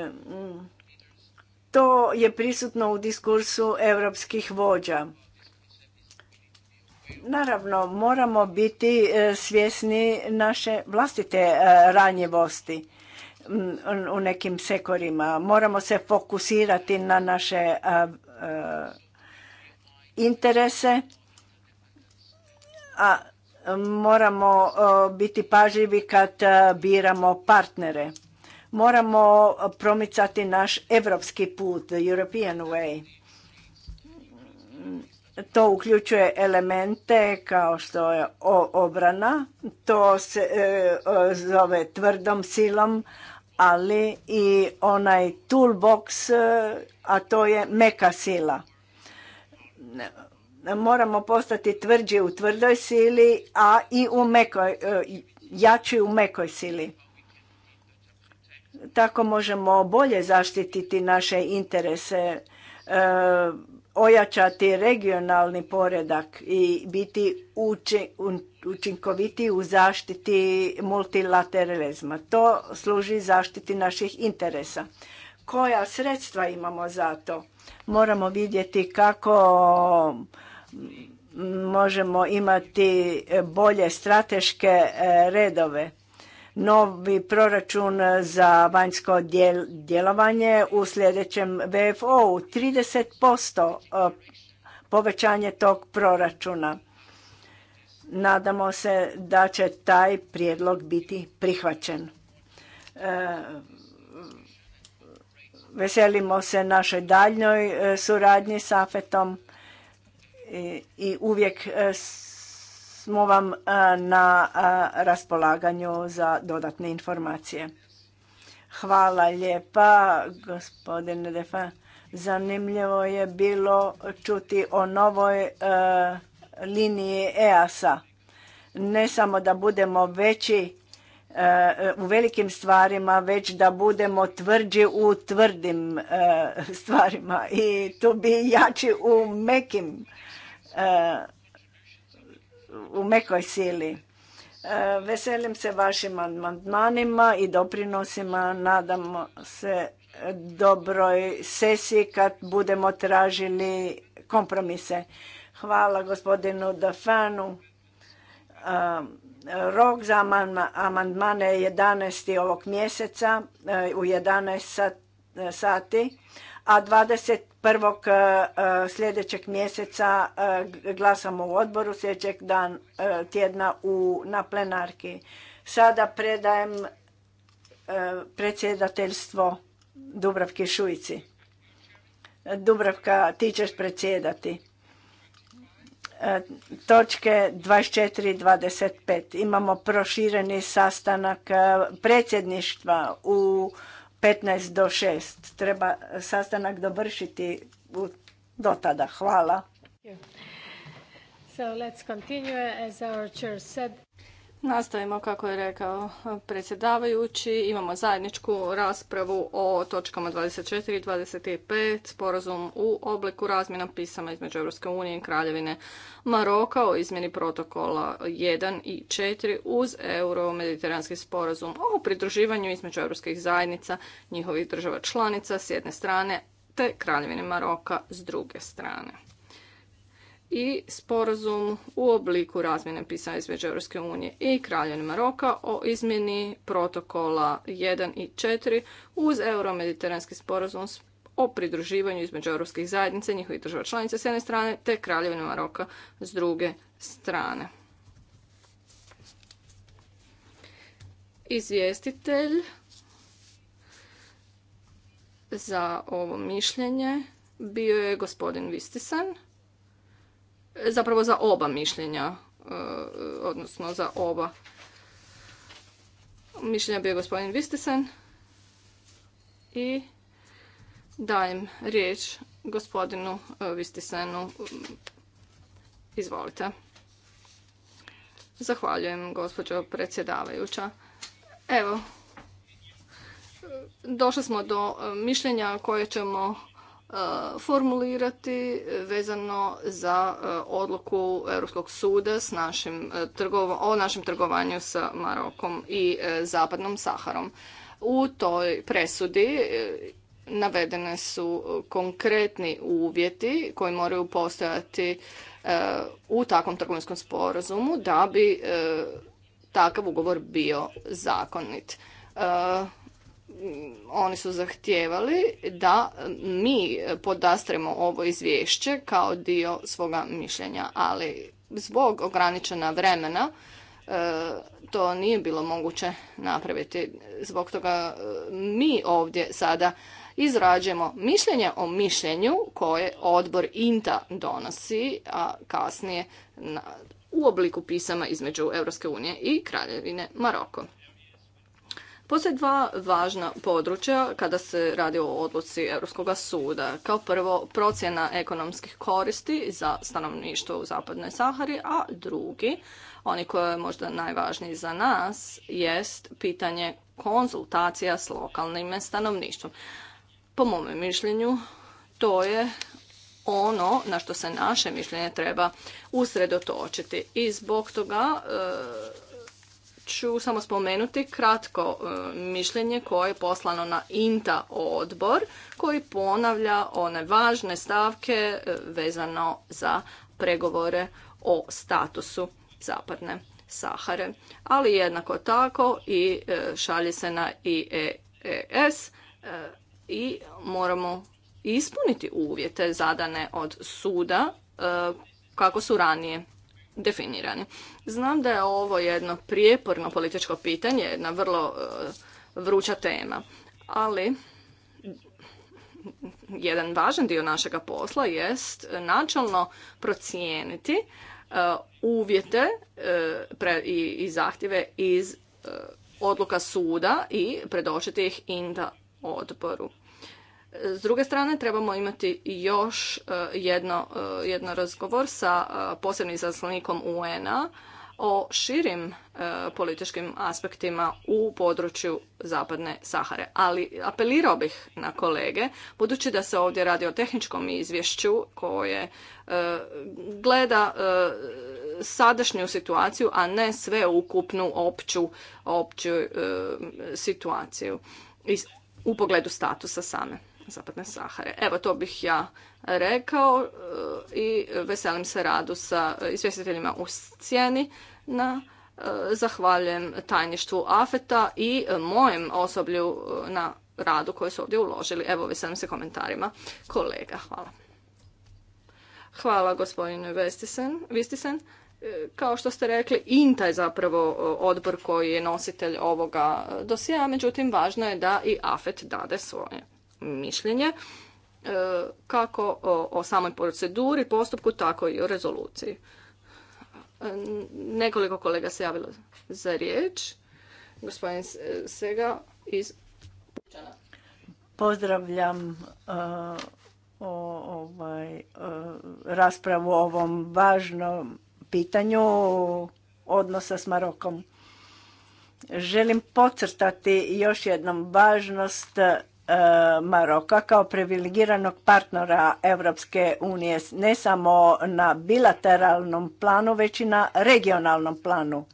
Mm, to je prisutno u diskursu evropskih vođa. Naravno, moramo biti e, svjesni naše vlastite e, ranjivosti u nekim sekorima. Moramo se fokusirati na naše e, interese, a moramo biti pažljivi kad biramo partnere. Moramo promicati naš evropski put, European way to uključuje elemente kao što je obrana, to se e, zove tvrdom silom, ali i onaj toolbox, e, a to je meka sila. Moramo postati tvrđi u tvrdoj sili, a i u mekoj, e, jači u mekoj sili. Tako možemo bolje zaštititi naše interese, ojačati regionalni poredak i biti učinkoviti u zaštiti multilateralizma. To služi zaštiti naših interesa. Koja sredstva imamo za to? Moramo vidjeti kako možemo imati bolje strateške redove novi proračun za vanjsko djelovanje u sljedećem VFO-u 30% e, povećanje tog proračuna. Nadamo se da će taj prijedlog biti prihvaćen. E, veselimo se našoj daljnjoj e, suradnji s AFET-om i, i uvijek smo vam e, na e, raspolaganju za dodatne informacije. Hvala lijepa, gospodine Defa. Zanimljivo je bilo čuti o novoj e, liniji EASA. Ne samo da budemo veći u velikim stvarima, već da budemo tvrđi u tvrdim stvarima i to bi jači u mekim stvarima u mekoj sili. E, veselim se vašim amandmanima i doprinosima. Nadamo se dobroj sesiji kad budemo tražili kompromise. Hvala gospodinu Dafanu. E, rok za amandmane je 11. ovog mjeseca e, u 11 sati, a prvog e, e, sljedećeg mjeseca e, glasamo u odboru, sljedećeg dan tjedna u, na plenarki. Sada predajem predsjedateljstvo Dubravki Šujici. Dubravka, ti ćeš predsjedati. Točke 24 i 25. Imamo prošireni sastanak predsjedništva u 15 do 6. Treba sastanak dovršiti do tada. Hvala. So let's continue as our chair said. Nastavimo kako je rekao e, predsjedavajući. Imamo zajedničku raspravu o točkama 24 i 25, sporazum u obliku razmjena pisama između Europske unije i Kraljevine Maroka o izmjeni protokola 1 i 4 uz euro-mediteranski sporazum o pridruživanju između europskih zajednica, njihovih država članica s jedne strane te Kraljevine Maroka s druge strane i sporazum u obliku razmjene pisanja između Europske unije i Kraljevine Maroka o izmjeni protokola 1 i 4 uz euromediteranski sporazum o pridruživanju između europskih zajednica i njihovih država članica s jedne strane te Kraljevine Maroka s druge strane. Izvjestitelj za ovo mišljenje bio je gospodin Vistisan zapravo za oba mišljenja, e, odnosno za oba. Mišljenja bio gospodin Vistisen i dajem riječ gospodinu e, Vistisenu. Izvolite. Zahvaljujem, gospođo predsjedavajuća. Evo, došli smo do e, mišljenja koje ćemo E, formulirati vezano za e, odluku Europskog suda s našim, e, o našem trgovanju sa Marokom i Zapadnom Saharom. U toj presudi navedene su konkretni uvjeti koji moraju postojati u takvom trgovinskom sporazumu da bi takav ugovor bio zakonit. Mm, oni su zahtijevali da mi podastremo ovo izvješće kao dio svoga mišljenja, ali zbog ograničena vremena e, to nije bilo moguće napraviti. Zbog toga e, mi ovdje sada izrađujemo mišljenje o mišljenju koje odbor INTA donosi, a kasnije u obliku pisama između Europske unije i Kraljevine Maroko. Postoje dva važna područja kada se radi o odluci Europskog suda. Kao prvo, procjena ekonomskih koristi za stanovništvo u Zapadnoj Sahari, a drugi, oni koji je možda najvažniji za nas, jest pitanje konzultacija s lokalnim stanovništvom. Po mome mišljenju, to je ono na što se naše mišljenje treba usredotočiti i zbog toga e, ću samo spomenuti kratko e, mišljenje koje je poslano na INTA odbor koji ponavlja one važne stavke e, vezano za pregovore o statusu zapadne Sahare. Ali jednako tako i e, šalje se na IEES i moramo ispuniti uvjete zadane od suda kako su ranije definirani. Znam da je ovo jedno prijeporno političko pitanje, jedna vrlo e, vruća tema, ali jedan važan dio našega posla jest načelno procijeniti e, uvjete e, i zahtjeve iz odluka suda i predočiti ih inda odboru. S druge strane, trebamo imati još e, e, jedno, razgovor sa e, posebnim zaslanikom UN-a o širim političkim aspektima u području Zapadne Sahare. Ali apelirao bih na kolege, budući da se ovdje radi o tehničkom izvješću koje gleda sadašnju situaciju, a ne sveukupnu opću, opću situaciju u pogledu statusa same. Zapadne Sahare. Evo, to bih ja rekao e, i veselim se radu sa izvjestiteljima u cijeni. na e, zahvaljujem tajništvu AFETA i mojem osoblju na radu koje su ovdje uložili. Evo, veselim se komentarima kolega. Hvala. Hvala gospodinu Vestisen. Vistisen. E, kao što ste rekli, INTA je zapravo odbor koji je nositelj ovoga dosija, međutim važno je da i AFET dade svoje mišljenje e, kako o samoj proceduri, postupku, tako i o rezoluciji. E, nekoliko kolega se javilo za riječ. Gospodin Sega iz Pozdravljam e, o, ovaj, raspravu o ovom važnom pitanju odnosa s Marokom. Želim podcrtati još jednom važnost E, Maroka kao privilegiranog partnera Europske unije ne samo na bilateralnom planu već i na regionalnom planu.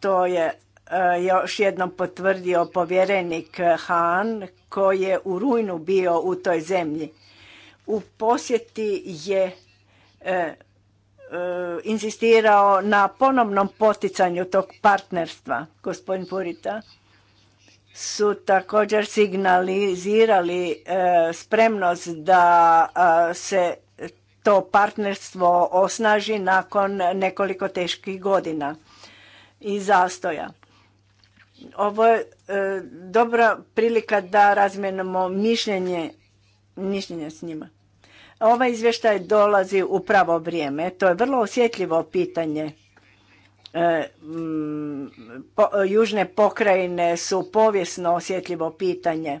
To je e, još jednom potvrdio povjerenik Han koji je u rujnu bio u toj zemlji. U posjeti je e, inzistirao na ponovnom poticanju tog partnerstva, gospodin Purita su također signalizirali e, spremnost da e, se to partnerstvo osnaži nakon nekoliko teških godina i zastoja. Ovo je e, dobra prilika da razmenimo mišljenje, mišljenje s njima. Ovaj izvještaj dolazi u pravo vrijeme. To je vrlo osjetljivo pitanje E, mm, južne pokrajine su povijesno osjetljivo pitanje.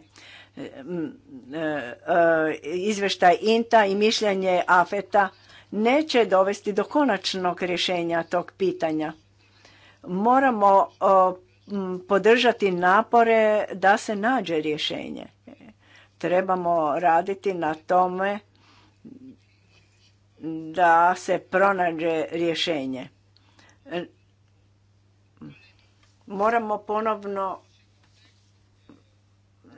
E, mm, e, izveštaj INTA i mišljenje AFETA neće dovesti do konačnog rješenja tog pitanja. Moramo mm, podržati napore da se nađe rješenje. Trebamo raditi na tome da se pronađe rješenje moramo ponovno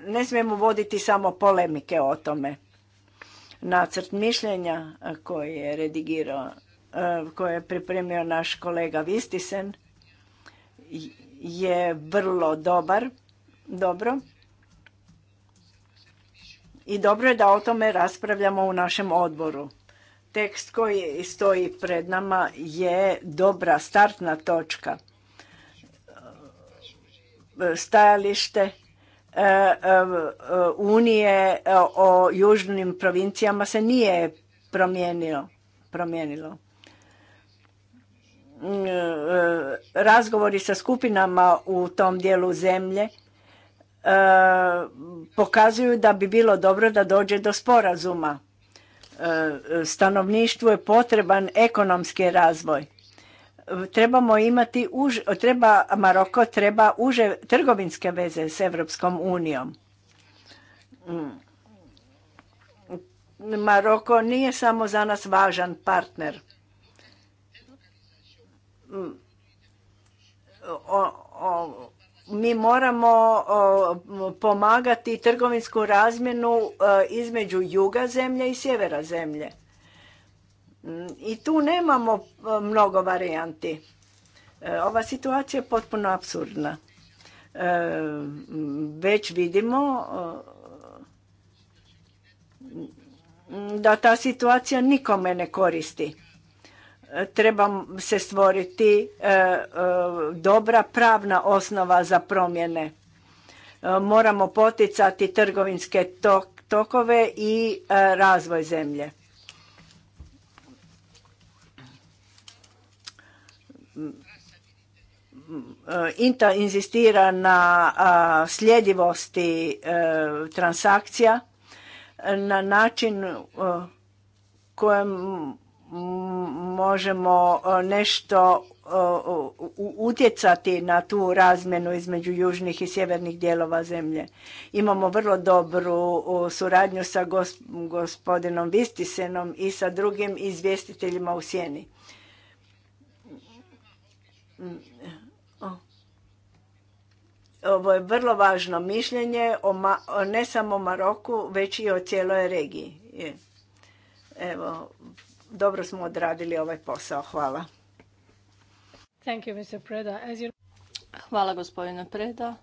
ne smijemo voditi samo polemike o tome. Nacrt mišljenja koji je redigirao, koji je pripremio naš kolega Vistisen je vrlo dobar, dobro. I dobro je da o tome raspravljamo u našem odboru. Tekst koji stoji pred nama je dobra startna točka – stajalište e, e, Unije e, o južnim provincijama se nije promijenilo. promijenilo. Mm, razgovori sa skupinama u tom dijelu zemlje pokazuju da bi bilo dobro da dođe do sporazuma. Stanovništvu je potreban ekonomski razvoj trebamo imati treba Maroko treba uže trgovinske veze s Europskom unijom. Maroko nije samo za nas važan partner. mi moramo pomagati trgovinsku razmjenu e, između juga zemlje i sjevera zemlje. Mm, I tu nemamo e, mnogo varijanti. E, ova situacija je potpuno absurdna. E, već vidimo da ta situacija nikome ne koristi. Treba se stvoriti dobra pravna osnova za promjene. Moramo poticati trgovinske tokove i razvoj zemlje Mm, e, INTA inzistira na sljedivosti e, transakcija na način e, kojem možemo nešto utjecati na tu razmjenu između južnih i sjevernih dijelova zemlje. Imamo vrlo dobru suradnju sa gospodinom Vistisenom i sa drugim izvjestiteljima u Sjeni ovo je vrlo važno mišljenje o ma, ne samo Maroku, već i o cijeloj regiji. Evo, dobro smo odradili ovaj posao. Hvala. Thank you, Mr. Preda. Hvala gospodine Preda.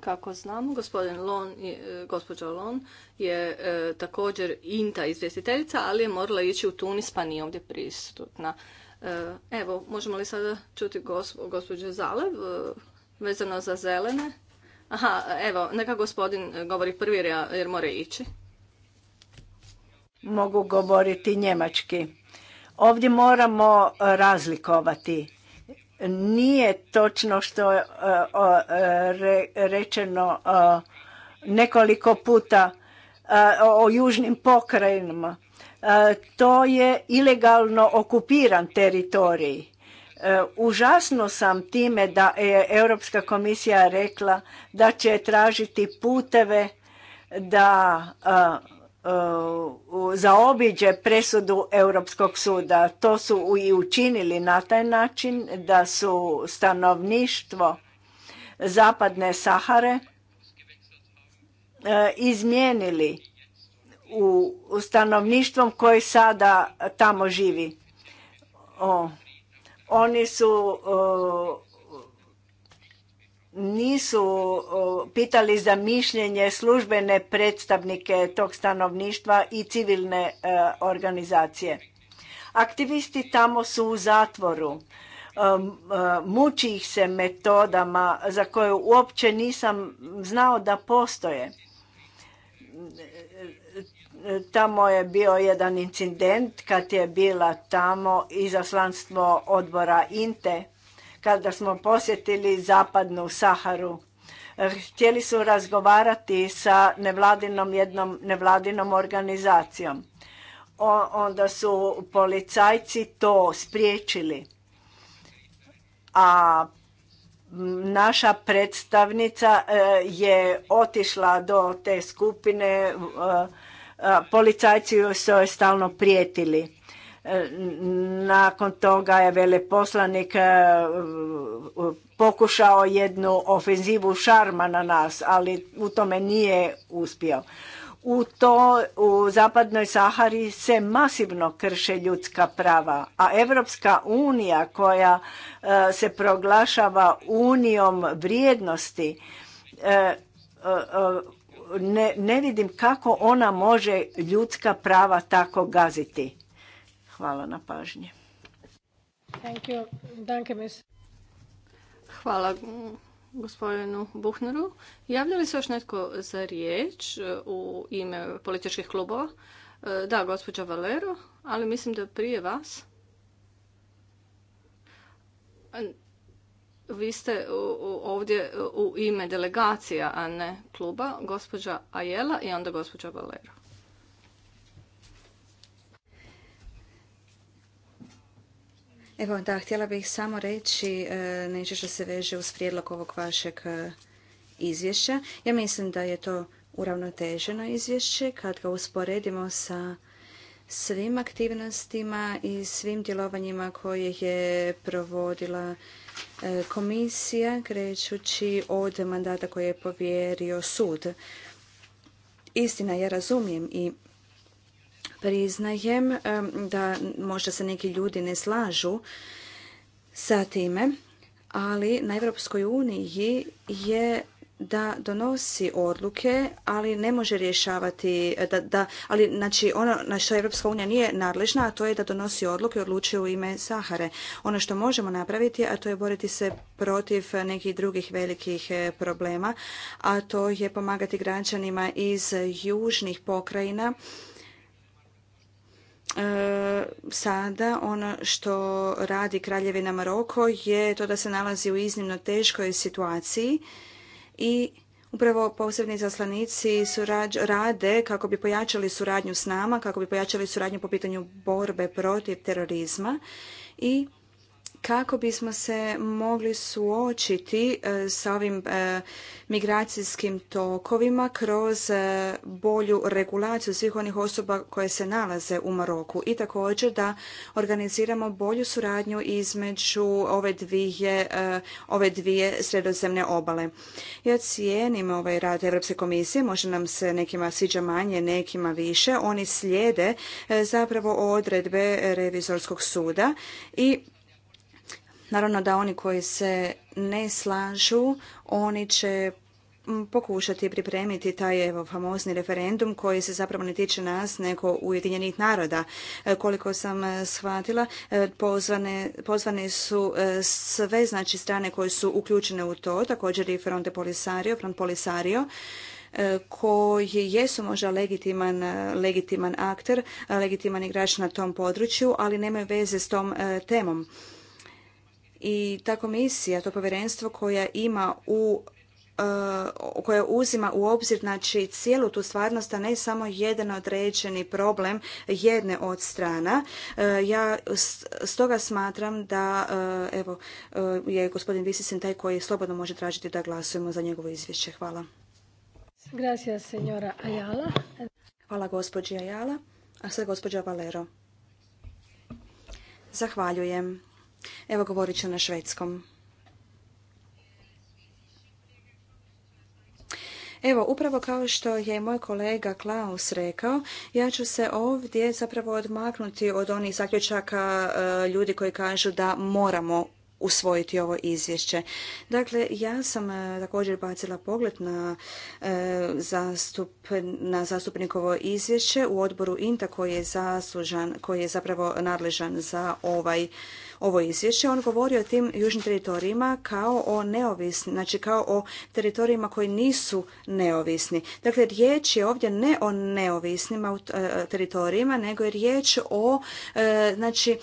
Kako znamo, gospodin Lon, e, gospođa Lon je e, također INTA izvjestiteljica, ali je morala ići u Tunis pa nije ovdje prisutna. E, evo, možemo li sada čuti gospođu gospođe Zalev? vezano za zelene. Aha, evo, neka gospodin eh, govori prvi jer mora ići. Mogu govoriti njemački. Ovdje moramo eh, razlikovati. Nije točno što je eh, rečeno nekoliko puta o južnim pokrajinama. To je ilegalno okupiran teritorij Užasno sam time da je Europska komisija rekla da će tražiti puteve da zaobiđe presudu Europskog suda. To su i učinili na taj način da su stanovništvo zapadne Sahare e, izmijenili u stanovništvom koji sada tamo živi. Oni su nisu pitali za mišljenje službene predstavnike tog stanovništva i civilne e, organizacije. Aktivisti tamo su u zatvoru. E, muči ih se metodama za koje uopće nisam znao da postoje. Tamo je bio jedan incident kad je bila tamo izaslanstvo odbora INTE, kada smo posjetili zapadnu Saharu. E, htjeli su razgovarati sa nevladinom, jednom nevladinom organizacijom. onda su policajci to spriječili. A naša predstavnica e, je otišla do te skupine e, Policajci su stalno prijetili. E, nakon toga je veleposlanik e, pokušao jednu ofenzivu šarma na nas, ali u tome nije uspio. U to u zapadnoj Sahari se masivno krše ljudska prava, a Evropska unija koja e, se proglašava unijom vrijednosti ne, ne vidim kako ona može ljudska prava tako gaziti. Hvala na pažnji. Thank you. Hvala gospodinu Buhneru. Javlja li se još netko za riječ e, u ime političkih klubova? E, da, gospođa Valero, ali mislim da prije vas. Vi ste ovdje u ime delegacija, a ne kluba, gospođa Ajela i onda gospođa Valero. Evo, da, htjela bih samo reći e, nešto što se veže uz prijedlog ovog vašeg e, izvješća. Ja mislim da je to uravnoteženo izvješće kad ga usporedimo sa svim aktivnostima i svim djelovanjima koje je provodila E, komisija krećući od mandata koje je povjerio sud. Istina, ja razumijem i priznajem e, da možda se neki ljudi ne slažu sa time, ali na Europskoj uniji je da donosi odluke, ali ne može rješavati, da, da, ali znači ono na što Europska unija nije nadležna, a to je da donosi odluke i odlučuje u ime Sahare. Ono što možemo napraviti, a to je boriti se protiv nekih drugih velikih e, problema, a to je pomagati građanima iz južnih pokrajina e, sada ono što radi Kraljevina Maroko je to da se nalazi u iznimno teškoj situaciji i Upravo posebni zaslanici rade kako bi pojačali suradnju s nama, kako bi pojačali suradnju po pitanju borbe protiv terorizma i kako bismo se mogli suočiti e, sa ovim e, migracijskim tokovima kroz e, bolju regulaciju svih onih osoba koje se nalaze u Maroku i također da organiziramo bolju suradnju između ove dvije, ove dvije sredozemne obale. Ja cijenim ovaj rad Europske komisije, možda nam se nekima sviđa manje, nekima više. Oni slijede zapravo odredbe revizorskog suda i Naravno da oni koji se ne slažu, oni će pokušati pripremiti taj evo famozni referendum koji se zapravo ne tiče nas nego Ujedinjenih naroda. E, koliko sam e, shvatila, e, pozvane, su sve znači strane koje su uključene u to, također i Fronte Polisario, Front Polisario koji jesu možda legitiman, legitiman akter, legitiman igrač na tom području, ali nemaju veze s tom temom i ta komisija, to povjerenstvo koja ima u e, koja uzima u obzir znači cijelu tu stvarnost, a ne samo jedan određeni problem jedne od strana. E, ja stoga smatram da e, evo, je gospodin Visisin taj koji slobodno može tražiti da glasujemo za njegovo izvješće. Hvala. Gracias, Hvala gospođi Ayala. A sad gospođa Valero. Zahvaljujem. Evo govorit ću na švedskom. Evo, upravo kao što je moj kolega Klaus rekao, ja ću se ovdje zapravo odmaknuti od onih zaključaka e, ljudi koji kažu da moramo usvojiti ovo izvješće. Dakle, ja sam e, također bacila pogled na, e, zastup, na zastupnikovo izvješće u odboru INTA koji je zaslužan, koji je zapravo nadležan za ovaj ovo izvješće. On govori o tim južnim teritorijima kao o neovisni znači kao o teritorijima koji nisu neovisni. Dakle, riječ je ovdje ne o neovisnim e, teritorijima, nego je riječ o znači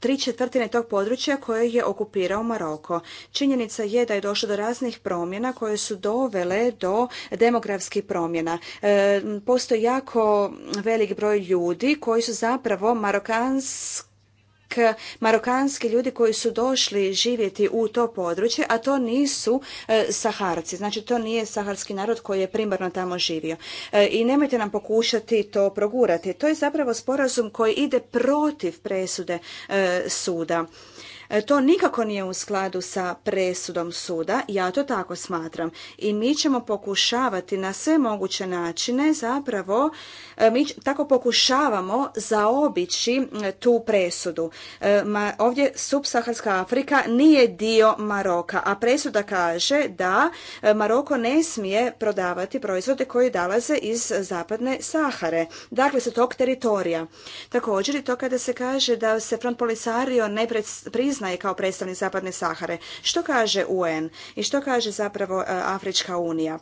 tri četvrtine tog područja koje je oko okupirao Maroko. Činjenica je da je došlo do raznih promjena koje su dovele do demografskih promjena. E, postoji jako velik broj ljudi koji su zapravo marokanski marokanski ljudi koji su došli živjeti u to područje, a to nisu e, saharci. Znači to nije saharski narod koji je primarno tamo živio. E, I nemojte nam pokušati to progurati. To je zapravo sporazum koji ide protiv presude suda. E, to nikako nije u skladu sa presudom suda, ja to tako smatram. I mi ćemo pokušavati na sve moguće načine zapravo, e, mi tako pokušavamo zaobići tu presudu. E, ovdje subsaharska Afrika nije dio Maroka, a presuda kaže da Maroko ne smije prodavati proizvode koji dalaze iz zapadne Sahare, dakle sa tog teritorija. Također i to kada se kaže da se front polisario ne priznaje je kao predstavnik Zapadne Sahare. Što kaže UN i što kaže zapravo e, Afrička unija?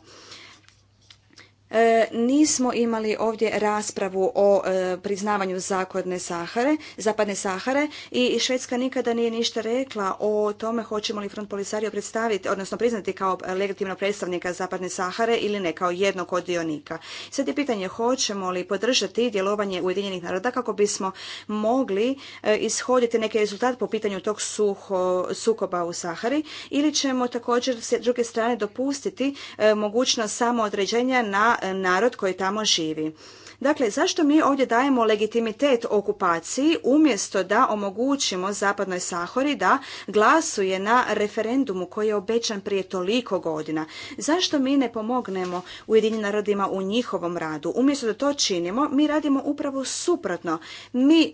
E, nismo imali ovdje raspravu o e, priznavanju zakodne Sahare, zapadne Sahare i Švedska nikada nije ništa rekla o tome hoćemo li Front Polisario predstaviti, odnosno priznati kao legitimno predstavnika zapadne Sahare ili ne kao jednog od dionika. Sad je pitanje hoćemo li podržati djelovanje Ujedinjenih naroda kako bismo mogli e, ishoditi neki rezultat po pitanju tog suho, sukoba u Sahari ili ćemo također s druge strane dopustiti mogućnost samoodređenja na E, narod koji tamo živi. Dakle, zašto mi ovdje dajemo legitimitet okupaciji umjesto da omogućimo Zapadnoj Sahori da glasuje na referendumu koji je obećan prije toliko godina? Zašto mi ne pomognemo Ujedinjenim narodima u njihovom radu? Umjesto da to činimo, mi radimo upravo suprotno. Mi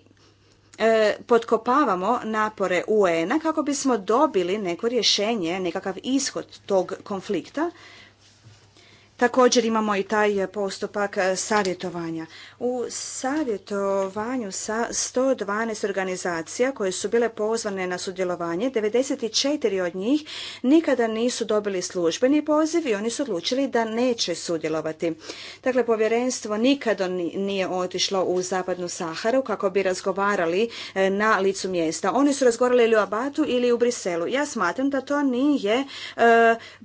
e, potkopavamo napore UN-a kako bismo dobili neko rješenje, nekakav ishod tog konflikta Također imamo i taj postupak e, savjetovanja u savjetovanju sa 112 organizacija koje su bile pozvane na sudjelovanje, 94 od njih nikada nisu dobili službeni poziv i oni su odlučili da neće sudjelovati. Dakle, povjerenstvo nikada nije otišlo u Zapadnu Saharu kako bi razgovarali e, na licu mjesta. Oni su razgovarali ili u Abatu ili u Briselu. Ja smatram da to nije e,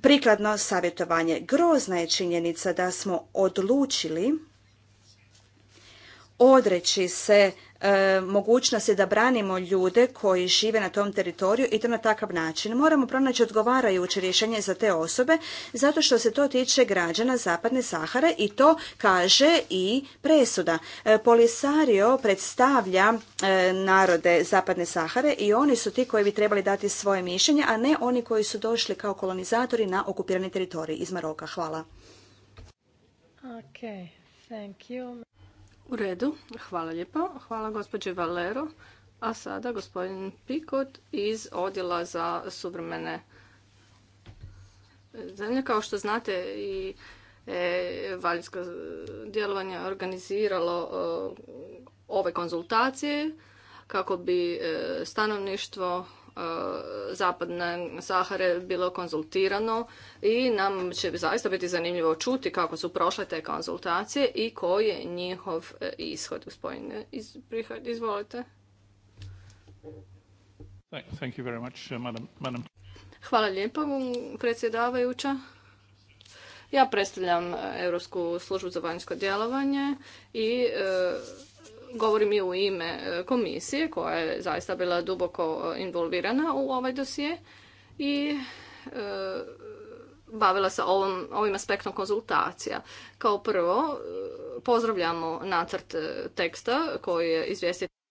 prikladno savjetovanje. Grozna je činjenica da smo odlučili odreći se e, mogućnosti da branimo ljude koji žive na tom teritoriju i to na takav način. Moramo pronaći odgovarajuće rješenje za te osobe zato što se to tiče građana Zapadne Sahare i to kaže i presuda. E, Polisario predstavlja e, narode Zapadne Sahare i oni su ti koji bi trebali dati svoje mišljenje, a ne oni koji su došli kao kolonizatori na okupirani teritorij iz Maroka. Hvala. thank you. U redu, hvala lijepo. Hvala gospođi Valero. A sada gospodin Pikot iz Odjela za suvremene e, zemlje. Kao što znate i e, Valjinsko djelovanje organiziralo e, ove konzultacije kako bi stanovništvo Eh, zapadne Sahare bilo konzultirano i nam će zaista biti zanimljivo čuti kako su prošle te konzultacije i koji je njihov eh, ishod. Gospodine, izvolite. Hvala lijepo, predsjedavajuća. Ja predstavljam Europsku službu za vanjsko djelovanje i eh, govorim i u ime e, komisije koja je zaista bila duboko e, involvirana u ovaj dosije i e, bavila se ovom, ovim aspektom konzultacija. Kao prvo, pozdravljamo nacrt teksta koji je izvjestitelj